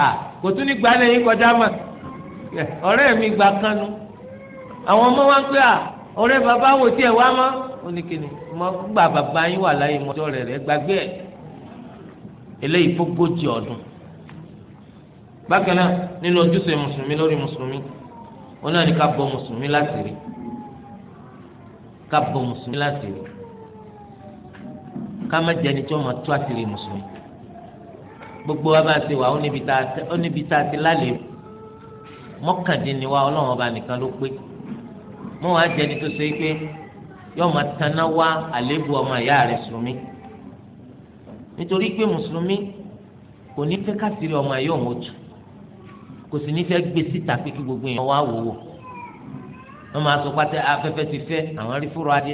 kò tún ní gbà lẹ́yìn kọjá mọ̀ ọ̀rẹ́ mi gbà kánú àwọn ọmọ wa ń pè à ọ̀rẹ́ bàbá wò tiẹ̀ wá mọ́ oníkìní mọ gbà bàbá yín wà láyé mọ́jọ́ rẹ̀ rẹ̀ gbàgbé ẹ̀ eléyìí fógójì ọdún bákan náà nínú ojúṣe mùsùlùmí lórí mùsùlùmí wọn náà ní ká bọ mùsùlùmí láti rí ká bọ mùsùlùmí láti rí ká má jẹ ẹni tí wọn máa tó àtìrí mùsùlùmí gbogbo wa bá ṣe wà ó níbi tá a ti lálẹ́ mọ́kàndínní wa ọlọ́run ọba nìkan ló pé mọ́ wàá jẹni tó ṣe pé yóò máa taná wá àléébù ọmọ ìyá rẹ̀ sùnmí nítorí pé mùsùlùmí kò ní fẹ́ kásìrì ọmọ yóò mọ̀ tù kò sì ní fẹ́ gbé síta pé kí gbogbo èèyàn wá wò wò wọ́n máa sọ pátẹ́ afẹ́fẹ́ ti fẹ́ àwọn rí adé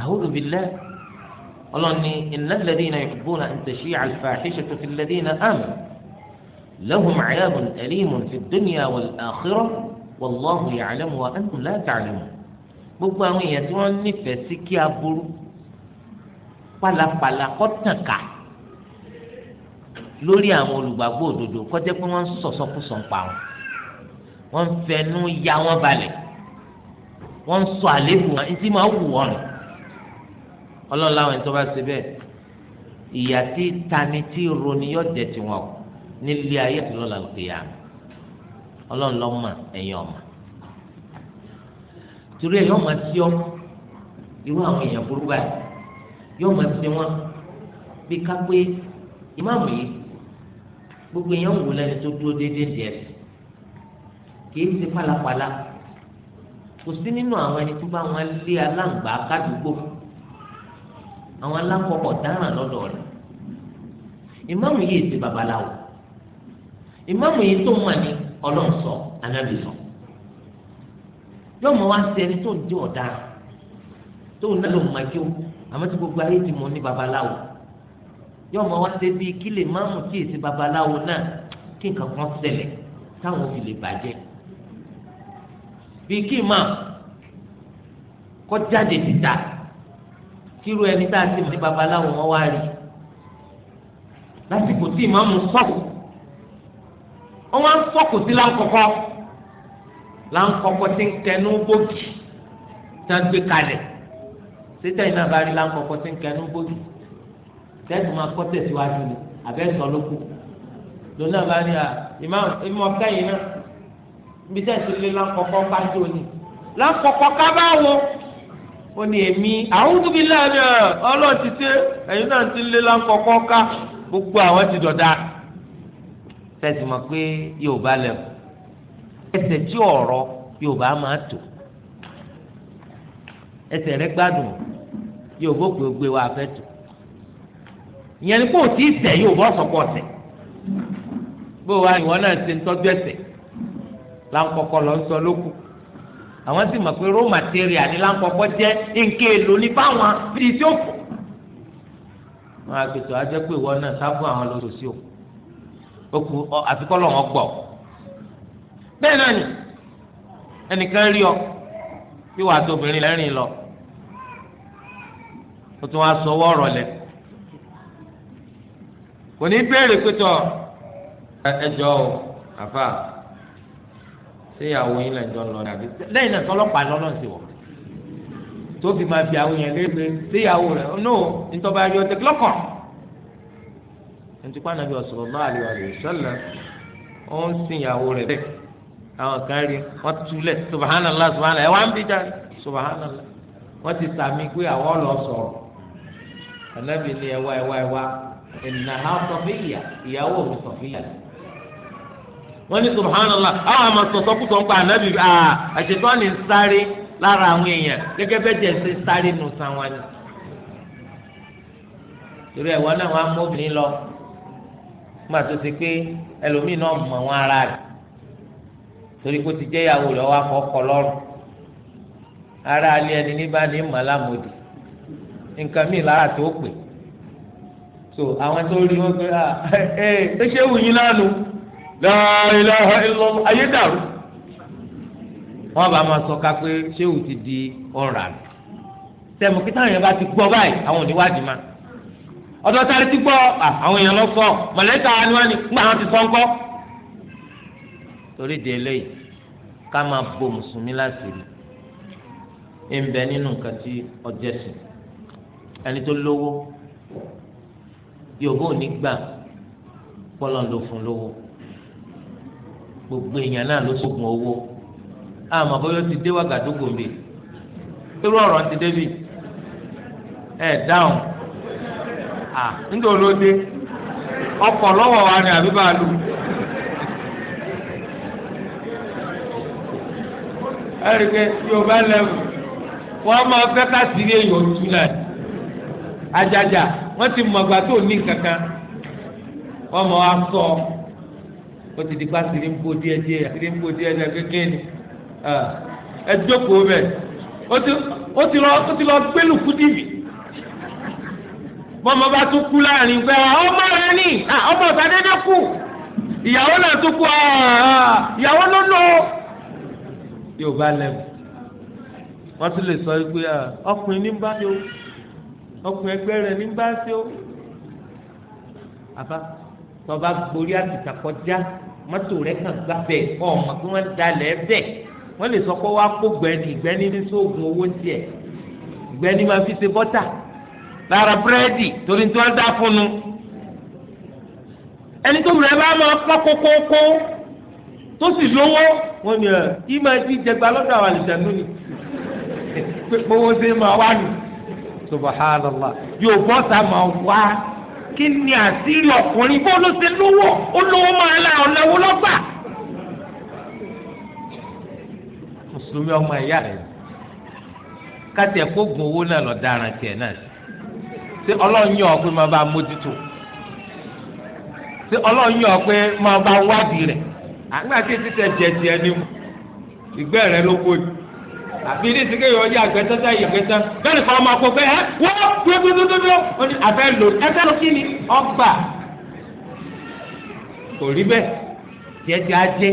a'udhu billah ọlọ́ni innal ladhina yuhibbuna an tashi'a al-fahishatu fil ladhina amanu lahum 'adhabun alimun fid dunya wal akhirah wallahu ya'lamu wa antum la ta'lamun gbogbo àwọn èèyàn tí wọ́n nífẹ̀ẹ́ sí kí aburú pàlàpàlà kó tàn ká lórí àwọn olùgbàgbọ́ òdodo kó jẹ́ pé wọ́n ń sọ̀sọ́kùsọ ń pa wọn wọ́n ń fẹnu ya wọn balẹ̀ wọ́n ń sọ àléébù wọn etí máa wù wọn rìn ọlọ́run láwọn ẹni bá ṣe bẹ́ẹ̀ ìyà tí tani tí roni jẹ tiwọn nílé ayé àti lọ́la lọ́kẹ́yàmù ọlọ́run ló mọ̀ ẹ̀yin ọ̀mà torí ẹ̀ yọ ọmọ tí ọ irú àwọn èèyàn burúkú báyìí yọ ọmọ tí wọn bí ká pé ìmáàmù yìí gbogbo èèyàn ń wò lẹ́ni tó dúró déédéé díẹ̀ kì í ṣe pálapàla kò sí nínú àwọn ẹni tó bá wọn lé aláǹgbá kádùúgbò àwọn alákọ̀ọ́kọ̀ dáràn lọ́dọ̀ rẹ̀ ìmáàmù yìí ṣe babaláwo ìmáàmù yìí tó mọ̀ ni Ọlọ́run sọ anábì sọ yóò mọ wá sí ẹni tó ń dín ọ̀daràn tó ń lọ màkí o àmọ́ tí gbogbo ayé ti mọ̀ ní babaláwo yóò mọ wá sí bíi kí lè máàmù tí èsì babaláwo náà kí nǹkan kan ṣẹlẹ̀ táwọn fi lè bàjẹ́ bíi kí máa kọ́ jáde síta kíru ẹni tá a ti mọ̀ ní babaláwo wọn wá rí lásìkò tí ìmáàmù sọ̀rọ̀ wọ́n wá ń sọ̀kù sí láńkọ̀kọ́ láńkọ̀kọ́ ti ń kẹnu bókì tí wọ́n gbé kalẹ̀ sétẹ yìí náà bá rí láńkọ̀kọ́ ti ń kẹnu bókì tẹsí máa kọ tẹsíwájú ni àbẹ sọ ló kù lónìí náà bá rí à ìmọ kẹyìn náà níbi tẹsí lé láńkọ̀kọ́ bá jó ni láńkọ̀kọ́ ká bá wo ó ní èmi àwùjọ bíi láàrin ọlọ́ọ̀tì tẹ ẹ̀yin náà ti lé láńkọ̀kọ́ ká gbogbo àwọn ti dọ̀dá tẹsí mọ̀ pé yorùbá lẹwù ẹsẹ̀ tí ọ̀rọ̀ yorùbá máa tò ẹsẹ̀ rẹ̀ gbádùn yorùbá pé ó gbé wa fẹ́ tò ìyẹn ni kò tí ì ṣẹ̀ yorùbá ọsọpọ ọsẹ bó wa ìwọ náà ṣe ń tọ́jú ẹsẹ̀ láǹkọ̀kọ̀ lọ ń sọ lókù àwọn sì mọ̀ pé raw material ní láǹkọ̀kọ̀ jẹ́ nǹkan èlò ní fáwọn bíi tí ó kù wọn àgbẹ̀tọ̀ ajẹ́ pé ìwọ náà sábọ̀ àwọn lọ́sọ̀ọ́sì òkú oku àfikọ́lọ̀ wọn gbọ́ bẹ́ẹ̀ náà ni ẹnìkan rí ọ bí wàá tó obìnrin lẹ́rìn lọ o tún wá sọ ọwọ́ ọ̀rọ̀ lẹ̀ kò ní béèrè pétọ́ ẹjọ́ o àfà ṣé ìyàwó yín lẹ́jọ́ lọ dàbí lẹ́yìn náà tọ́lọ́pàá lọ́nà sí wọ̀ tó fi máa fi àwọn yẹn lé pé ṣé ìyàwó rẹ̀ no nítorí ayọ̀ tẹ́kílọ́kọ̀ọ́. ntukpa anabi sallallahu alaihi wasallam ó ń sin ìyàwó rẹ̀ bẹ́ẹ̀ àwọn kan rí wọn túlẹ̀ subhanallah subhanallah ẹ wá ń ti sàmì pé àwọn sọ̀rọ̀ anabi ni ha ìyàwó mi ní àwọn ń pa anabi àṣetọ́ ni sáré lára àwọn èèyàn gẹ́gẹ́ bẹ́ẹ̀ jẹ́ ṣe sáré nù sanwó-án torí ẹ̀wọ́n náà lọ má tó ti pé ẹlòmíì náà mọ̀ ara rị torí kó ti ya ìyàwó rẹ̀ wá fọ́kọ lọrụ ara alẹ́ ẹni ní bá ní mọ̀ lámòdì nǹkan míì lára tó pè so àwọn tó rí wọn pé ẹ ṣé wù yín lánàá la ilaha ayé dàrú wọn bá máa sọ ká pé ṣéwù ti di ọrụ tẹmọ kí táwọn yẹn bá ti àwọn ọ̀dọ̀ sáré ti gbọ́ àwọn èèyàn lọ sọ mọ̀lẹ́kà aníwáni gbà wọn ti sọ ńkọ́. torí de eléyìí ká máa bo mùsùlùmí láṣìírí ń bẹ nínú nǹkan tí ọjọ́ sìn ẹni tó lówó yòówó ní gbà pọ́lọ́ ló fún lówó gbogbo èèyàn náà ló sógun owó àmọ́ bóyá ti dé wàgàdúgbò mi irú ọ̀rọ̀ ti débi ẹ̀ dáhùn. ndị olóde ọkọ̀ lọ́wọ́ wa ni àbí bàálù. ẹ̀rí pé yorùbá lẹ́wù wọ́n máa fẹ́ ká sírí èèyàn náà ajaja ti mọ̀ gbà tó ní kankan wọ́n wá sọ ó ti di pa sírí ń bó díẹ̀ sírí ń kékeré ni bọ́mọ bá tún kú láàrin pé ah, ọmọ rẹ ní ah, ọmọ ìsàdédé kù ìyàwó náà tún kú ah, ìyàwó ló lò ó. yóò bá lẹ́mù wọ́n tún lè sọ pé ọkùnrin ní bá yó ọkùnrin ẹgbẹ́ rẹ̀ ní bá sí ó. àbá tọba gborí àtìkà kọjá mọ́tò rẹ̀ kàn gbá bẹ̀ ọmọ kí wọ́n dalẹ̀ bẹ̀ wọ́n lè sọ pé wọ́n á kó gbẹ́ni gbẹ́ni ní sóògùn owó tiẹ̀ gbẹ́ni máa fi ṣe bọ́tà. lára búrẹ́dì torí tí wọ́n dá ẹni tó bùrẹ̀ bá máa pọ́ kókókó tó sì lówó wọn ni ẹ yìí máa ti jẹgba lọ́dọ̀ àwọn àlùsànú ni pípé [laughs] owó ṣe máa wá nù subahánàlá yóò bọ́ sá máa wá kí ni àṣírí ọkùnrin bó ló ṣe lówó ó lówó máa la ọ̀làwó lọ́gbà. mùsùlùmí ọmọ ẹ̀yà rẹ̀ káti tí ọlọ́run yàn ọ́ pé máa bá mójútó tí ọlọ́run yàn ọ́ pé máa bá wádìí rẹ̀ àgbà tí ti ni ìgbẹ́ rẹ̀ ló àbí ní ìsìnkú yìí ọjà àgbẹ̀ tẹ́tẹ́ yìí àgbẹ̀ tẹ́ pé wọ́n ó ní lò ẹgbẹ́ ló kí ni ọgbà kò rí bẹ́ẹ̀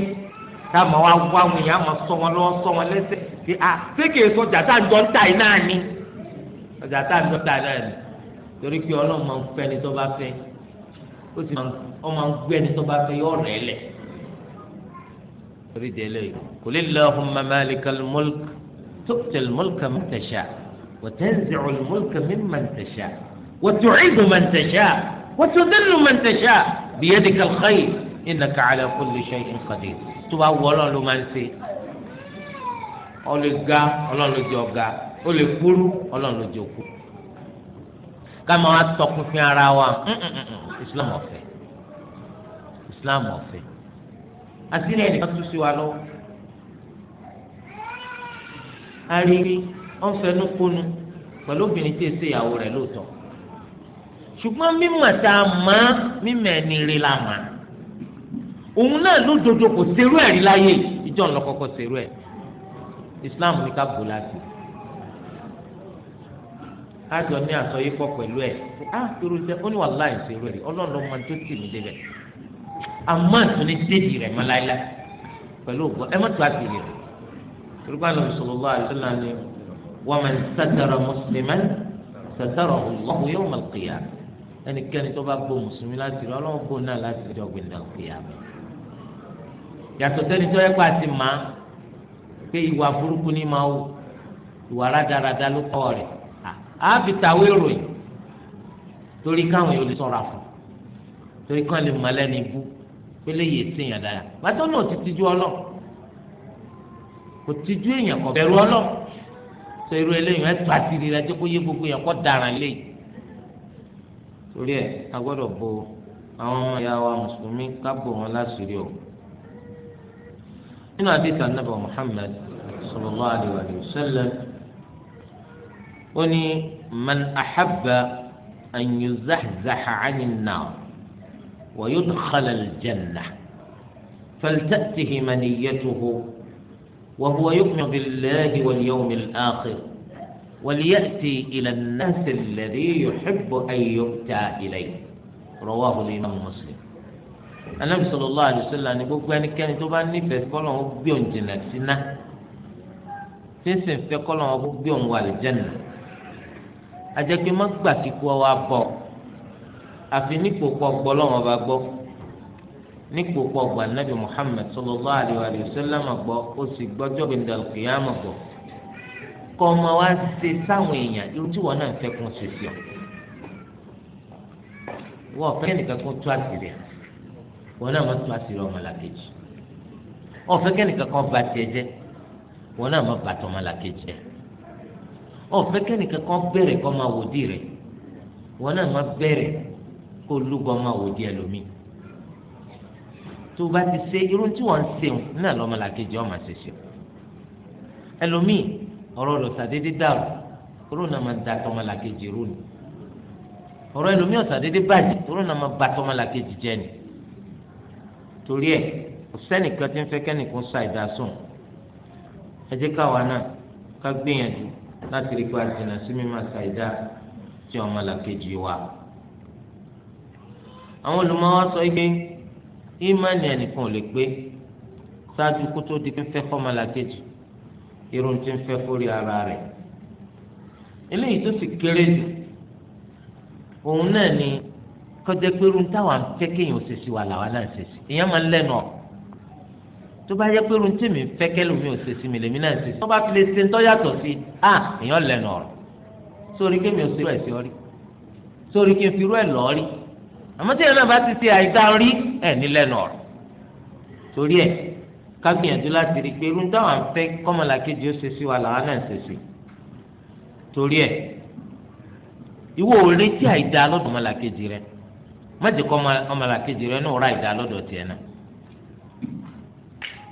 torí pé ọlọ́run máa ń fẹ́ ẹni tó bá fẹ́ ó sì máa ń gbé ẹni tó bá fẹ́ yọ ọ̀rẹ́ lẹ̀ torí délé kul illahumma malikal mulk tu'til mulka man tasha wa tanzi'ul mulka mimman tasha wa tu'izzu man tasha wa tudhillu man tasha biyadikal khayr innaka ala kulli shay'in qadir tó bá wọ ọlọ́run ló máa ń ṣe ó lè ga ọlọ́run ló ọlọ́run ló jẹ́ ká máa tọpinpin ara wa mm, mm, mm, islam ọ̀fẹ́ islam ọ̀fẹ́ àṣírí ẹnìkan tún sí wa lọ́wọ́ ariri ọ̀fẹ́nu kónu pẹ̀lú obìnrin tí èsè ìyàwó rẹ̀ lóòótọ́ ṣùgbọ́n mímọ̀ tá a mọ̀ mímọ̀ ẹni rí la mọ̀ òun náà lódodo kò serú ẹ̀rí láyé ìjọ ńlọ kọ́kọ́ serú ẹ̀ islam ní ká bò láti rí àjọ ní àsọyípọ̀ pẹ̀lú ẹ̀ á ah, irú sẹ́ ó ní wà láì sí irú rẹ̀ ọlọ́run ọmọ tó tì mí débẹ̀ àmọ́ àtúní déèdì rẹ̀ mọ́ láíláí pẹ̀lú ògbọ́n ẹ mọ́tò àti rẹ̀ turugba ní musulùmá àdúrà ni wọ́n máa ń sátara mùsùlùmá sátara ọ̀hún yóò máa kìyà ẹnikẹ́ni tó bá gbó mùsùlùmí láti rẹ̀ ọlọ́run gbó náà láti rẹ̀ ọ̀gbìn náà kìyà yàtọ̀ sẹ́ni tó yẹ kó àti máa pé ìwà burúkú ni máa wù ìwà rádaràda ló kọ́ rẹ̀ àáfi tàwé ròyìn torí káwọn yóò lè sọ̀rọ̀ àfọ̀ torí káwọn lè mọ lẹ́nu ibú pélé yìí sèèyàn dára bàtọ́ náà ti tijú ọlọ́ kò tijú èèyàn kò bẹ̀rù ọlọ́ sọ irú eléyìí ẹ̀ tó àtìrí rẹ jẹ́ kó yé gbogbo yẹn kọ́ dára léyìí torí ẹ̀ a gbọ́dọ̀ bo àwọn ọmọ ìyá wa mùsùlùmí ká bò wọn láṣìírí o nínú àdìsí anábọ̀ Muhammad sallallahu alaihi wa sallam ó ní. من أحب أن يزحزح عن النار ويدخل الجنة فلتأته منيته وهو يؤمن بالله واليوم الآخر وليأتي إلى الناس الذي يحب أن يؤتى إليه رواه الإمام مسلم النبي صلى الله عليه وسلم يقول gbogbo ẹnikẹ́ni tó bá nífẹ̀ẹ́ kọ́lọ́n ó gbé òun jìnnà síná tí àjẹpé má gbà kí kú ọ wá bọ àfi nípò pọ gbọ lọ́wọ́ bá gbọ́ nípò pọ gbà nàbì Muhammad sallallahu alaihi wa sallam gbọ́ ó sì gbọ́jọ́ bí ndàlù kìyàmù gbọ́ kọ́ ọmọ wa ṣe sáwọn èèyàn irú tí wọn náà fẹ́ kún ṣe fi ọ wọ́n fẹ́ nìkan kó tó àṣírí wọn náà má tó àṣírí ọmọlàkejì wọ́n fẹ́ kẹ́nìkan kan ba tiẹ̀ jẹ́ wọn náà má bàtọ́ ọmọlàkejì jẹ́ ọ̀fẹ́ kẹ́nìkan kan bẹ̀rẹ̀ kọ́ máa wòdì rẹ̀ wọn náà má bẹ̀rẹ̀ kó lúgọ máa wòdì ẹlòmí tó o bá ti ṣe irun tí wọ́n ń ṣeun náà lọ́mọlàkejì ọ̀ máa ṣe ṣe ẹlòmí ọ̀rọ̀ rẹ̀ ṣàdédé dàrú kúrò náà máa da tọmọlàkejì rú ni ọ̀rọ̀ ẹlòmí ọ̀ṣàdédé bàjẹ́ kúrò náà máa ba tọmọlàkejì jẹ́ ni torí ẹ̀ ọ̀sẹ́nìkan ti ń fẹ́ kẹ́nìkan ṣàìdásùn ẹ jẹ́ káwa náà ká gbìyànjú láti rí i pé a jìnnà sí mímọ̀ ṣàìdá tí ọmọ làkejì wa. àwọn olùmọ̀wá sọ pé ìmánì ẹnìkan ò lè pé ṣáájú kó tó di fífẹ́ fọ́mọ làkejì irun tí ń fẹ́ fórí ara rẹ̀. eléyìí tó sì kéré jù òun náà ni kọjá pé irun táwa ń fẹ́ kéèyàn ṣe sí wa làwa náà ṣe sí ìyẹn máa ń lẹ́nu ọ̀ tó bá yẹ pé irun tí mi fẹ́ kẹ́lòmí ò ṣe sí mi lèmi náà ṣe sí. tó bá fi lè ṣe ń tọ́ yàtọ̀ sí i à èèyàn lẹ́nu ọ̀rọ̀ sórí kí mi ò ṣerú ẹ̀ sí ọrí sórí kí n fi irú ẹ̀ lọ́ọ́ rí àmọ́ tí èèyàn náà bá ti ṣe àìdá rí ẹ̀ ní lẹ́nu ọ̀rọ̀ torí ẹ̀ ká gbìyànjú láti rí i pé irun táwọn fẹ́ kọ́mọlá ó ṣe sí wa làwọn náà ṣe sí torí ẹ̀ ìwọ ò retí àìdá lọ́dọ̀ ọmọlàkejì rẹ má jẹ́ kọ́ ọmọlàkejì rẹ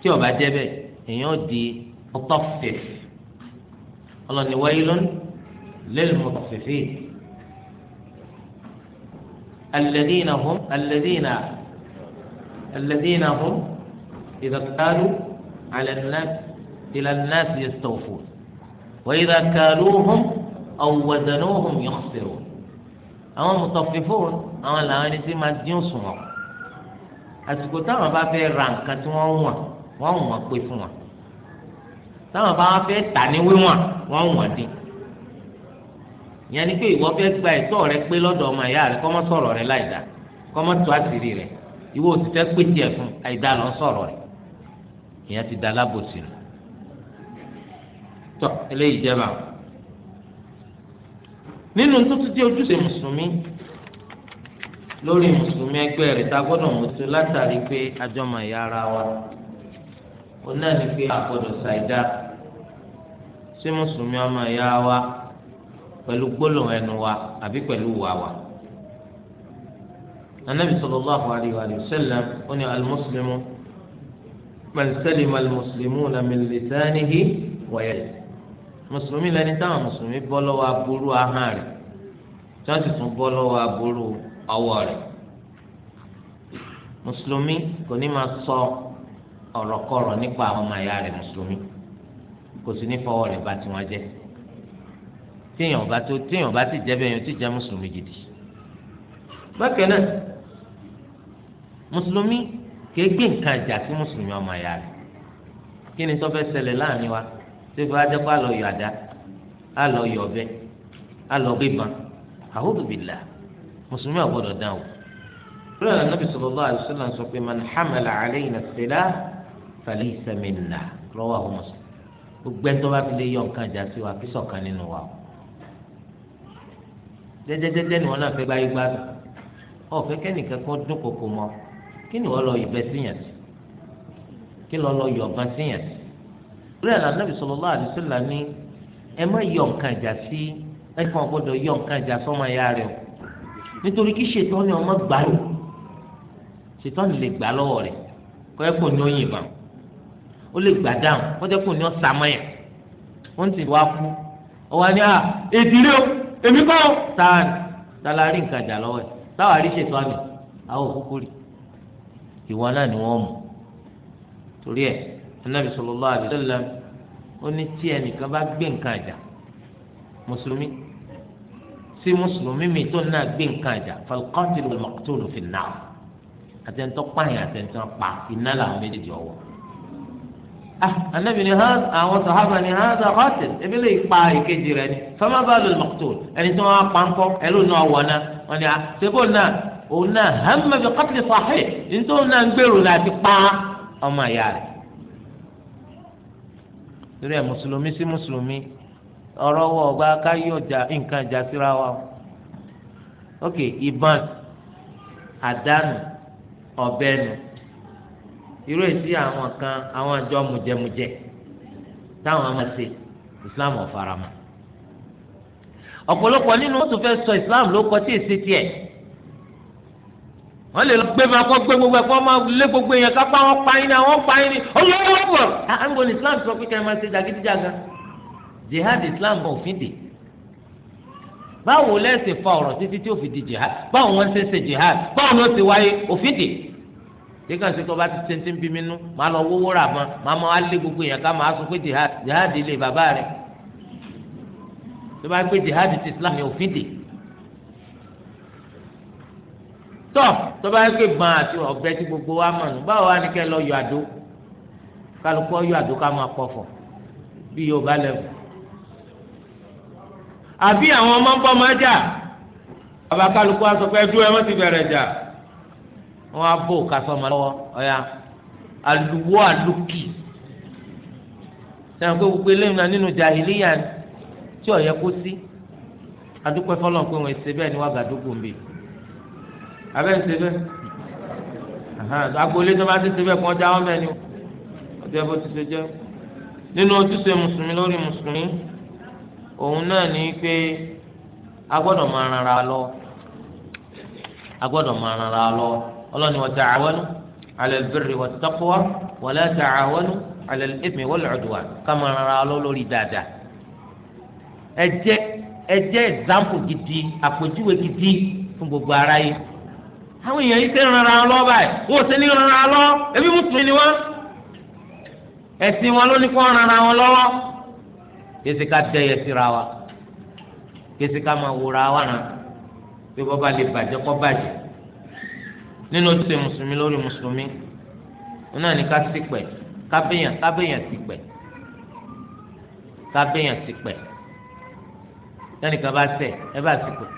tí ọba bá jẹ́ bẹ́ẹ̀ èèyàn di mutaffif ọlọ́ni waylun lil mutaffifin alladhina hum alladhina alladhina hum idha qalu ala an-nas ila an-nas yastawfun wa idha kaluhum aw wazanuhum yakhsirun àwọn mutaffifun àwọn làwọn ẹni tí ma dín sùn òṣùwọ̀n àsìkò táwọn bá fẹ́ ra nǹkan tí wọ́n wọ̀n. wọ́n wọ́n pé fún wọn táwọn bá wọn fẹ́ tà ní wíwọ̀n wọ́n wọ́n dín ìyẹn ni pé ìwọ fẹ́ gba ìtọ́ rẹ pé lọ́dọ̀ ọmọ ìyá rẹ kọ́mọ́ sọ̀rọ̀ rẹ láìda kọ́mọ́ tó àṣírí rẹ ìwọ ò sì fẹ́ pé tiẹ̀ fún àìda lọ sọ̀rọ̀ rẹ ìyẹn ti da alábòsí nù tọ́ eléyìí jẹba nínú tó ti di ojúṣe mùsùlùmí lórí mùsùlùmí ẹgbẹ́ rẹ̀ tá a gbọ́dọ̀ mọ̀tò látàrí pé àjọmọ̀ ìyá ara wa ó náà ní pé àgbọ̀dọ̀ ṣàìdá sí mùsùlùmí ọmọ ìyá wa pẹ̀lú gbólóhùn ẹnu wa àbí pẹ̀lú wà wa. النبي صلى الله عليه وآله وسلم أن المسلم من سلم المسلمون من لسانه ويده mùsùlùmí lẹni táwọn mùsùlùmí bọ́ lọ́wọ́ aburú ahọ́n rẹ̀ tí wọ́n sì tún bọ́ lọ́wọ́ aburú ọwọ́ rẹ̀ mùsùlùmí kò ní máa sọ ọ̀rọ̀kọ̀rọ̀ nípa àwọn ọmọ ìyá rẹ̀ mùsùlùmí kò sí ní fọwọ́ rẹ̀ bá tiwọn jẹ́ téèyàn bá tó téèyàn bá sì jẹ́ bẹ́ẹ̀ yẹn ti jẹ́ mùsùlùmí gidi. bákan náà mùsùlùmí kì í gbé nǹkan ìjà sí mùsùlùmí ọmọ ìyá rẹ̀ kí ni tó fẹ́ ṣẹlẹ̀ láàrin wa ṣé fún ajẹ́ kó yọ àdá a yọ ọ̀bẹ a lọ gbé mùsùlùmí ò gbọ́dọ̀ dán nàbì sallallahu alaihi wasallam sọ pé man hamala alayna silah falaysa minna rawahu Muslim gbogbo ẹni tó bá fi lè yọ nǹkan jà sí wa kí sọ̀kan nínú wa o dẹdẹdẹdẹ ni wọn náà fẹ́ báyìí gbádùn ọfẹ kẹnìkan kan dún kòkò mọ kí ni wọn lọ yọbẹ síyàn sí kí lọ lọ yọban síyàn sí lórí àná nàbì sallallahu alaihi wasallam ní ẹ má yọ nǹkan jà sí ẹ fún ọgbọdọ yọ nǹkan jà sọmọ ya rẹ o nítorí kí ṣètọ́ ni ọmọ gbà ló ṣètọ́ ni lè gbà lọ́wọ́ rẹ kọ́ ẹ kò ní oyin ìbọn ó lè gbà dáhùn kọjá kò ní ọ̀sà mọ́ yẹn ó ń sì wá kú ọwọ́ ni à èdìrí o èmi kọ́ tàn tàlàrí nǹkan jà lọ́wọ́ ẹ̀ táwọn àríṣètò àmì àwọn òkúkú rì ìwọ náà ni wọ́n mú torí ẹ̀ Ànábì sallallahu alaihi wasallam ó ní tí ẹnìkan bá gbé nǹkan jà mùsùlùmí sí mùsùlùmí mi tó náà gbé nǹkan jà falqatilu wal maqtulu fin nar àtẹnutọ́ pààyàn àtẹnutọ́ pa iná làwọn méjèèjì ọwọ́ anabi ah, ni hàn àwọn sahaba ni hàn sọ ọtí ebi lè pa ìkejì rẹ ni fama bá lò mọ̀tòl ẹni tí wọ́n á pa ńkọ́ ẹ ló nà ọ̀wọ́ náà wọ́n ni sebo ah, náà òun náà hàmà bí kọ́tìlì sàhẹ́ nítorí náà ń gbèrò láti pa ọmọ ìyá rẹ̀. torí ẹ mùsùlùmí sí mùsùlùmí ọ̀rọ̀ wọ ọba káyọ̀ ọjà nǹkan ìjà síra wa ok ìbọn àdánù ọ̀bẹ irú èsì àwọn kan àwọn àjọ mùjẹmùjẹ táwọn ọmọ ṣe islam ọ̀farama ọ̀pọ̀lọpọ̀ nínú wọn tún fẹ́ sọ islam ló kọ sí èsì tiẹ̀ wọ́n lè lọ gbé máa kọ́ gbé gbogbo ẹ̀kọ́ máa lé gbogbo èèyàn kápá wọn pààyàn ni àwọn ni islam sọ pé kẹ́ máa ṣe jihad islam kan òfin dè báwo lẹ́sìn fa ọ̀rọ̀ títí tí jihad báwo ṣe jihad báwo ti wáyé òfin yíkan sí kó bá ti tẹ́ntẹ́n bí mi nú màá lọ wówó rà mọ́ màá mọ́ alẹ́ gbogbo yẹn ká màá sọ pé jihad jihad ilé bàbá rẹ̀ tó bá pé jihad ti Islam ní òfin dè tọ́ tó bá pé gbọ́n àti ọ̀bẹ tí gbogbo wa mọ̀ nù báwo wá ní kẹ́ lọ yọ àdó kálukú ọyọ àdó ká máa pọ̀fọ̀ bí Yorùbá lẹ́wọ̀ àbí àwọn ọmọ ń bọ́ ọmọ jà bàbá kálukú sọ pé ẹdú ẹ wọ́n ti bẹ̀rẹ̀ jà. wọn á bò kásán ma lọ́wọ́ ọ̀ya aluki sẹ́wọ̀n pé gbogbo eléyìí náà nínú jahiliya tí kó sí adúpẹ́ fọlọ́n pé ṣe bẹ́ẹ̀ ni abẹ́ ṣe bẹ́ẹ̀ agboolé tó bá ti ṣe bẹ́ẹ̀ kó ọjà wọn bẹ́ẹ̀ ni ọjọ́ bó ti ṣe jẹ́ nínú ojúṣe mùsùlùmí lórí mùsùlùmí òun náà pé ọlọ́ni wa ta'awanu ala al-birri wat-taqwa wa la ta'awanu ala al-ithmi wal-'udwan kama ara lọ lórí dáadáa ẹ jẹ́ ẹ jẹ́ ẹ̀dáǹpù gidi àpèjúwe gidi fún gbogbo ara yìí àwọn èèyàn yìí ṣe ń rara lọ báyìí wọ́n ṣe ní rara lọ ẹbí mùsùlùmí ni wọ́n ẹ̀sìn wọn ló ní kó rara wọn lọ́wọ́ kèsì ká dẹ́yẹ síra wa kèsì ká máa wòra wa ràn bí wọ́n bá lè bàjẹ́ kọ́ bàjẹ́ nínú ojúṣe mùsùlùmí lórí mùsùlùmí òun náà ní ká ṣìpẹ̀ kábéèyàn kábéèyàn ṣìpẹ̀ kábéèyàn ṣìpẹ̀ lẹ́nìkan bá ṣẹ̀ ẹ bá ṣìpẹ̀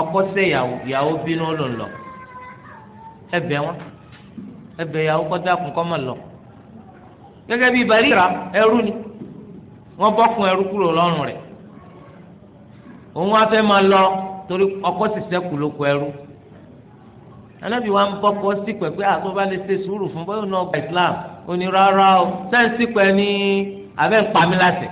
ọkọ ṣẹ̀ ìyàwó ìyàwó bínú ló ń lọ ẹ bẹ̀ wọ́n ẹ bẹ̀ ìyàwó kọjá kún kọ́ mọ̀ lọ gẹ́gẹ́ bíi Bàrírà ẹrú ni wọ́n bọ́kùn ẹrú kúrò lọ́rùn rẹ̀ òun wá fẹ́ máa lọ torí ọkọ sì ṣẹ́kù ló kọ ẹrú anabi wa ń bọ́kọ sípẹ̀ pé àtọ́ bá lè ṣe sùúrù fún bóyá ọ̀nà ọgbà islam òní rárá o sẹ́ń sípẹ̀ ní abẹ́ ń pami láṣẹ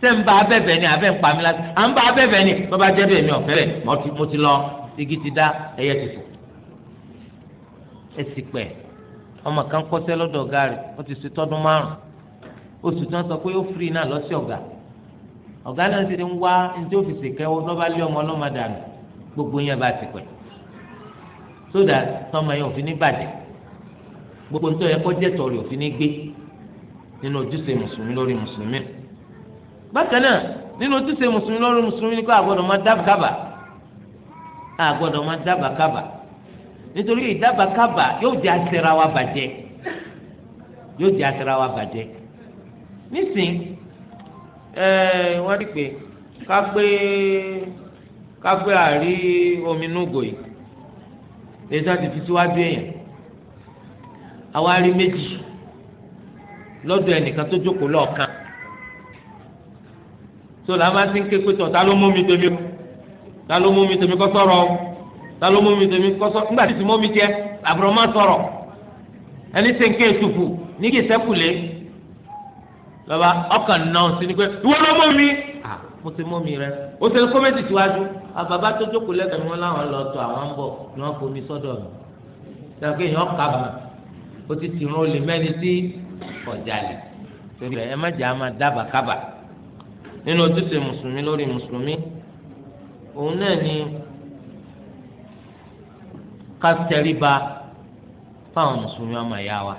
sẹ́ń bá abẹ́bẹ̀ ní abẹ́ ń pami láṣẹ à ń bá abẹ́bẹ̀ ní bàbá jẹ́bẹ̀ mi ọ̀fẹ́rẹ̀ mo ti lọ igi ti dá ẹyẹ ti fò ẹ sípẹ̀ ọmọ kan kọ́sẹ́ lọ́dọ̀ ọ̀gá rẹ̀ ó ti ṣe tọ́dún márùn oṣù tí wọ́n sọ pé ó firi náà lọ sí ọ̀gá ọ̀gá náà ti ń wá ní sódà tọmọ yẹn òfin ní bàjẹ́ gbogbo nítorí ẹ̀kọ́ jẹ́tọ̀ rẹ̀ òfin ní gbé nínú ojúṣe mùsùlùmí lórí mùsùlùmí bákan náà nínú ojúṣe mùsùlùmí lórí mùsùlùmí ni kó àgbọ̀dọ̀ máa dábàá kábà àgbọ̀dọ̀ máa dábàá kábà nítorí ìdábàá kábà yóò jẹ́ àṣẹra wa bàjẹ́ yóò jẹ́ àṣẹra wa bàjẹ́ nísìn ẹ̀ẹ́n wọ́n rí pé ká pé ká pé àrí omi núgò yìí ètò àti fi síwájú èèyàn àwa rí méjì lọ́dọ̀ ẹnìkan tó jókòó lọ́ọ̀kan tó làá máa ti ń ké pétọ̀ ta ló mú mi o ta ló mú mi tèmi kọ́ sọ̀rọ̀ ta ló mú mi kọ́ sọ̀rọ̀ nígbà tí ti mú mi jẹ àbúrò má sọ̀rọ̀ ẹni tí ń ké ètùfù ní kí lọ́ba ọkàn mo ti mú mi rẹ o ṣe kọ́mẹ́tì síwájú àbàbà tó jókòó lẹ́gbẹ̀ẹ́ mi wọ́n láwọn lọ tọ àwọn ń bọ̀ ni wọ́n fomi sọ́dọ̀ mi sọ pé èèyàn kà mà ó ti tìrún olè mẹ́ni sí ọ̀jàlè torí ẹ má jà á máa dábàá kábà nínú ojúṣe mùsùlùmí lórí mùsùlùmí òun náà ni ká fáwọn mùsùlùmí ọmọ ìyá wa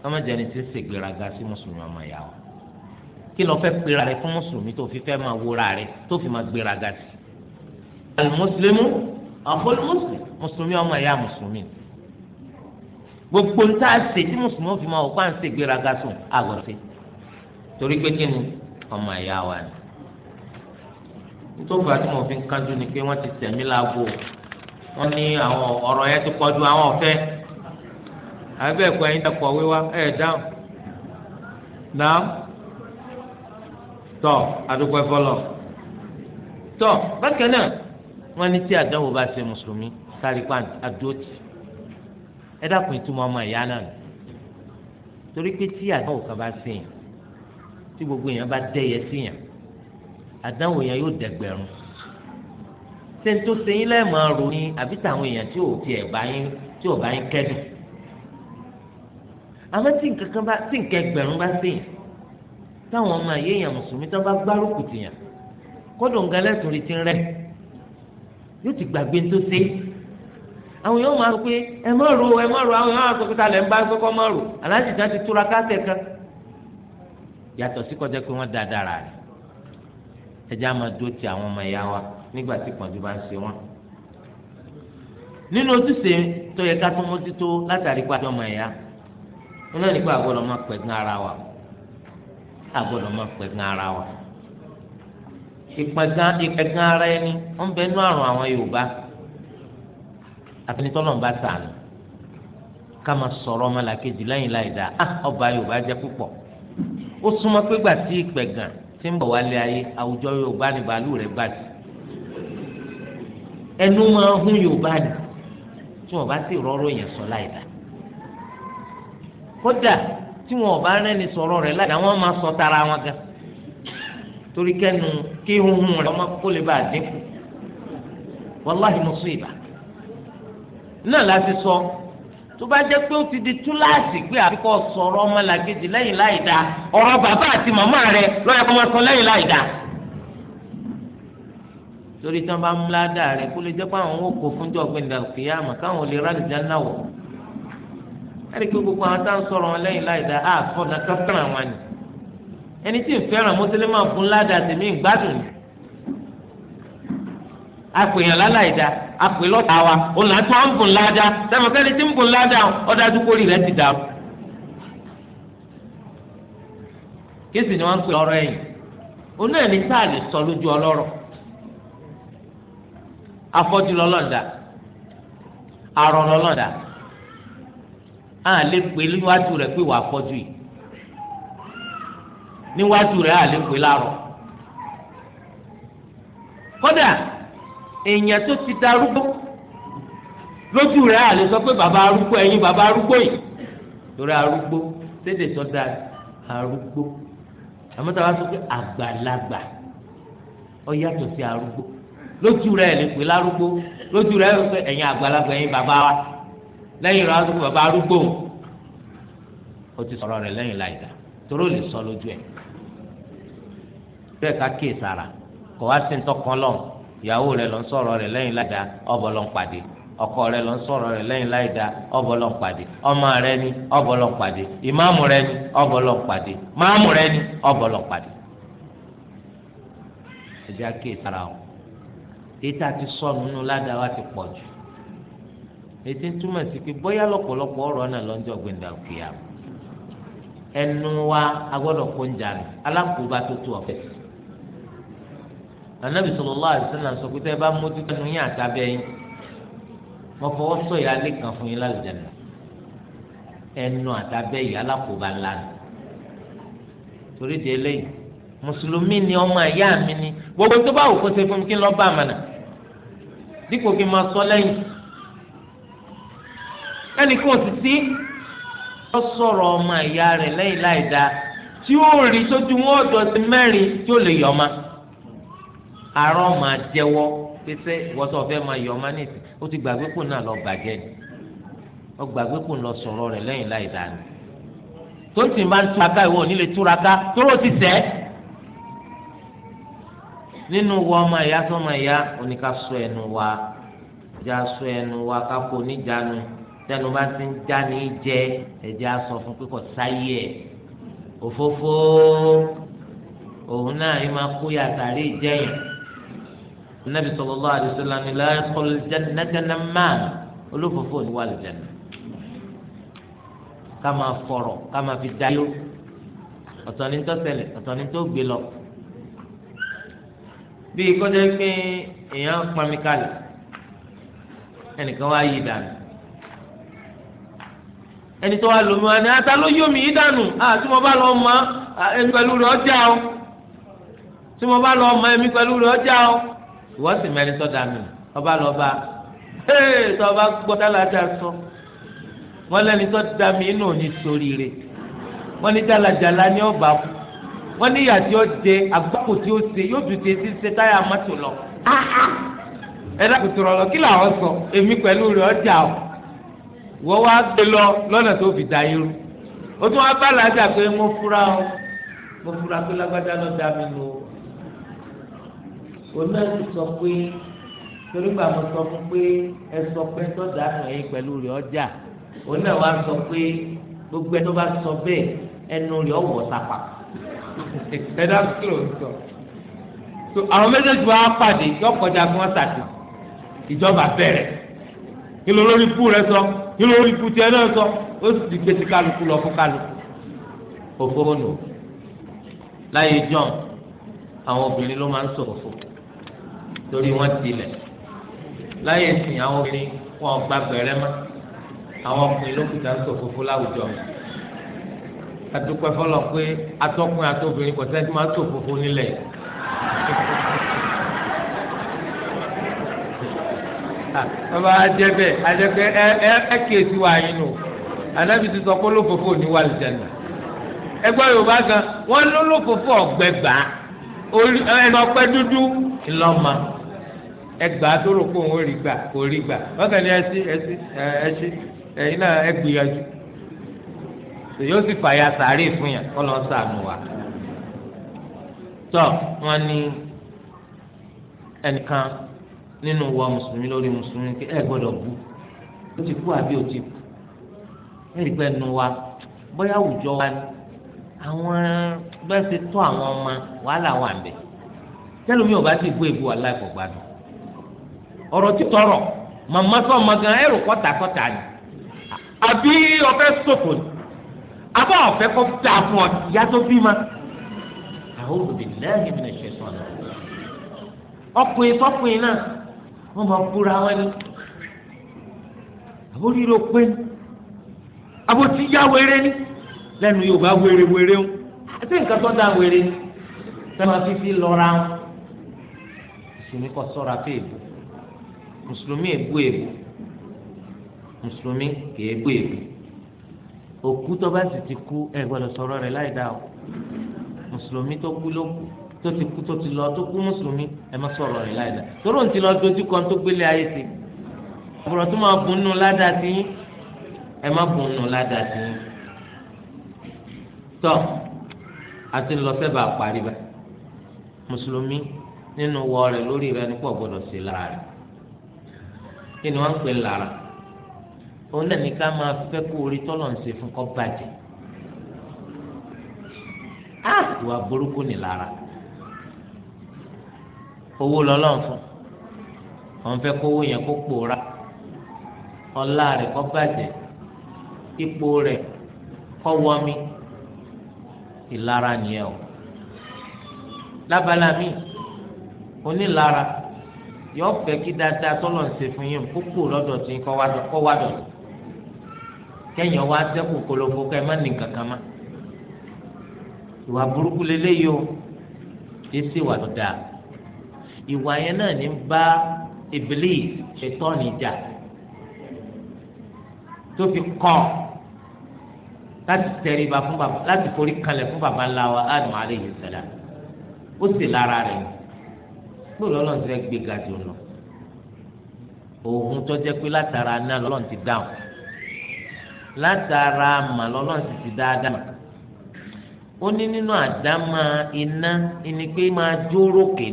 ká má jẹni ń ṣègbéraga sí mùsùlùmí ọmọ ìyá wa kí lọ fẹ́ pera rẹ fún mùsùlùmí tó fi fẹ́ máa wúra rẹ tó fi máa gbéra ga sí. alimuslimu àfọlù mùsùlùmí mùsùlùmí ọmọ ẹ̀yà mùsùlùmí gbogbo ń tá a ṣe tí mùsùlùmí fi máa wò pa ń ṣe gbéra ga sùn àgọ̀tẹ́ torí pé kí ni ọmọ ẹ̀yà wa ni. nítorí àti mo fi ń kánjú ni pé wọ́n ti tẹ̀mí láago wọ́n ní àwọn ọ̀rọ̀ yẹn ti kọjú àwọn ọ̀fẹ́ àbẹ́ẹ̀kọ́ tọ adúpẹ́ fọlọ́ tọ bákan náà wọ́n ní tí àdánwò bá ṣe mùsùlùmí kárí pa àdóòtì ẹ dákun ìtumọ̀ ọmọ ìyá náà nù torí pé tí àdánwò kan bá ṣe yàn tí gbogbo èèyàn bá dẹ́yẹ sí yàn àdánwò yẹn yóò dẹgbẹ̀rún sẹ́ńtò sẹ́yìn lẹ́ẹ̀mọ́ ro ní àbí táwọn èèyàn tí ò tiẹ̀ bá yín tí ò bá yín kẹ́dùn àmọ́ tí nǹkan kan bá tí nǹkan ẹgbẹ̀rún bá ṣe yàn táwọn ọmọ ayé èèyàn mùsùlùmí tó bá gbárùkù tìyàn kọ́dọ̀ ń galẹ̀ torí ti rẹ̀ yóò ti gbàgbé tó ṣe àwọn yóò máa rò pé ẹ má rò ẹ má rò àwọn yóò máa sọ pé ta lẹ́ ń bá gbẹ́kọ́ má rò aláàjì náà ti túra kásẹ̀ kan yàtọ̀ sí kọjá pé wọ́n dáadáa rà rẹ̀ ẹjẹ́ á máa dúró ti àwọn ọmọ ẹ̀yà wa nígbà tí pọ̀njú bá ń ṣe wọ́n nínú ojúṣe tó yẹ ká tó mójútó látàrí pàdé ọmọ ẹ̀yà wọn náà nípa àgbọ̀dọ̀ máa pẹ̀gàn ara wa àgbọ̀dọ̀ máa pẹ̀ gan ara wa ìpẹ̀gàn ìpẹ̀gàn ara ẹni ó ń bẹ nú àrùn àwọn Yorùbá àfinitọ́lọ́n bá sànù ká máa sọ̀rọ̀ ọmọlàkejì lẹ́yìn láì dáa á ah, ọba Yorùbá jẹ́ púpọ̀ ó súnmọ́ pé gbà tí ìpẹ̀gàn ti ń bọ̀ wálé ayé àwùjọ Yorùbá ni bàálù rẹ̀ bàjẹ́ ẹnu máa hún Yorùbá ni tí wọ́n bá sì rọ́rọ́ yẹn sọ láì kódà tí wọn ò bá sọ̀rọ̀ rẹ̀ láti àwọn máa sọ tara wọn gan torí kẹ́nu kí huhun rẹ̀ ọmọ kó lè bá a dínkù wàláhì mùsíbà náà láti sọ tó bá jẹ́ pé ó ti di túláàsì pé àfikọ́ sọ̀rọ̀ lẹ́yìn láì dáa ọ̀rọ̀ bàbá àti màmá rẹ̀ kó máa lẹ́yìn láì dáa torí tí wọn bá ń múlá àwọn ò kó ẹni pé gbogbo àwọn tá à ń sọ̀rọ̀ wọn lẹ́yìn láì dá àfọ̀ nàkà fẹ́ràn wọn ni ẹni tí ń fẹ́ràn mọ́tẹ́lẹ́ fún ládàá tèmi ìgbádùn ni àpèyàn láláì dá àpè lọ́tà wa òun là ń bùn ládàá sẹ́mi tí ń bùn ládàá ọ̀dà àdúgbòrì rẹ̀ ti dàrú. kí sì ni wọ́n ń pè ọ̀rọ̀ ẹ̀yìn òun á lè pè níwájú rẹ̀ pé wàá pọ́jú yìí níwájú rẹ̀ á lè pè láàrọ̀ kódà èèyàn tó ti darúgbó lójú rẹ̀ á lè sọ pé bàbá arúgbó ẹ̀yin bàbá arúgbó yìí torí arúgbó tètè sọ dáa arúgbó àmọ́ tá a bá sọ pé àgbàlagbà ó yàtọ̀ sí arúgbó lójú rẹ̀ lè pè lárúgbó lójú rẹ̀ lè àgbàlagbà ẹ̀yin bàbá wa. lẹ́yìn rẹ̀ arúgbó bàbá arúgbó o ti sọ̀rọ̀ rẹ̀ lẹ́yìn láìda toró lè sọ lójú ẹ̀ bẹ́ẹ̀ ká kíyè sára kò wá sí ntọ́kan lọ́n ìyàwó rẹ̀ lọ́n sọ̀rọ̀ rẹ̀ láìda pàdé ọkọ rẹ̀ lọ́n sọ̀rọ̀ rẹ̀ lẹ́yìn láìda ọ̀bọ̀ lọ́n pàdé ọmọ ni pàdé ni pàdé ni ètí túmọ̀ sí pé bóyá lọ́pọ̀lọpọ̀ ọ̀rọ̀ náà lọ́njọ́ gbẹ̀ndà òkèèyà ẹnu wa agbọ́dọ̀ kó ń jà ní alákòóbá tó tó ọ̀fẹ́ sí. Ànábì sallallahu alaihi wasallam sọ pé tẹ́ ẹ bá mójútó ẹnu yín àtàbẹ́ yín mo fọwọ́ sọ̀yà alẹ́ kan fún yín lálùjáde ẹnu àtàbẹ́ yìí alákòóbá ńlá ni torí di eléyìí mùsùlùmí ni ọmọ ìyá mi ni gbogbo tó bá wù ṣe fún mi kí n lọ bá àmànà dípò kí n máa sọ lẹ́yìn ẹnì kí wọ́n ti sí ọ sọ̀rọ̀ ọmọ ìyá rẹ̀ lẹ́yìn láì dáa tí ó rí sójú wọn ọ̀dọ̀ sí mẹ́rin tí ó lè yọ ọmọ àárọ̀ máa jẹ́wọ́ pèsè ìwọ́sọ̀ fẹ́ máa yọ ọmọ nìsín ó ti gbàgbé kò náà lọ bàjẹ́ ni ó gbàgbé kò lọ sọ̀rọ̀ rẹ̀ lẹ́yìn láì ni tó ń sì máa ń túraká ìwọ ò ní lè túraká tóró ti tẹ̀ nínú wọ ọmọ ìyá sọmọ ìyá oníkà ẹnu wa já ẹnu wa kápò níjànú tẹnu bá ti ń já ní jẹ ẹ̀jẹ̀ aṣọ fún pípọ̀ sáyé ẹ̀ òfófó òun náà yìí máa kú yàtàrí ìjẹyìn nabi sallallahu alaihi wasallam ni la yadkhul jannata namman olófófó ni wà lùjẹnà ká máa fọ̀rọ̀ ká máa fi dá yó ọ̀tọ̀ ni tó ṣẹlẹ̀ ọ̀tọ̀ tó gbé lọ bíi kọjá pé èèyàn pamí ẹnìkan wá yí dànù ẹni tó wà lómi wa ni ata ah, ló yómi yìí dànù àti ah, mo bá lọ mọ ẹmi ah, pẹ̀lú rẹ̀ ọjà o tí mo bá lọ mọ ẹmi pẹ̀lú rẹ̀ ọjà o ìwọ sì mẹ́rin tó dànù ọba lọ bá ee tó ọba gbọ́ dáladá sọ wọn lẹni tó dàmí inú òní sórí rẹ̀ wọn ní dálajàlá ní ọba kú wọn ní ìyá tí ó de àgbákò tí ó ṣe yóò dùn tí etí ṣe táyà mọ́tò lọ ẹ dákòtò rọ̀ lọ kí làwọn sọ èmi pẹ̀lú rẹ̀ ọjà o wọ́n wá gbé lọ lọ́nà tó fi da irú o tún wá bá làájà pé mo fura o mo fura pé lágbájá lọ dá mi lò o náà ti sọ pé torí gbà mo sọ fún pé ẹ sọ pé tó dànù ẹ̀yin pẹ̀lú rẹ̀ ọjà o náà wá sọ pé gbogbo ẹ tó bá sọ bẹ́ẹ̀ ẹnu rẹ̀ ọ̀wọ̀ sápà ẹ dá kúrò sọ so àwọn méjèèjì wa pàdé yọkọjá fún ọ̀sàtì ìjọba bẹ̀rẹ̀ kí ló lórí rẹ sọ. So nínú orí kùtì ẹ náà sọ ó sì ti gbé sí kálukú lọ fún kálukú òfófó nù láyé john àwọn obìnrin ló máa ń sọ̀rọ̀ fún torí wọ́n tilẹ̀ láyé sìn àwọn obìnrin wọn gba bẹ̀rẹ̀ mọ́ àwọn ọkùnrin ló kùtà ń sọ̀rọ̀ fún láwùjọ mi àdúpẹ́ fọlọ́ pé atọ́kùnrin àtọ́bìnrin kò sẹ́ni máa ń sọ̀rọ̀ fún nílẹ̀ yìí. Ah, bàbá àjẹbẹ àjẹbẹ ẹ ẹ ẹ kéésì wà yín nù anabi ti sọ pé olófòfò ní wà lìjẹnà ẹgbẹ́ yorùbá gan wọ́n ní olófòfò ọ̀gbẹ́ gbà ẹnu ọpẹ́ dúdú ńlọ́mà ẹgbà tó rò pé òun ò rí gbà kò rí gbà wọ́n kàn ní ẹsí ẹsí ẹsí ẹ̀yin náà ẹ yóò sì fàyà sàárè fún yàn kọ́ lọ́n sànù wa tọ́ wọ́n ní ẹnìkan nínú wa mùsùlùmí lórí mùsùlùmí pé ẹ gbọ́dọ̀ bú ó ti kú àbí ó ti kú ẹ rí pé nu wa bóyá àwùjọ wa ni àwọn bẹ́ẹ̀ ṣe tọ́ àwọn ọmọ wàhálà wà ń bẹ̀ tẹ́lómi ò bá ti gbó ìbú wàhálà ẹ̀kọ́ gbádùn ọ̀rọ̀ ti tọrọ màmá sọ ọmọ gan ẹ̀rù kọ́tàkọ́tà ni àbí ọ̀fẹ́ sòfò ni àbá ọ̀fẹ́ kọ́ ta fún ọ ìyá tó bí ma àwọn olùdílẹ́yìn mi lè ṣe sọ̀rọ̀ ọkùnrin sọkùnrin náà wọ́n máa búra wọn ni àbórí pé ni àbótí yá wéré ni lẹ́nu yorùbá wéré wéré o àti nǹkan tó dá wéré ni sẹ́wọ́n fífi lọ́ra wọn mùsùlùmí kọ́ sọ́ra fún èbò mùsùlùmí èbò èbò mùsùlùmí kìí èbò èbò òkú tó bá sì ti kú ẹ gbọ́dọ̀ sọ̀rọ̀ rẹ̀ láì dá o mùsùlùmí tó kú ló kú tó ti kú tó ti lọ tó kú mùsùlùmí ẹ má sọ̀rọ̀ rẹ̀ láìda tóró ń ti lọ dojú kan tó gbélé ayé ti àbúrò tó máa bùn nù ládàá sí yín ẹ má bùn nù ládàá sí yín tọ́ àti lọ sẹ́bà parí bá mùsùlùmí nínú wọ rẹ̀ lórí rẹ̀ nípò gbọdọ̀ sí lára rẹ̀ kí ni wọ́n ń pè lára òun náà ní ká máa fẹ́ kó orí tọ́lọ̀ ń ṣe fún kọ́ bàjẹ́ á ìwà burúkú ni lára owó lọ́lọ́run fún òun fẹ́ kówó yẹn kó pòórá ọlá rẹ̀ kó bàjẹ́ ipò rẹ̀ kó wọmi ìlara nìyẹn o lábala mi onílara yọ fẹ́ kí dáadáa tọlọ ń ṣe fún yín púpọ̀ lọ́dọ̀ tí kọ wá dọ kẹyìn wa sẹkù kolongo kẹ má ní kankan má ìwà burúkú lélẹyìí o kí wà lọ ìwà yẹn náà ní bá Iblis ṣètọ́ níjà tó fi kọ́ láti tẹríba fún baba láti forí kalẹ̀ fún baba ńlá wa Adam alayhi salam ó sì lára rẹ̀ gbọ́dọ̀ ọlọ́run ti rẹ̀ gbé ga jù lọ òun tó jẹ́ pé látara náà lọ́lọ́run ti dáhùn látara mà lọ́lọ́run sì ti dáadáa ó ní nínú àdámà iná ẹni pé máa jó rókè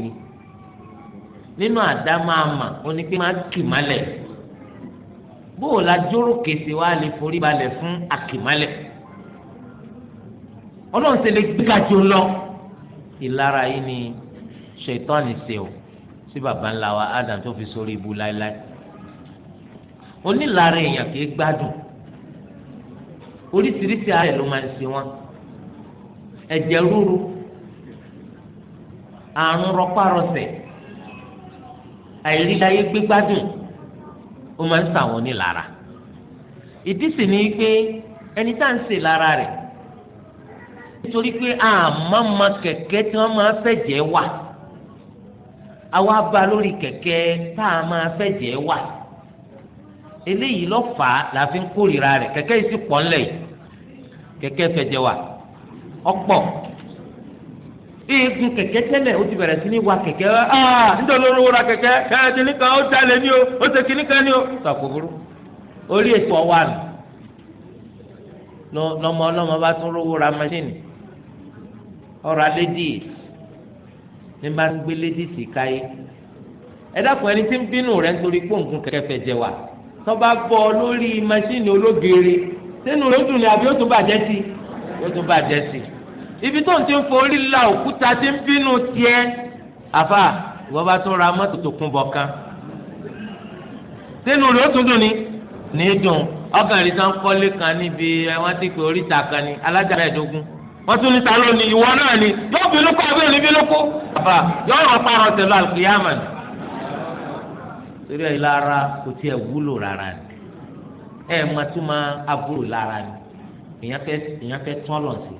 nínú àdá máa mà onípe máa kì málẹ̀ bóò la jóró kèsè wa lè forí balẹ̀ fún àkìmálẹ̀ ọlọ́run ṣe lè gbígbà jò lọ ìlara yìí ni ṣètọ́ni ṣe o sí baba ńlá wa Adam tó fi sórí ibu láéláé onílara èèyàn kì í gbádùn oríṣiríṣi àárẹ̀ ló máa ń ṣe wọn ẹ̀jẹ̀ ríru àrùn rọpárọsẹ̀ àìrídayé gbégbádùn ó máa ń ṣàwọn onílara ìdí sì ni pé ẹni tá à ń ṣe lára rẹ̀ nítorí pé àmàmà kẹ̀kẹ́ tí wọ́n máa fẹ́ jẹ́ wà àwa bá lórí kẹ̀kẹ́ tá a máa fẹ́ jẹ́ wà eléyìí ló fà á la fi ń kórìíra rẹ̀ kẹ̀kẹ́ yìí sì pọ̀ ńlẹ̀ yìí kẹ̀kẹ́ fẹ́ wà ọ̀pọ̀ bí igun kẹ̀kẹ́ o ti bẹ̀rẹ̀ sí ní wa aa olówó ra kẹ̀kẹ́ ẹ kìíní kan ó jalè ni o ó kan o sọ̀kò orí ètò ọwọ́ àná lọmọ ọlọmọ bá tún ra machine ọ̀rọ̀ alédì ní bá ń gbé lédì sí káyé ẹ dákun ẹni tí ń bínú rẹ nítorí pòǹgùn kẹ̀kẹ́ jẹ wà tó bá bọ́ lórí machine ológere sínú rẹ ó dùn ní àbí bàjẹ́ sí ibi tó ń ti ń forí la òkúta ti ń bínú tiẹ̀ àfa ìwọ bá tún ra mọ́tò tó kún bọ̀ kan sínú rẹ̀ ó tún dùn ní ní dùn ọkàn rí sàn kọ́lé kan níbi wọ́n ti pè oríta kan ní alájà mẹ́ẹ̀ẹ́dógún wọ́n tún ní ta ló ní ìwọ náà ni yóò bínú kọ́ abẹ́ òní bínú kó àfa yóò rọ̀ parọ́ tẹ̀lé àlùkìyàmà ni torí ẹ̀ lára kò tiẹ̀ wúlò rárá ni ẹ̀ máa tún máa aburú lára ni èèyàn fẹ́ tán lọ sí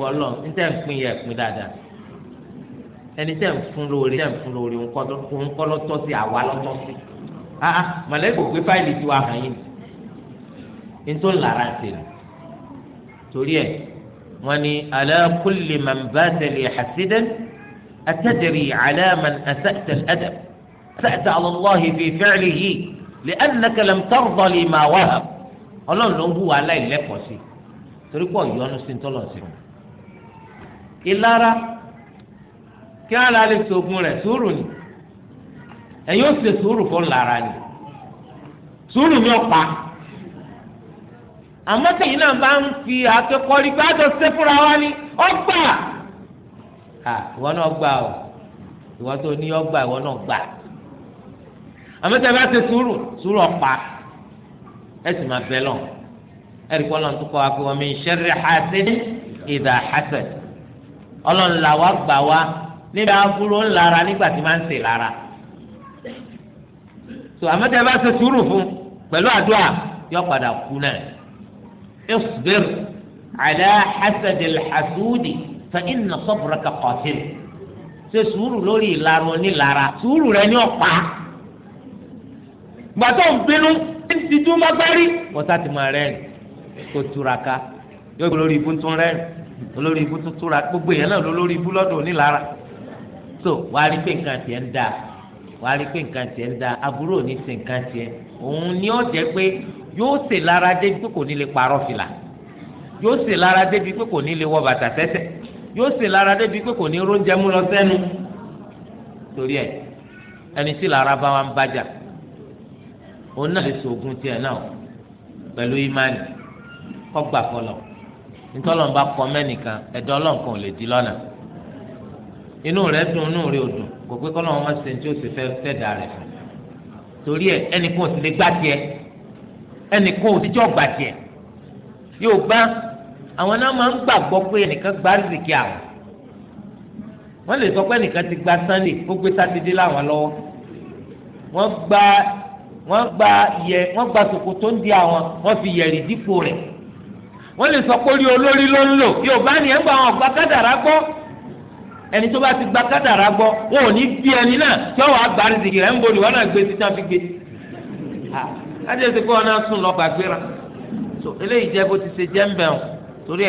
wọ lọ níta ń pín yẹ pín dáadáa ẹni tẹ ń fún lórí tẹ ń fún lórí ńkọ́ lọ́tọ́ sí àwa lọ́tọ́ sí ah, ah mọ̀lẹ́kò pé fáìlì tiwa hàn yín nítorí lára ń tẹ̀lé torí ẹ̀ wọ́n ní ala kulli man bata li hasidan atadri ala man asa'ta al-adab fi fi'lihi li'annaka lam tarda li ma wahab ló ń hùwà aláìlẹ́kọ̀ọ́ torí pé ọ̀yọ́nu sí ń sí wọn. ìlara kí wọn lálẹ́ sọ̀gùn rẹ sùúrù ni ẹ̀yin ó ṣe sùúrù fún lara ni sùúrù ni ọ̀pá àmọ́ tẹ̀yìn náà bá ń fi akẹ́kọ̀ọ́ rí pé àjọ ṣe fúnra wa ni ọgbà ìwọ náà gbà o ìwọ tó ní ọgbà ìwọ náà gbà àmọ́ tẹ̀yìn bá ṣe sùúrù sùúrù ọ̀pá ẹ̀ sì máa bẹ̀ lọ ẹ̀rí kọ́ tó kọ́ mi ń ìdá ọlọ́run là wá gbà wá níbi aburú ńlára nígbà tí máa ń sè lára tó àmọ́tẹ́ bá ṣe sùúrù fún pẹ̀lú àdúrà yọ padà kú náà isbir ala hasadil hasudi fa inna sabraka qatil ṣe sùúrù lórí ìlara onílara sùúrù rẹ ní ọ̀pá gbàtọ́ ń bínú ń tijú mọ́gbárí wọ́n sá ti máa rẹ́rìn kó túraká yóò gbé lórí ibú tó ń rẹ́rìn olórí ibú tó túra gbogbo èèyàn náà lórí ibú lọ́dọ̀ onílára so wàá rí pé nǹkan tiẹ̀ ń da wàá rí pé nǹkan tiẹ̀ ń da aburú òní ṣe nǹkan tiẹ̀ òun ni ó jẹ́ pé yóò ṣe lára débi pé kò ní lè parọ́ fìlà yóò ṣe lára débi pé kò ní lè wọ bàtà tẹ́tẹ́ yóò ṣe lára débi pé kò ní róúnjẹ mú lọ sẹ́nu torí ẹ ẹni tí lára bá wa ń bàjá òun náà lè sọ ogun tiẹ̀ náà pẹ̀lú ìmánì kọ́gbà fọlọ́ ntọ́lọ̀ ń bá kọ mẹ́nìkan ẹ̀dọ́ ọlọ́nkan ò lè di lọ́nà inú rẹ̀ dùn inú rẹ̀ ò dùn kò pé kọ́lọ́ wọn máa ṣe tí ó sì fẹ́ fẹ́ dà rẹ̀ fún torí ẹ ẹnìkan ò sì lè gbá tiẹ̀ ẹnìkan ò sì jọ gbà tiẹ̀ yóò bá àwọn náà máa ń gbàgbọ́ pé ẹnìkan gbá rìsìkì àwọn wọ́n lè sọ pé ẹnìkan ti gba sunday ó gbé sátidé láwọn lọ́wọ́ wọ́n gba wọ́n gba yẹ wọ́n gba ṣòkòtò ń di àwọn wọ́n fi yẹ̀rì dípò rẹ̀ wọ́n lè sọ pé olórí ló ń lò yorùbá ni ẹgbẹ́ àwọn ọ̀gbà kádàrá gbọ́ ẹni tó bá ti gba kádàrá gbọ́ wọn ní bí ẹni náà tí wọ́n wàá gbà rẹ̀ ń bolì wọ́n náà gbé títí fi gbé náà sùn lọ ti ṣe ń torí ẹ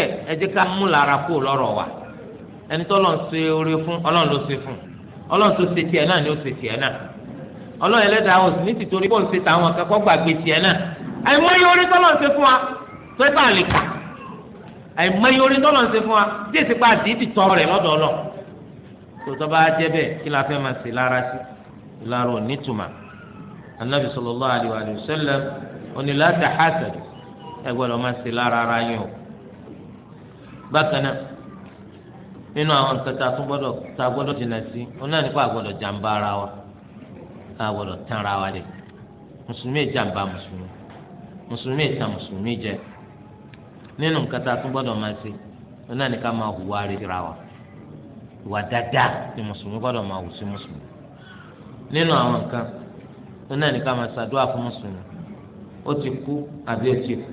ká mú lára kó lọrọ wa ẹni tó lọ́n ṣe oore fún ọlọ́run ló ṣe fún ọlọ́run tó ṣe tiẹ̀ náà ni ó ṣe tiẹ̀ náà ọlọ́run ẹlẹ́dàá ní tìtorí bó ń tó bá lè kà àìmọye orin tọ́lọ̀ ń ṣe fún wa bí èsì pa àdìdì tọrọ rẹ̀ lọ́dọ̀ ọlọ́ tó tọ́ bá jẹ́ bẹ́ẹ̀ kí la fẹ́ máa ṣe lára sí ìlara onítùmá anabi sallallahu alayhi wa sallam onílà tahasad ẹ gbọ́dọ̀ máa ṣe lára ara yín o bákan náà nínú àwọn nǹkan tá a tún gbọ́dọ̀ tá gbọ́dọ̀ jìnnà sí wọn náà nípa àgbọ́dọ̀ jàǹbá ara wa àgbọ́dọ̀ tán ara wa lè mùsùlùmí jàǹbá mùsùlùmí mùsùlùmí ìtàn mùsùlùmí nínú nǹkan tá a tún gbọ́dọ̀ máa ṣe wọn náà ní ká máa hùwà rírà wa ìwà dáadáa ni mùsùlùmí gbọ́dọ̀ máa hù sí mùsùlùmí nínú àwọn nǹkan wọn náà ní ká máa ṣàdúrà fún mùsùlùmí ó ti kú àbí ó ti kú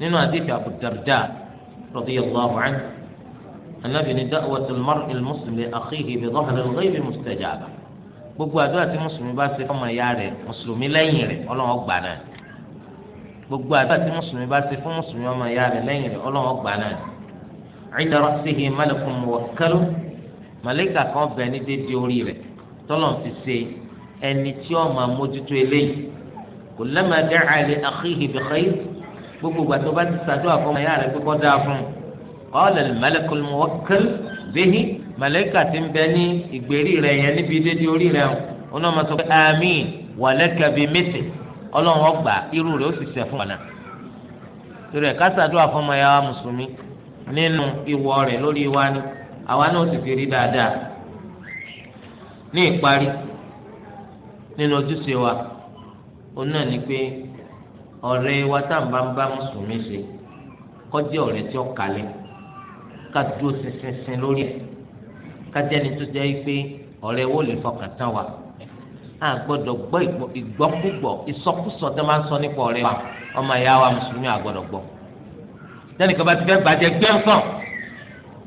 nínú àdìsí Abu Darda radiyallahu anabi ni da'watul mar'il muslimi akhihi bi dhahril ghaibi mustajaba gbogbo àdúrà tí mùsùlùmí bá ṣe fọmọ ìyá rẹ̀ mùsùlùmí lẹ́yìn rẹ̀ Ọlọ́run gbà náà gbogbo àdúrà tí mùsùlùmí bá ṣe fún mùsùlùmí ọmọ ìyá rẹ̀ lẹ́yìn rẹ̀ Ọlọ́run gbà náà ẹ̀yìn dọ̀rọ̀ sí i malakun muwakkal màlẹ́kà kan bẹ̀ ní dédé orí rẹ̀ tọ́lọ̀ fi ṣe ẹni tí ó máa mójútó eléyìí kullama da'a li akhihi bi khayr gbogbo ìgbà tó bá ti ṣàdúrà fún ọmọ ìyá rẹ̀ pé kó dáa fún un qala al-malakul muwakkal bihi màlẹ́kà ti ń bẹ ní ìgbèrí rẹ̀ yẹn níbi dédé orí rẹ̀ ọ̀nà ọlọ́run ọgbà irú rẹ̀ ó sì ṣe fún ọ̀nà torí kásádùá fọmọ ya wa mùsùlùmí nínú ìwọ rẹ̀ lórí wa ni àwa náà sì fi rí dáadáa ní ìparí nínú ojúṣe wa ó náà ni pé ọ̀rẹ́ wa tá ń bá mùsùlùmí ṣe ọ̀rẹ́ tí ó kalẹ̀ ká dúró lórí ẹ̀ ká wa. àgbọ́dọ̀ gbọ́ ìgbọ́kúgbọ́ ìsọkúsọ tó máa ń sọ nípa ọ̀rẹ́ wa ọmọ ìyá wa mùsùlùmí àgbọ́dọ̀ gbọ́ tẹnìkan bá ti fẹ́ gbàjẹ́ gbẹ́ sàn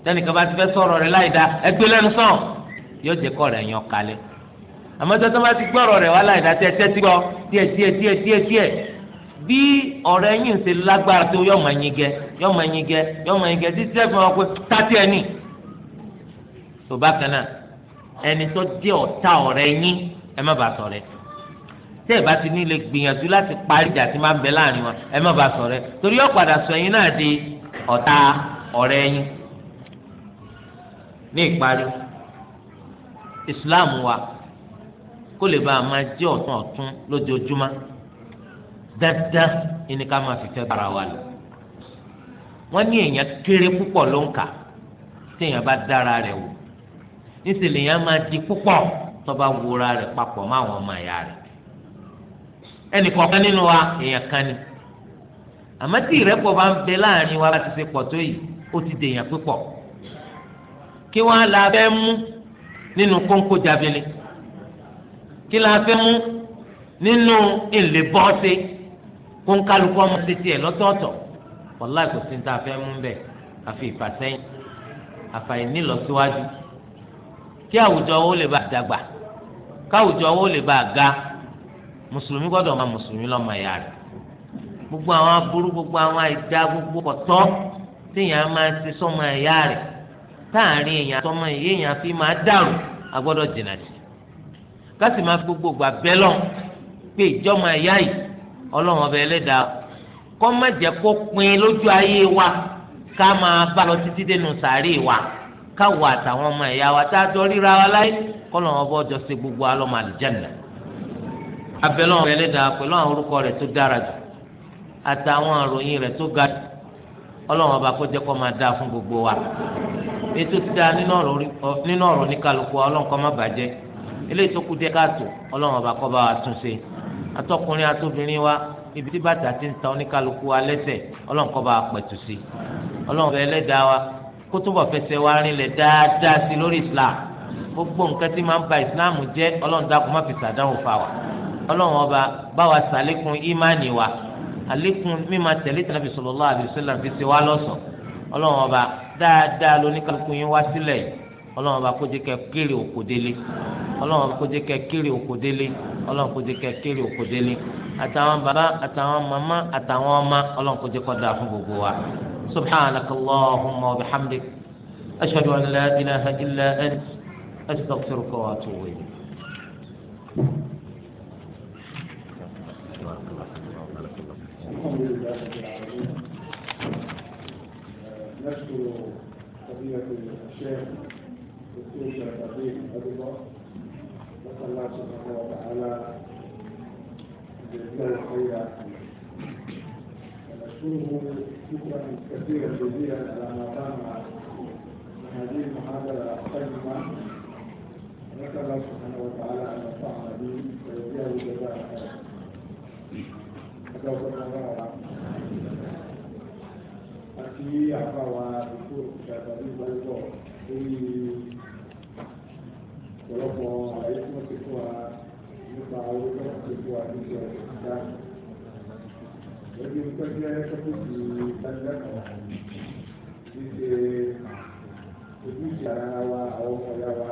tẹnìkan bá ti fẹ́ sọ̀rọ̀ rẹ̀ láì dá ẹgbẹ́ lẹ́nu sàn yóò jẹ́ kọ́ rẹ̀ yan kalẹ̀ àmọ́ tó tó bá ti gbọ́rọ̀ rẹ̀ wá láì dá tẹ́ tẹ́ ti gbọ́ díẹ̀ díẹ̀ díẹ̀ díẹ̀ díẹ̀ bí ọ̀rẹ́ yìí ń ṣe lágbára tó yọ̀mọ̀ yín gẹ yọ̀mọ̀ yín gẹ yọ̀mọ̀ yín gẹ títí ẹ̀ ẹ má bàa sọ̀rẹ́ tẹ́ ẹ bá ti ní lè gbìyànjú láti parí ìjà tí máa ń bẹ láàrin wọn ẹ má bàa sọ̀rẹ́ torí ó sọ ẹ̀yin náà di ọ̀tá ọ̀rẹ́ yín ní ìparí islam wa kó lè bá a máa jẹ́ ọ̀tún ọ̀tún lójoojúmọ́ dáadáa ẹni ká máa fìfẹ́ bara wa lọ wọ́n ní èèyàn kéré púpọ̀ ló ń kà tí èèyàn bá dára rẹ̀ wò níṣẹ́ lèèyàn máa di púpọ̀ tọ́ba wúra rẹ̀ papọ̀ mọ́ àwọn ọmọ ìyá rẹ̀ ẹnì kọ̀ọ̀kan nínú wa èèyàn kan ni àmọ́ tí ìrẹ́pọ̀ bá ń bẹ láàrin wa láti ṣe pọ̀ tó yìí ó ti dèèyàn pípọ̀ kí wọ́n á la fẹ́ mú nínú kóńkó jábìlì kí la fẹ́ mú nínú ìlè bọ́ọ̀sì kóńkálukú ọmọ títí ẹ̀ lọ́tọ̀ọ̀tọ̀ wọ́lá kò sí ní ta fẹ́ mú bẹ́ẹ̀ àfi ìfàsẹ́yìn àfàìní lọ síwájú kí àwùjọ ó lè bá dàgbà. káwùjọ wọn ò lè bá a ga mùsùlùmí gbọ́dọ̀ máa mùsùlùmí lọ́mọ ìyá rẹ̀ gbogbo àwọn aburú gbogbo àwọn àìdá gbogbo ọ̀tọ́ téèyàn máa ti sọ́mọ ìyá rẹ̀ táàrin èèyàn èèyàn fi máa dàrú agbọ́dọ̀ jìnnà sí kásì máa fi gbogbo gbà bẹ́ẹ̀ lọ pé ma ìyá yìí ọlọ́run ọba ẹlẹ́dàá kọ́ má pin lójú ayé wa ká máa bá lọ títí dénú sàárè wa káwọ àtàwọn ọmọ wa tá a jọ ríra wa kọlọ wọn bọ jọ ṣe gbogbo alọmọ àlìjẹnà abẹlẹ wọn bẹlẹ dàá pẹ̀lú àwọn orúkọ rẹ̀ tó dára jù àtàwọn àròyìn rẹ̀ tó ga jù Ọlọ́run ọba kó jẹ kó máa dáa fún gbogbo wa ètò ti dáa nínú ọ̀rọ̀ ní kálukú Ọlọ́run kó má bàjẹ́ eléyìí tó kù dé káàtó Ọlọ́run ọba kó bá wa tún ṣe atọkùnrin atóbìnrin wa ibi tí bàtà ti ń ta oníkálukú wa lẹ́sẹ̀ Ọlọ́run bá wa pẹ̀tù sí Ọlọ́run ọba Ẹlẹ́dàá wa kó túbọ̀ fẹsẹ̀ wa rinlẹ̀ dáadáa sí lórí Islam gbogbo nǹkan tí máa ń ba islam jẹ́ ọlọ́run dákun má fi sàdánwò fa wa ọlọ́run ọba bá wa sàlékún ìmánì wa àlékún mímà tẹ̀lé tàbí sallallahu alaihi wasallam fi ṣe wá lọ́sọ̀ ọlọ́run ọba dáadáa lóníkàlùkù yín wá sílẹ̀ yìí ọlọ́run ọba kó jẹ́ kẹ́ kéré òkò délé ọlọ́run ọba kó jẹ́ kẹ́ kéré òkò délé ọlọ́run kó jẹ́ kẹ́ kéré òkò délé àtàwọn bàbá àtàwọn màmá àtàwọn ọmọ ọlọ́run kó jẹ́ kó dáa fún gbogbo wa subhanakallahumma wa bihamdik أستغفرك وأتوب إليك الحمد لله رب العالمين نشكر الشيخ الدكتور نسأل الله سبحانه وتعالى شكرا كثيرا جزيلا على ما قام هذه المحاضرة القيمة نسأل سبحانه وتعالى أن ينفعنا به ويجزيه جزاء خير. أتوكلنا على àti àfàwà ìfò ìgbàgbàrí ìgbàlùbọ̀ lórí ọ̀pọ̀lọpọ̀ àlàyé tí wọ́n ti fún wa nípa owó tí wọ́n ti fún wa nípa ìgbà. Lẹ́bí pẹ́ jẹ́ sọ́kùtì ìdánilẹ́kọ̀ọ́ ti ṣe ojúṣe ara wa àwọn ọmọ ìyá wa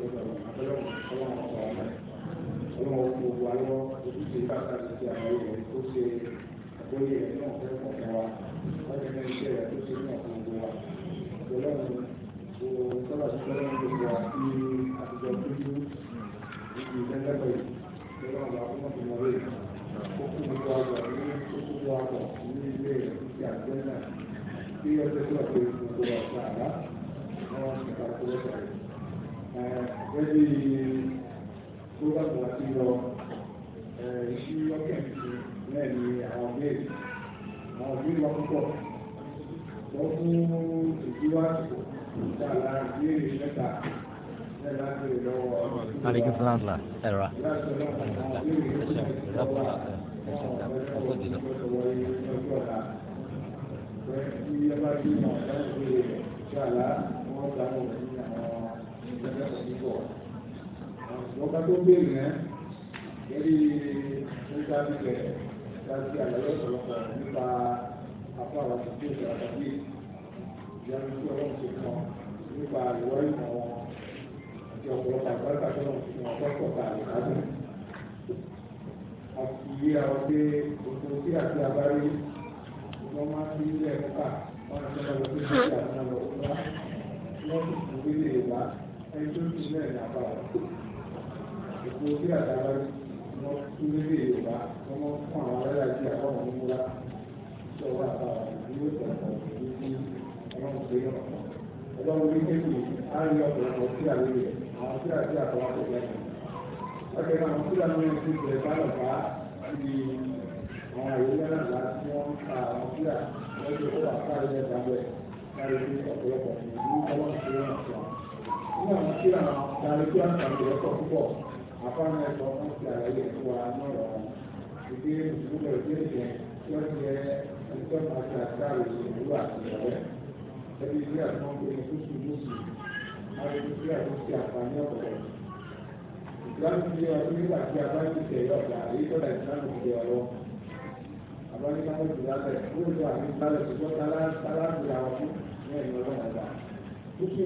ọkọ̀ wà ojúṣe káàkiri àti àwọn èèyàn tó ṣe àgbóyè rẹ̀ náà fẹ́ fún ọ̀gá wa láti ní iṣẹ́ rẹ̀ tó ṣe náà fún gbogbo wa ìjọlọ́run tó sọ́dọ̀ sí gbogbo wa sí àtijọ́ dúdú ìdí ìdẹ́gbẹ̀rẹ̀ ìjọlọ́run wa fún ọ̀gbìn mọ́lẹ̀ ó kú gbogbo àgbà ní ó kú gbogbo àgbà ní ilé rẹ̀ sí àgbẹ̀ náà kí ọjọ́ tó wà pé gbogbo wa ṣàlá wọn ṣe kàkúrọ̀ ṣàlẹ̀ tó dàgbà sí lọ ìṣú lọ́kẹ̀ẹ́sì náà ni àwọn béèrè àwọn béèrè wọn púpọ̀ wọ́n fún ìdíwájú ìjà lára béèrè mẹ́ta عليكم السلام ورحمة الله أرى Thank you ọkà tó béèrè rẹ̀ lórí nípa ilẹ̀ láti àlàyé ọ̀pọ̀lọpọ̀ nípa apá àwọn àti ìṣẹ́ àtàkì ìyanu tí ọlọ́run ti kàn nípa ìwọ́ ìmọ̀ wọn àti ọ̀pọ̀lọpọ̀ àgbàlagbà tó lọ́run ti kàn ọ̀pọ̀lọpọ̀ kà àlùkàdù. àti ìwé àwọn pé gbogbo tí àti abárí wọ́n máa ń fi ilẹ̀ nípa wọn àti ọ̀pọ̀lọpọ̀ tó ti ṣe àtàlọ́ wọn lọ́sùn fún ilé ìwà ẹjọ́ ìṣúná ẹ̀ ètò ojú àtàwọn wọn tún yorùbá wọn fún àwọn alára ìdí àwọn ọmọ múra tí ọwọ́ àtàwọn ìlú ìtọ̀tọ̀ ìlú tí wọn ń pè é ọ̀pọ̀ ọlọ́run ní kéèkì ọ̀pọ̀lọpọ̀ sí àlejò àwọn sí àti àtàwọn àkókò ẹ̀sìn ọ̀kẹ́ náà sí àwọn ẹni tó tẹ̀ bá ti àwọn àyẹ̀wò náà láti wọ́n ka àwọn sí lọ́jọ́ ó wà sáré mẹ́ta bẹ́ẹ̀ ọ̀pọ̀lọpọ̀ ìlú ọlọ́run sí ọ̀pọ̀ àfáàná ẹ̀kọ́ fún ti àlàyé fún wa náà ìdí ìdúró ìdílé yẹn tí wọ́n ti yẹ ẹjọ́ máa ti àtàrí àti ìrọ̀lẹ́ ẹbí ilé àtúnwọ́n pé ní kúṣù lóṣù láti fi sílẹ̀ tó ṣe àǹfààní ọ̀pọ̀ ìsìlámù ti ọdún nígbà tí a bá ti tẹ̀ ọ̀gá èyí tó dàbí ìsìlámù ti yọ ọlọ́ ti lálẹ́ fún ní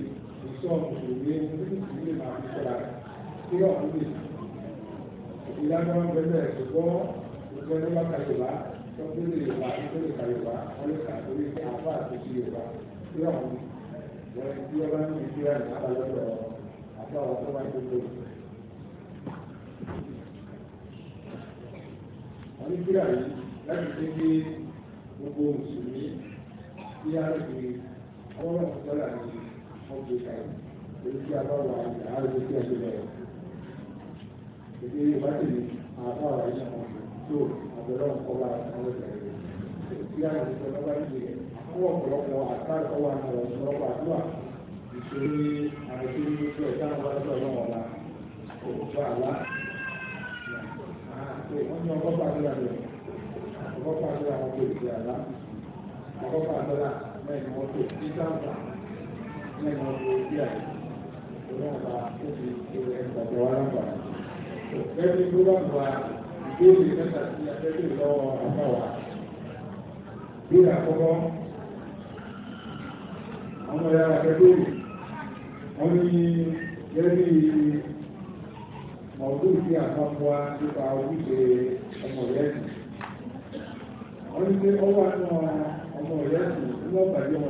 ẹ̀yìn ọlọ́run ọ̀gá tí ọ̀hún lè ìlànà ọ̀gbẹ́lẹ̀ ṣùgbọ́n ìgbẹ́ ní bá kàyèwá tó tó lè wá tó lè kàyèwá wọ́n lè kà lórí àbá àti ti yorùbá tí ọ̀hún wọ́n tí ọba ní ìdíra ní abalọ́dọ̀ àbá ọ̀hún tó wáyé ọlọ́run sọ́là ní ọgbẹ́ kàyè èyí tí a bá wà ní àárẹ̀ tó ti ẹ̀ṣẹ̀ èdè yorùbá sì ni àbá ọ̀rọ̀ yìí náà tó àbẹ̀rẹ̀ ọ̀kọ́wà àwọn ìbẹ̀rẹ̀ tí a lè sọ lọ́ba ìdè àwọn ọ̀pọ̀lọpọ̀ àtàkọ́wà àwọn ọ̀pọ̀lọpọ̀ àdúrà ìṣòro àìsí ní oṣù ẹ̀dá àwọn ọ̀dọ́ ọ̀la òkú àlá wọ́n ní ọgọ́fà àdúrà rẹ̀ ọgọ́fà àdúrà wọn kò sí àlá ọgọ́fà àdúrà mẹ́rin wọn kò sí sáǹtà mẹ́rin wọn kò sí àyè ọlọ́ọ̀bà ó ti ṣe ẹgbàgbọ́ alágbàá lẹ́yìn àwọn ọ̀yà afẹ́fẹ́ wọ́n ní lẹ́yìn ọdún sí àpapọ̀ nípa ojúṣe ọmọ ìyẹ́sìn. Wọ́n ní pé ó wà náà ọmọ ìyẹ́sìn, ó lọ́pàá ọmọ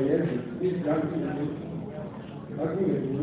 ní ìdáhùn ìlú.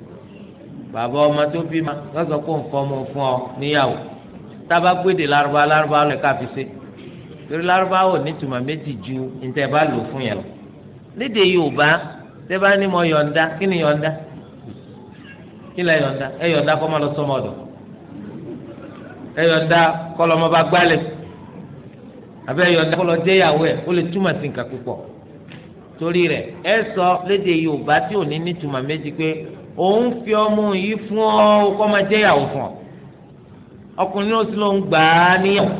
bàbá ọmọ tó bí ma lọ́sọ̀ kó ń fọmọ fún ọ níyàwó tába gbéde lárúbá lárúbá lọ ká fi ṣe torí lárúbá ò ní tùmọ̀ méjì ju níta bá lò fún yẹn lọ léde yorùbá tẹ bá ní mọ yọ̀ǹda kí ni yọ̀ǹda kí lẹ yọ̀ǹda ẹ yọ̀ǹda kọ́ ma lọ sọmọ ọ̀dọ̀ ẹ yọ̀ǹda kọ́ lọ́mọ bá gbálẹ̀ àbẹ yọ̀ǹda kọ́ lọ dé ìyàwó ẹ̀ ó lè túmọ̀ sí nǹkan púpọ̀ torí rẹ̀ ẹ sọ léde yorùbá tí ò ní ní méjì pé òun fi ọmọ yìí fún ọ kọ́ máa jẹ́ ìyàwó fún ọ ọkùnrin náà sì ló ń gbà á níyàwó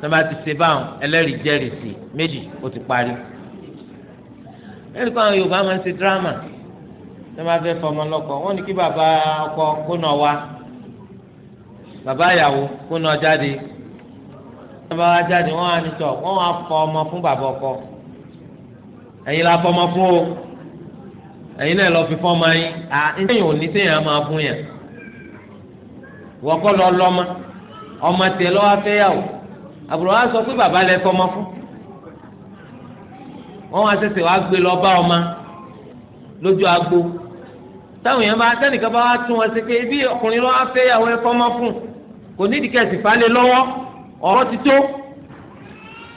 sábà ti ṣe báwọn ẹlẹ́rìí jẹ́rìí sí méjì ó ti parí lẹ́yìn kan Yorùbá máa ń ṣe dírámà sábà fẹ́ fọmọ lọ́kọ wọ́n ní kí bàbá ọkọ kó nà wá bàbá ìyàwó kó nà jáde bàbá wa jáde wọ́n á ní tọ̀ wọ́n á fọ ọmọ fún bàbá ọkọ ẹ̀yin la fọmọ fún o ẹ̀yin náà lọ fi fọ́ ọmọ yín à ńsẹ́yìn òní sẹ́yìn á máa fún yàn wọ́n kọ́ lọ lọ́mọ ọmọ tiẹ̀ lọ́wọ́ afẹ́yàwó àbúrò wa sọ pé bàbá lẹ fọmọ fún wọ́n wá sẹ́sẹ̀ wá gbé lọ bá ọmọ lójú agbo táwọn yẹn bá tẹ́nìkan bá wá tún wọn sí pé ibi ọkùnrin lọ́wọ́ afẹ́yàwó ẹ fọmọ fún kò nídìí kẹ́sì falẹ̀ lọ́wọ́ ọ̀rọ̀ ti tó.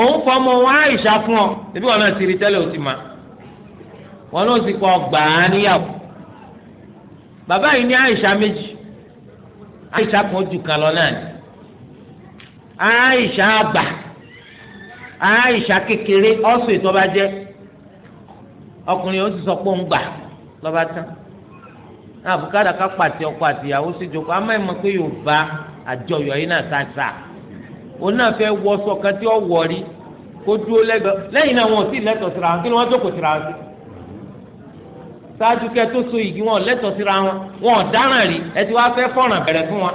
òun kọ́ ọmọ wọn àìsà fún ọ ebi wọn náà ti rí tẹ́lẹ̀ ó ti ma wọn náà sì kọ́ gbà á níyàwó bàbá yìí ní àìsà méjì àìsà kan jù kan lọ náà ni àìsà àgbà àìsà kékeré ọ̀sùn ìtọ́ba jẹ́ ọkùnrin ó ti sọ pé òun gbà lọ́ba tán náà ká pàtì ọkọ àtìyàwó síjọpọ̀ àmọ́ ẹ̀ mọ̀ pé Yorùbá àjọyọ̀ yìí náà sáà sáà. òun náà fẹ́ wọ sọ̀kan tí kó dúró lẹ́gbẹ̀ẹ́ lẹ́yìn náà wọn sì wọn kí ni wọn sí. sáájú tó so igi wọn lẹ́tọ̀ọ́ wọn wọn ò rí ẹ ti wá fún wọn.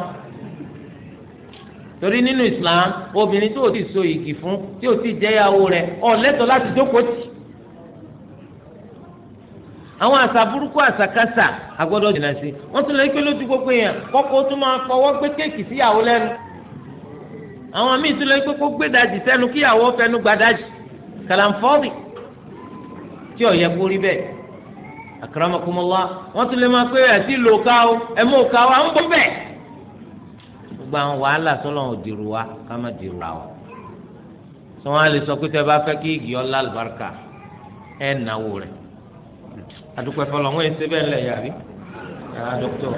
torí nínú Islam obìnrin tó o ti so igi fún tí o ti jẹ́yàwó rẹ̀ ọ̀ lẹ́tọ̀ọ́ láti jókòó tì. àwọn àṣà burúkú jìnnà sí tún gbogbo yẹn máa gbé kéèkì síyàwó àwọn míì tún lọ pé kó gbé dajì sẹ́nu kíyàwó fẹnu gba dajì kàlàǹfọ́ọ̀bì tí ó yẹ kó rí bẹ́ẹ̀ akramakumullah wọ́n tún lè máa pé àti lò ká o ẹ mú ká o à ń bọ́ bẹ́ẹ̀ gbogbo àwọn wàhálà sọlọ ò dìrò wa ká má dìrò àwọn sọ wọn á lè sọ pé tẹ bá fẹ́ kí igi ọlá àlùbáríkà ẹ náwó rẹ àdúpẹ́ fọlọ́ wọn èsì bẹ́ẹ̀ lẹ̀ yàrí àdókítọ̀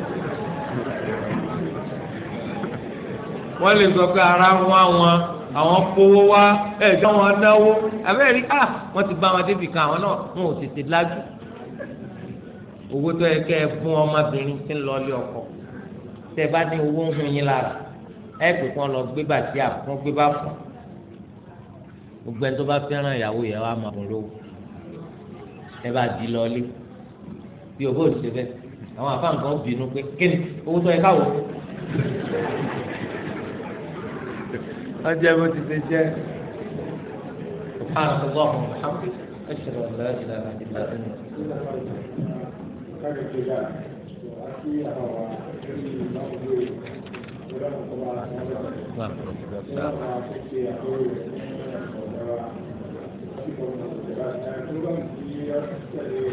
wọ́n lè sọ pé ara ń wá wọn àwọn kówó wá ẹ̀jọ́ wọn náwó abẹ́rẹ́ rí à ah, wọ́n ti bá wọn débi kan àwọn náà wọn ò tètè lájú owó tó yẹ kẹ́ ẹ fún ọmọbìnrin tí ń lọ ilé ọkọ tẹ́ bá ní owó ń hun yín lára ẹ pè kán lọ gbé bàtí àfún gbé bá fún gbogbo ẹni tó bá fẹ́ràn ìyàwó yẹn wá máa fún lówó ẹ bá di lọlé bí owó ò ṣe bẹ́ẹ̀ àwọn àfáǹkan bínú pé kíni owó tó yẹ káwọ́ ọjọ́ bó ti سبحانك اللهم وبحمدك أشهد أن لا إله إلا أنت Thank نعم. you.